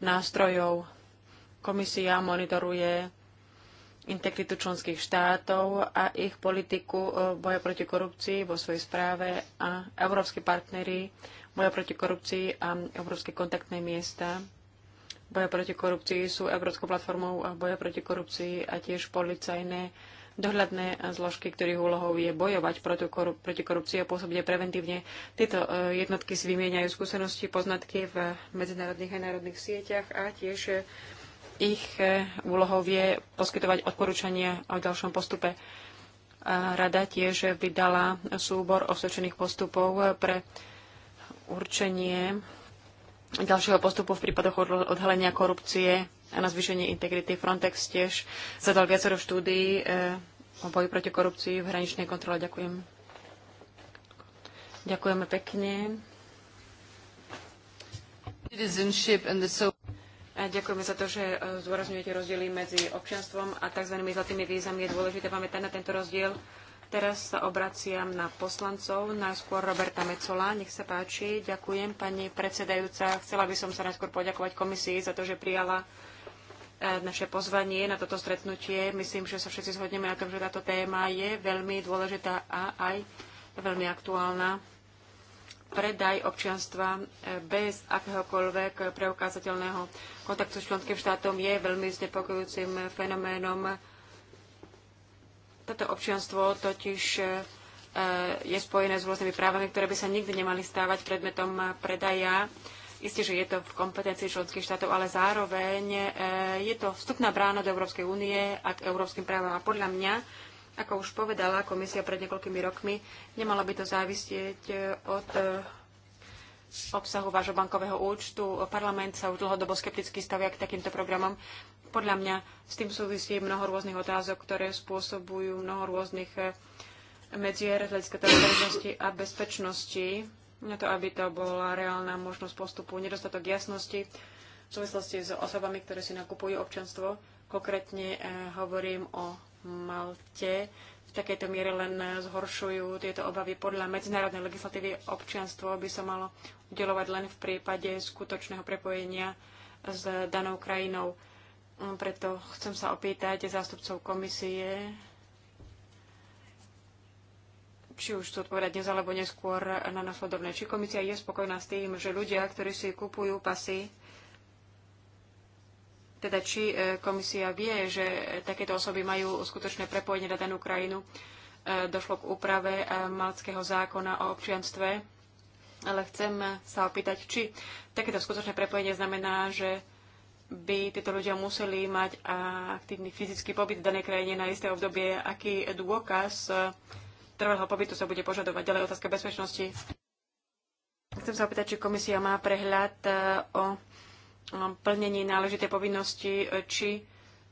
S2: nástrojov. Komisia monitoruje integritu členských štátov a ich politiku e, boja proti korupcii vo svojej správe a európsky partnery boja proti korupcii a Európske kontaktné miesta boja proti korupcii sú Európskou platformou boja proti korupcii a tiež policajné dohľadné zložky, ktorých úlohou je bojovať proti, proti korupcii a pôsobiť preventívne. Tieto e, jednotky si vymieňajú skúsenosti, poznatky v medzinárodných a národných sieťach a tiež e, ich e, úlohou je poskytovať odporúčania o ďalšom postupe. Rada tiež vydala súbor osvedčených postupov pre určenie ďalšieho postupu v prípadoch odhalenia korupcie a na zvýšenie integrity. Frontex tiež zadal viacero štúdií eh, o boji proti korupcii v hraničnej kontrole. Ďakujem. Ďakujeme pekne. ďakujeme za to, že eh, zdôrazňujete rozdiely medzi občanstvom a tzv. zlatými vízami. Je dôležité pamätať na tento rozdiel Teraz sa obraciam na poslancov, najskôr Roberta Mecola. Nech sa páči. Ďakujem, pani predsedajúca. Chcela by som sa najskôr poďakovať komisii za to, že prijala e, naše pozvanie na toto stretnutie. Myslím, že sa všetci zhodneme na tom, že táto téma je veľmi dôležitá a aj veľmi aktuálna. Predaj občianstva e, bez akéhokoľvek preukázateľného kontaktu s členským štátom je veľmi znepokojujúcim fenoménom toto občianstvo totiž e, je spojené s rôznymi právami, ktoré by sa nikdy nemali stávať predmetom predaja. Isté, že je to v kompetencii členských štátov, ale zároveň e, je to vstupná brána do Európskej únie a k európskym právam. A podľa mňa, ako už povedala komisia pred niekoľkými rokmi, nemala by to závisieť e, od obsahu vášho bankového účtu. Parlament sa už dlhodobo skepticky stavia k takýmto programom. Podľa mňa s tým súvisí mnoho rôznych otázok, ktoré spôsobujú mnoho rôznych eh, medzier z hľadiska transparentnosti a bezpečnosti, na to, aby to bola reálna možnosť postupu, nedostatok jasnosti v súvislosti s osobami, ktoré si nakupujú občanstvo. Konkrétne eh, hovorím o Malte. V takejto miere len eh, zhoršujú tieto obavy. Podľa medzinárodnej legislatívy občianstvo by sa malo udelovať len v prípade skutočného prepojenia s danou krajinou. Preto chcem sa opýtať zástupcov komisie, či už to odpovedať dnes alebo neskôr na nasledovné. Či komisia je spokojná s tým, že ľudia, ktorí si kupujú pasy, teda či e, komisia vie, že takéto osoby majú skutočné prepojenie na danú krajinu. E, došlo k úprave e, malckého zákona o občianstve, ale chcem sa opýtať, či takéto skutočné prepojenie znamená, že by títo ľudia museli mať aktívny fyzický pobyt v danej krajine na isté obdobie, aký dôkaz eh, trvalého pobytu sa bude požadovať. Ďalej otázka bezpečnosti. Chcem sa opýtať, či komisia má prehľad eh, o plnení náležitej povinnosti, eh, či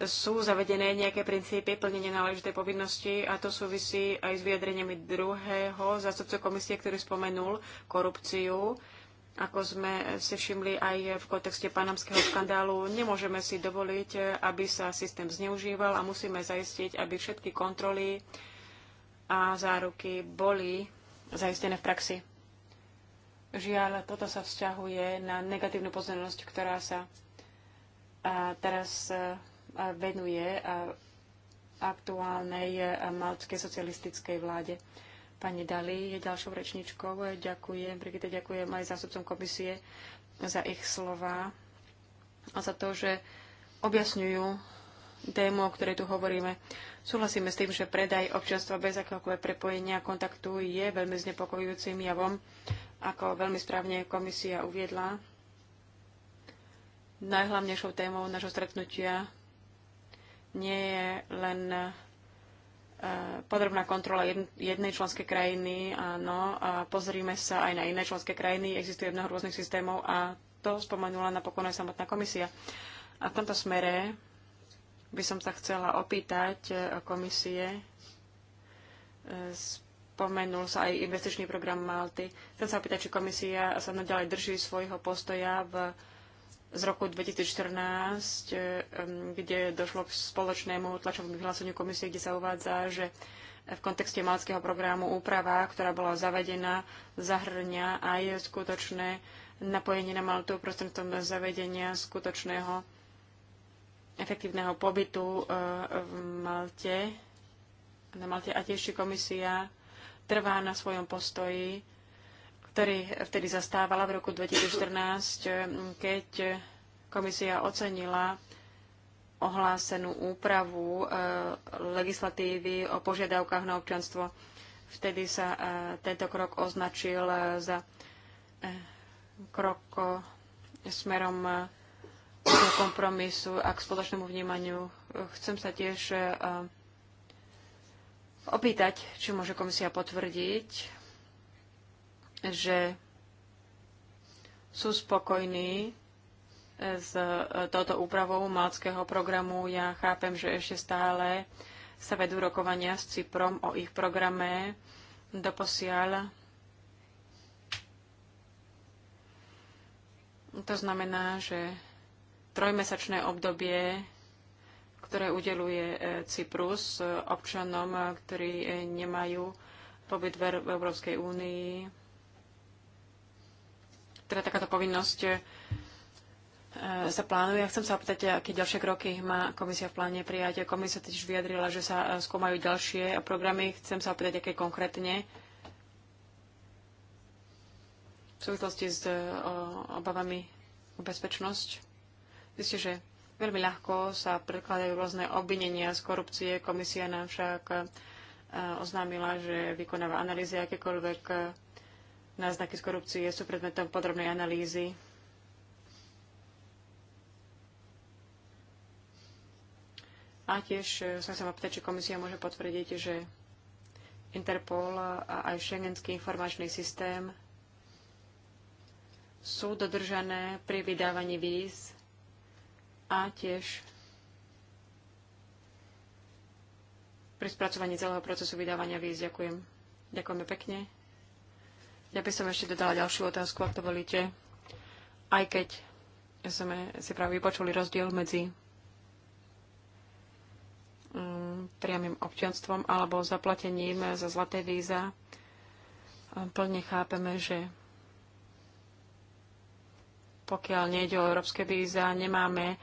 S2: sú zavedené nejaké princípy plnenia náležitej povinnosti a to súvisí aj s vyjadreniami druhého zástupcu komisie, ktorý spomenul korupciu ako sme si všimli aj v kontexte panamského skandálu, nemôžeme si dovoliť, aby sa systém zneužíval a musíme zaistiť, aby všetky kontroly a záruky boli zaistené v praxi. Žiaľ, toto sa vzťahuje na negatívnu pozornosť, ktorá sa teraz venuje aktuálnej maltskej socialistickej vláde. Pani Dali je ďalšou rečničkou. Ďakujem, Brigitte, ďakujem aj zástupcom komisie za ich slova a za to, že objasňujú tému, o ktorej tu hovoríme. Súhlasíme s tým, že predaj občanstva bez akéhokoľvek prepojenia kontaktu je veľmi znepokojujúcim javom, ako veľmi správne komisia uviedla. Najhlavnejšou témou nášho stretnutia nie je len Eh, podrobná kontrola jednej členskej krajiny, áno, a pozrime sa aj na iné členské krajiny, existuje mnoho rôznych systémov a to spomenula napokon aj samotná komisia. A v tomto smere by som sa chcela opýtať eh, komisie, eh, spomenul sa aj investičný program Malty. Chcem sa opýtať, či komisia sa nadalej drží svojho postoja v z roku 2014, e, kde došlo k spoločnému tlačovému vyhláseniu komisie, kde sa uvádza, že v kontexte malckého programu úprava, ktorá bola zavedená, zahrňa aj skutočné napojenie na Maltu prostredníctvom zavedenia skutočného efektívneho pobytu e, v Malte. Na Malte a tiež komisia trvá na svojom postoji ktorý vtedy zastávala v roku 2014, keď komisia ocenila ohlásenú úpravu e, legislatívy o požiadavkách na občanstvo. Vtedy sa e, tento krok označil e, za krok smerom k kompromisu a k spoločnému vnímaniu. Chcem sa tiež opýtať, či môže komisia potvrdiť že sú spokojní e, s e, touto úpravou malckého programu. Ja chápem, že ešte stále sa vedú rokovania s Cyprom o ich programe. Doposiaľ To znamená, že trojmesačné obdobie, ktoré udeluje e, Cyprus občanom, ktorí nemajú pobyt v Európskej únii, teda takáto povinnosť e, sa plánuje. Chcem sa opýtať, aké ďalšie kroky má komisia v pláne prijať. Komisia tiež vyjadrila, že sa e, skúmajú ďalšie programy. Chcem sa opýtať, aké konkrétne v súvislosti s e, obavami o bezpečnosť. Myslím, že veľmi ľahko sa predkladajú rôzne obvinenia z korupcie. Komisia nám však oznámila, že vykonáva analýzy akékoľvek náznaky z korupcie sú predmetom podrobnej analýzy. A tiež som e, sa opýtať, či komisia môže potvrdiť, že Interpol a aj Schengenský informačný systém sú dodržané pri vydávaní víz a tiež pri spracovaní celého procesu vydávania víz. Ďakujem. Ďakujeme pekne. Ja by som ešte dodala ďalšiu otázku, ak to volíte. Aj keď sme si práve vypočuli rozdiel medzi mm, priamým občianstvom alebo zaplatením za zlaté víza, plne chápeme, že pokiaľ nejde o európske víza, nemáme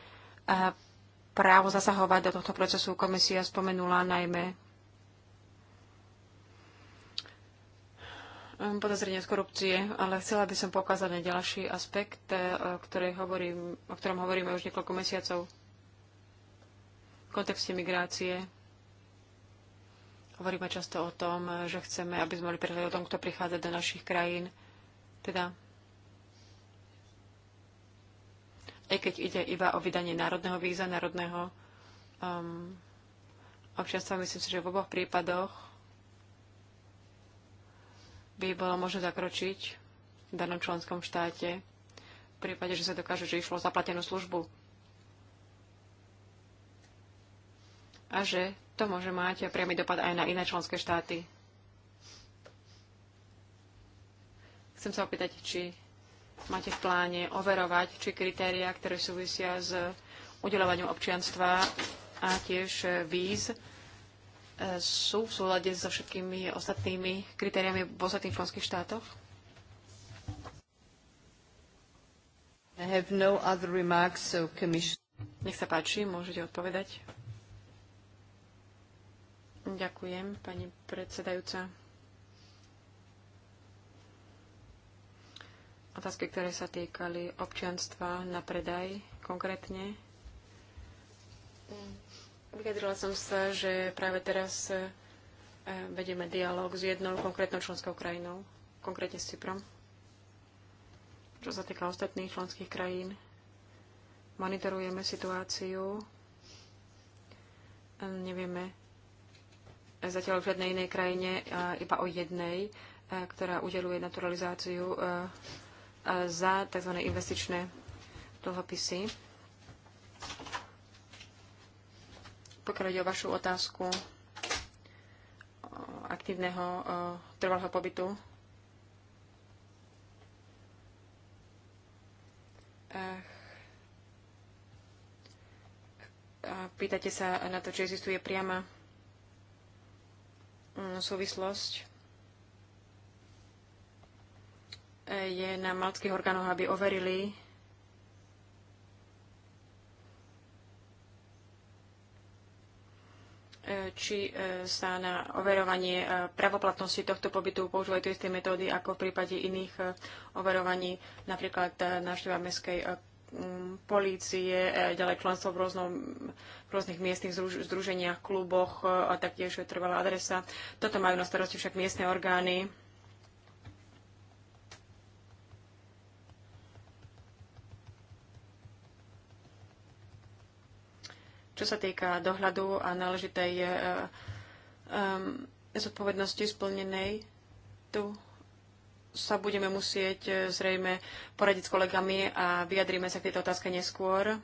S2: právo zasahovať do tohto procesu. Komisia spomenula najmä Hm, podozrenia z korupcie, ale chcela by som pokázať na ďalší aspekt, eh, o, hovorím, o ktorom hovoríme už niekoľko mesiacov v kontexte migrácie. Hovoríme často o tom, že chceme, aby sme mali prehľad o tom, kto prichádza do našich krajín. Teda, aj keď ide iba o vydanie národného víza, národného um, občanstva, myslím si, že v oboch prípadoch by bolo možné zakročiť v danom členskom štáte v prípade, že sa dokáže, že išlo zaplatenú službu. A že to môže mať priamy dopad aj na iné členské štáty. Chcem sa opýtať, či máte v pláne overovať, či kritériá, ktoré súvisia s udelovaním občianstva a tiež víz, sú v súlade so všetkými ostatnými kritériami v ostatných členských štátoch? I have no other remarks, so commission... Nech sa páči, môžete odpovedať. Ďakujem, pani predsedajúca. Otázky, ktoré sa týkali občianstva na predaj konkrétne. Mm Vyjadrila som sa, že práve teraz e, vedeme dialog s jednou konkrétnou členskou krajinou, konkrétne s Cyprom. Čo sa týka ostatných členských krajín, monitorujeme situáciu. Nevieme zatiaľ v žiadnej inej krajine, iba o jednej, e, ktorá udeluje naturalizáciu e, za tzv. investičné dlhopisy. Pokiaľ ide o vašu otázku aktívneho trvalého pobytu, pýtate sa na to, či existuje priama mm, súvislosť. Je na malckých orgánoch, aby overili, E, či e, sa na overovanie e, pravoplatnosti tohto pobytu používajú tie isté metódy ako v prípade iných overovaní, napríklad návšteva mestskej polície, ďalej členstvo v, rôznom, v rôznych miestnych združeniach, kluboch a taktiež trvalá adresa. Toto majú na starosti však miestne orgány čo sa týka dohľadu a náležitej um, zodpovednosti splnenej, tu sa budeme musieť e, zrejme poradiť s kolegami a vyjadríme sa k tejto otázke neskôr.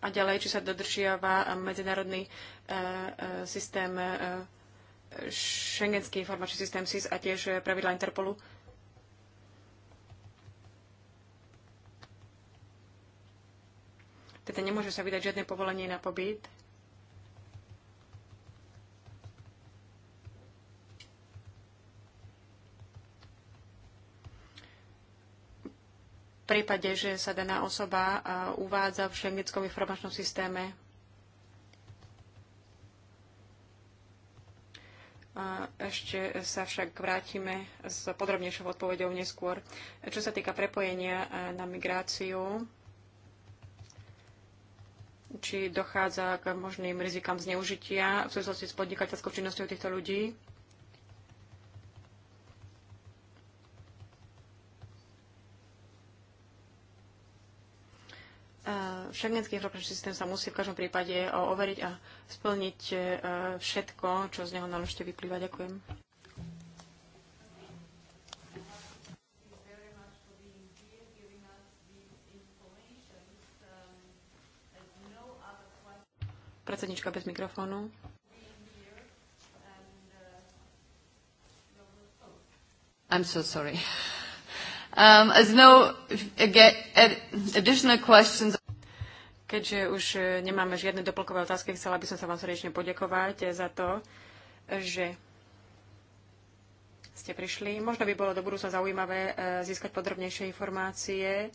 S2: A ďalej, či sa dodržiava medzinárodný e, e, systém, e, šengenský informačný systém SIS a tiež pravidla Interpolu. E, Teda nemôže sa vydať žiadne povolenie na pobyt. V prípade, že sa daná osoba uvádza v šengenskom informačnom systéme ešte sa však vrátime s podrobnejšou odpovedou neskôr. Čo sa týka prepojenia na migráciu, či dochádza k možným rizikám zneužitia v súvislosti s podnikateľskou činnosťou týchto ľudí. Šengenský informačný systém sa musí v každom prípade overiť a splniť e, všetko, čo z neho náležite vyplýva. Ďakujem. Predsednička bez mikrofónu. I'm so sorry. Um, as no additional questions. Keďže už e, nemáme žiadne doplnkové otázky, chcela by som sa vám srdečne poďakovať e, za to, že ste prišli. Možno by bolo do budúcna zaujímavé e, získať podrobnejšie informácie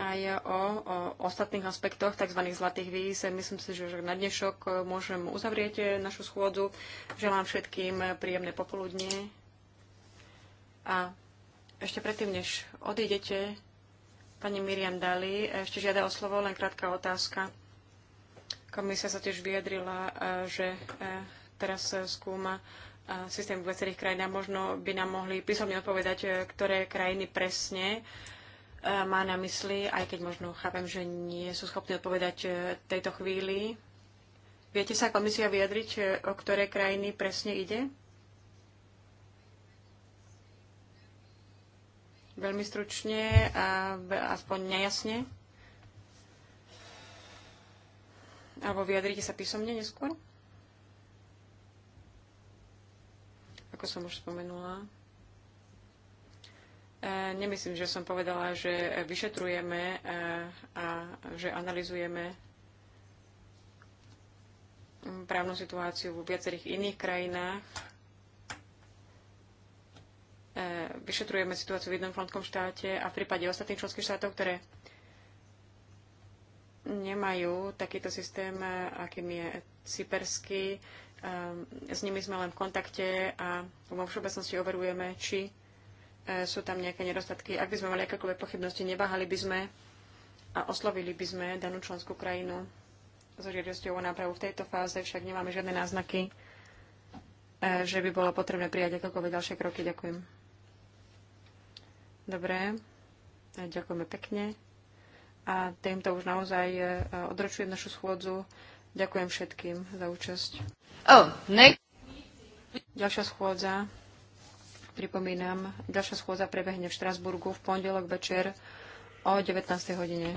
S2: aj o, o ostatných aspektoch tzv. zlatých víz. Myslím si, že na dnešok môžem uzavrieť našu schôdzu. Želám všetkým príjemné popoludne. A ešte predtým, než odídete, pani Miriam Dali ešte žiada o slovo, len krátka otázka. Komisia sa tiež vyjadrila, e, že e, teraz skúma e, systém v viacerých krajinách. Možno by nám mohli písomne odpovedať, ktoré krajiny presne E, má na mysli, aj keď možno chápem, že nie sú schopní odpovedať e, tejto chvíli. Viete sa komisia vyjadriť, e, o ktoré krajiny presne ide? Veľmi stručne a aspoň nejasne. Alebo vyjadrite sa písomne neskôr? Ako som už spomenula. E, nemyslím, že som povedala, že vyšetrujeme e, a že analizujeme právnu situáciu vo viacerých iných krajinách. E, vyšetrujeme situáciu v jednom členskom štáte a v prípade ostatných členských štátov, ktoré nemajú takýto systém, akým je cyperský. S nimi sme len v kontakte a vo všeobecnosti overujeme, či E, sú tam nejaké nedostatky. Ak by sme mali akékoľvek pochybnosti, neváhali by sme a oslovili by sme danú členskú krajinu so žiadosťou o nápravu. V tejto fáze však nemáme žiadne náznaky, e, že by bolo potrebné prijať akékoľvek ďalšie kroky. Ďakujem. Dobre, e, ďakujeme pekne. A týmto už naozaj odročujem našu schôdzu. Ďakujem všetkým za účasť. Oh, ne- Ďalšia schôdza. Pripomínam, ďalšia schôdza prebehne v Štrasburgu v pondelok večer o 19.
S1: hodine.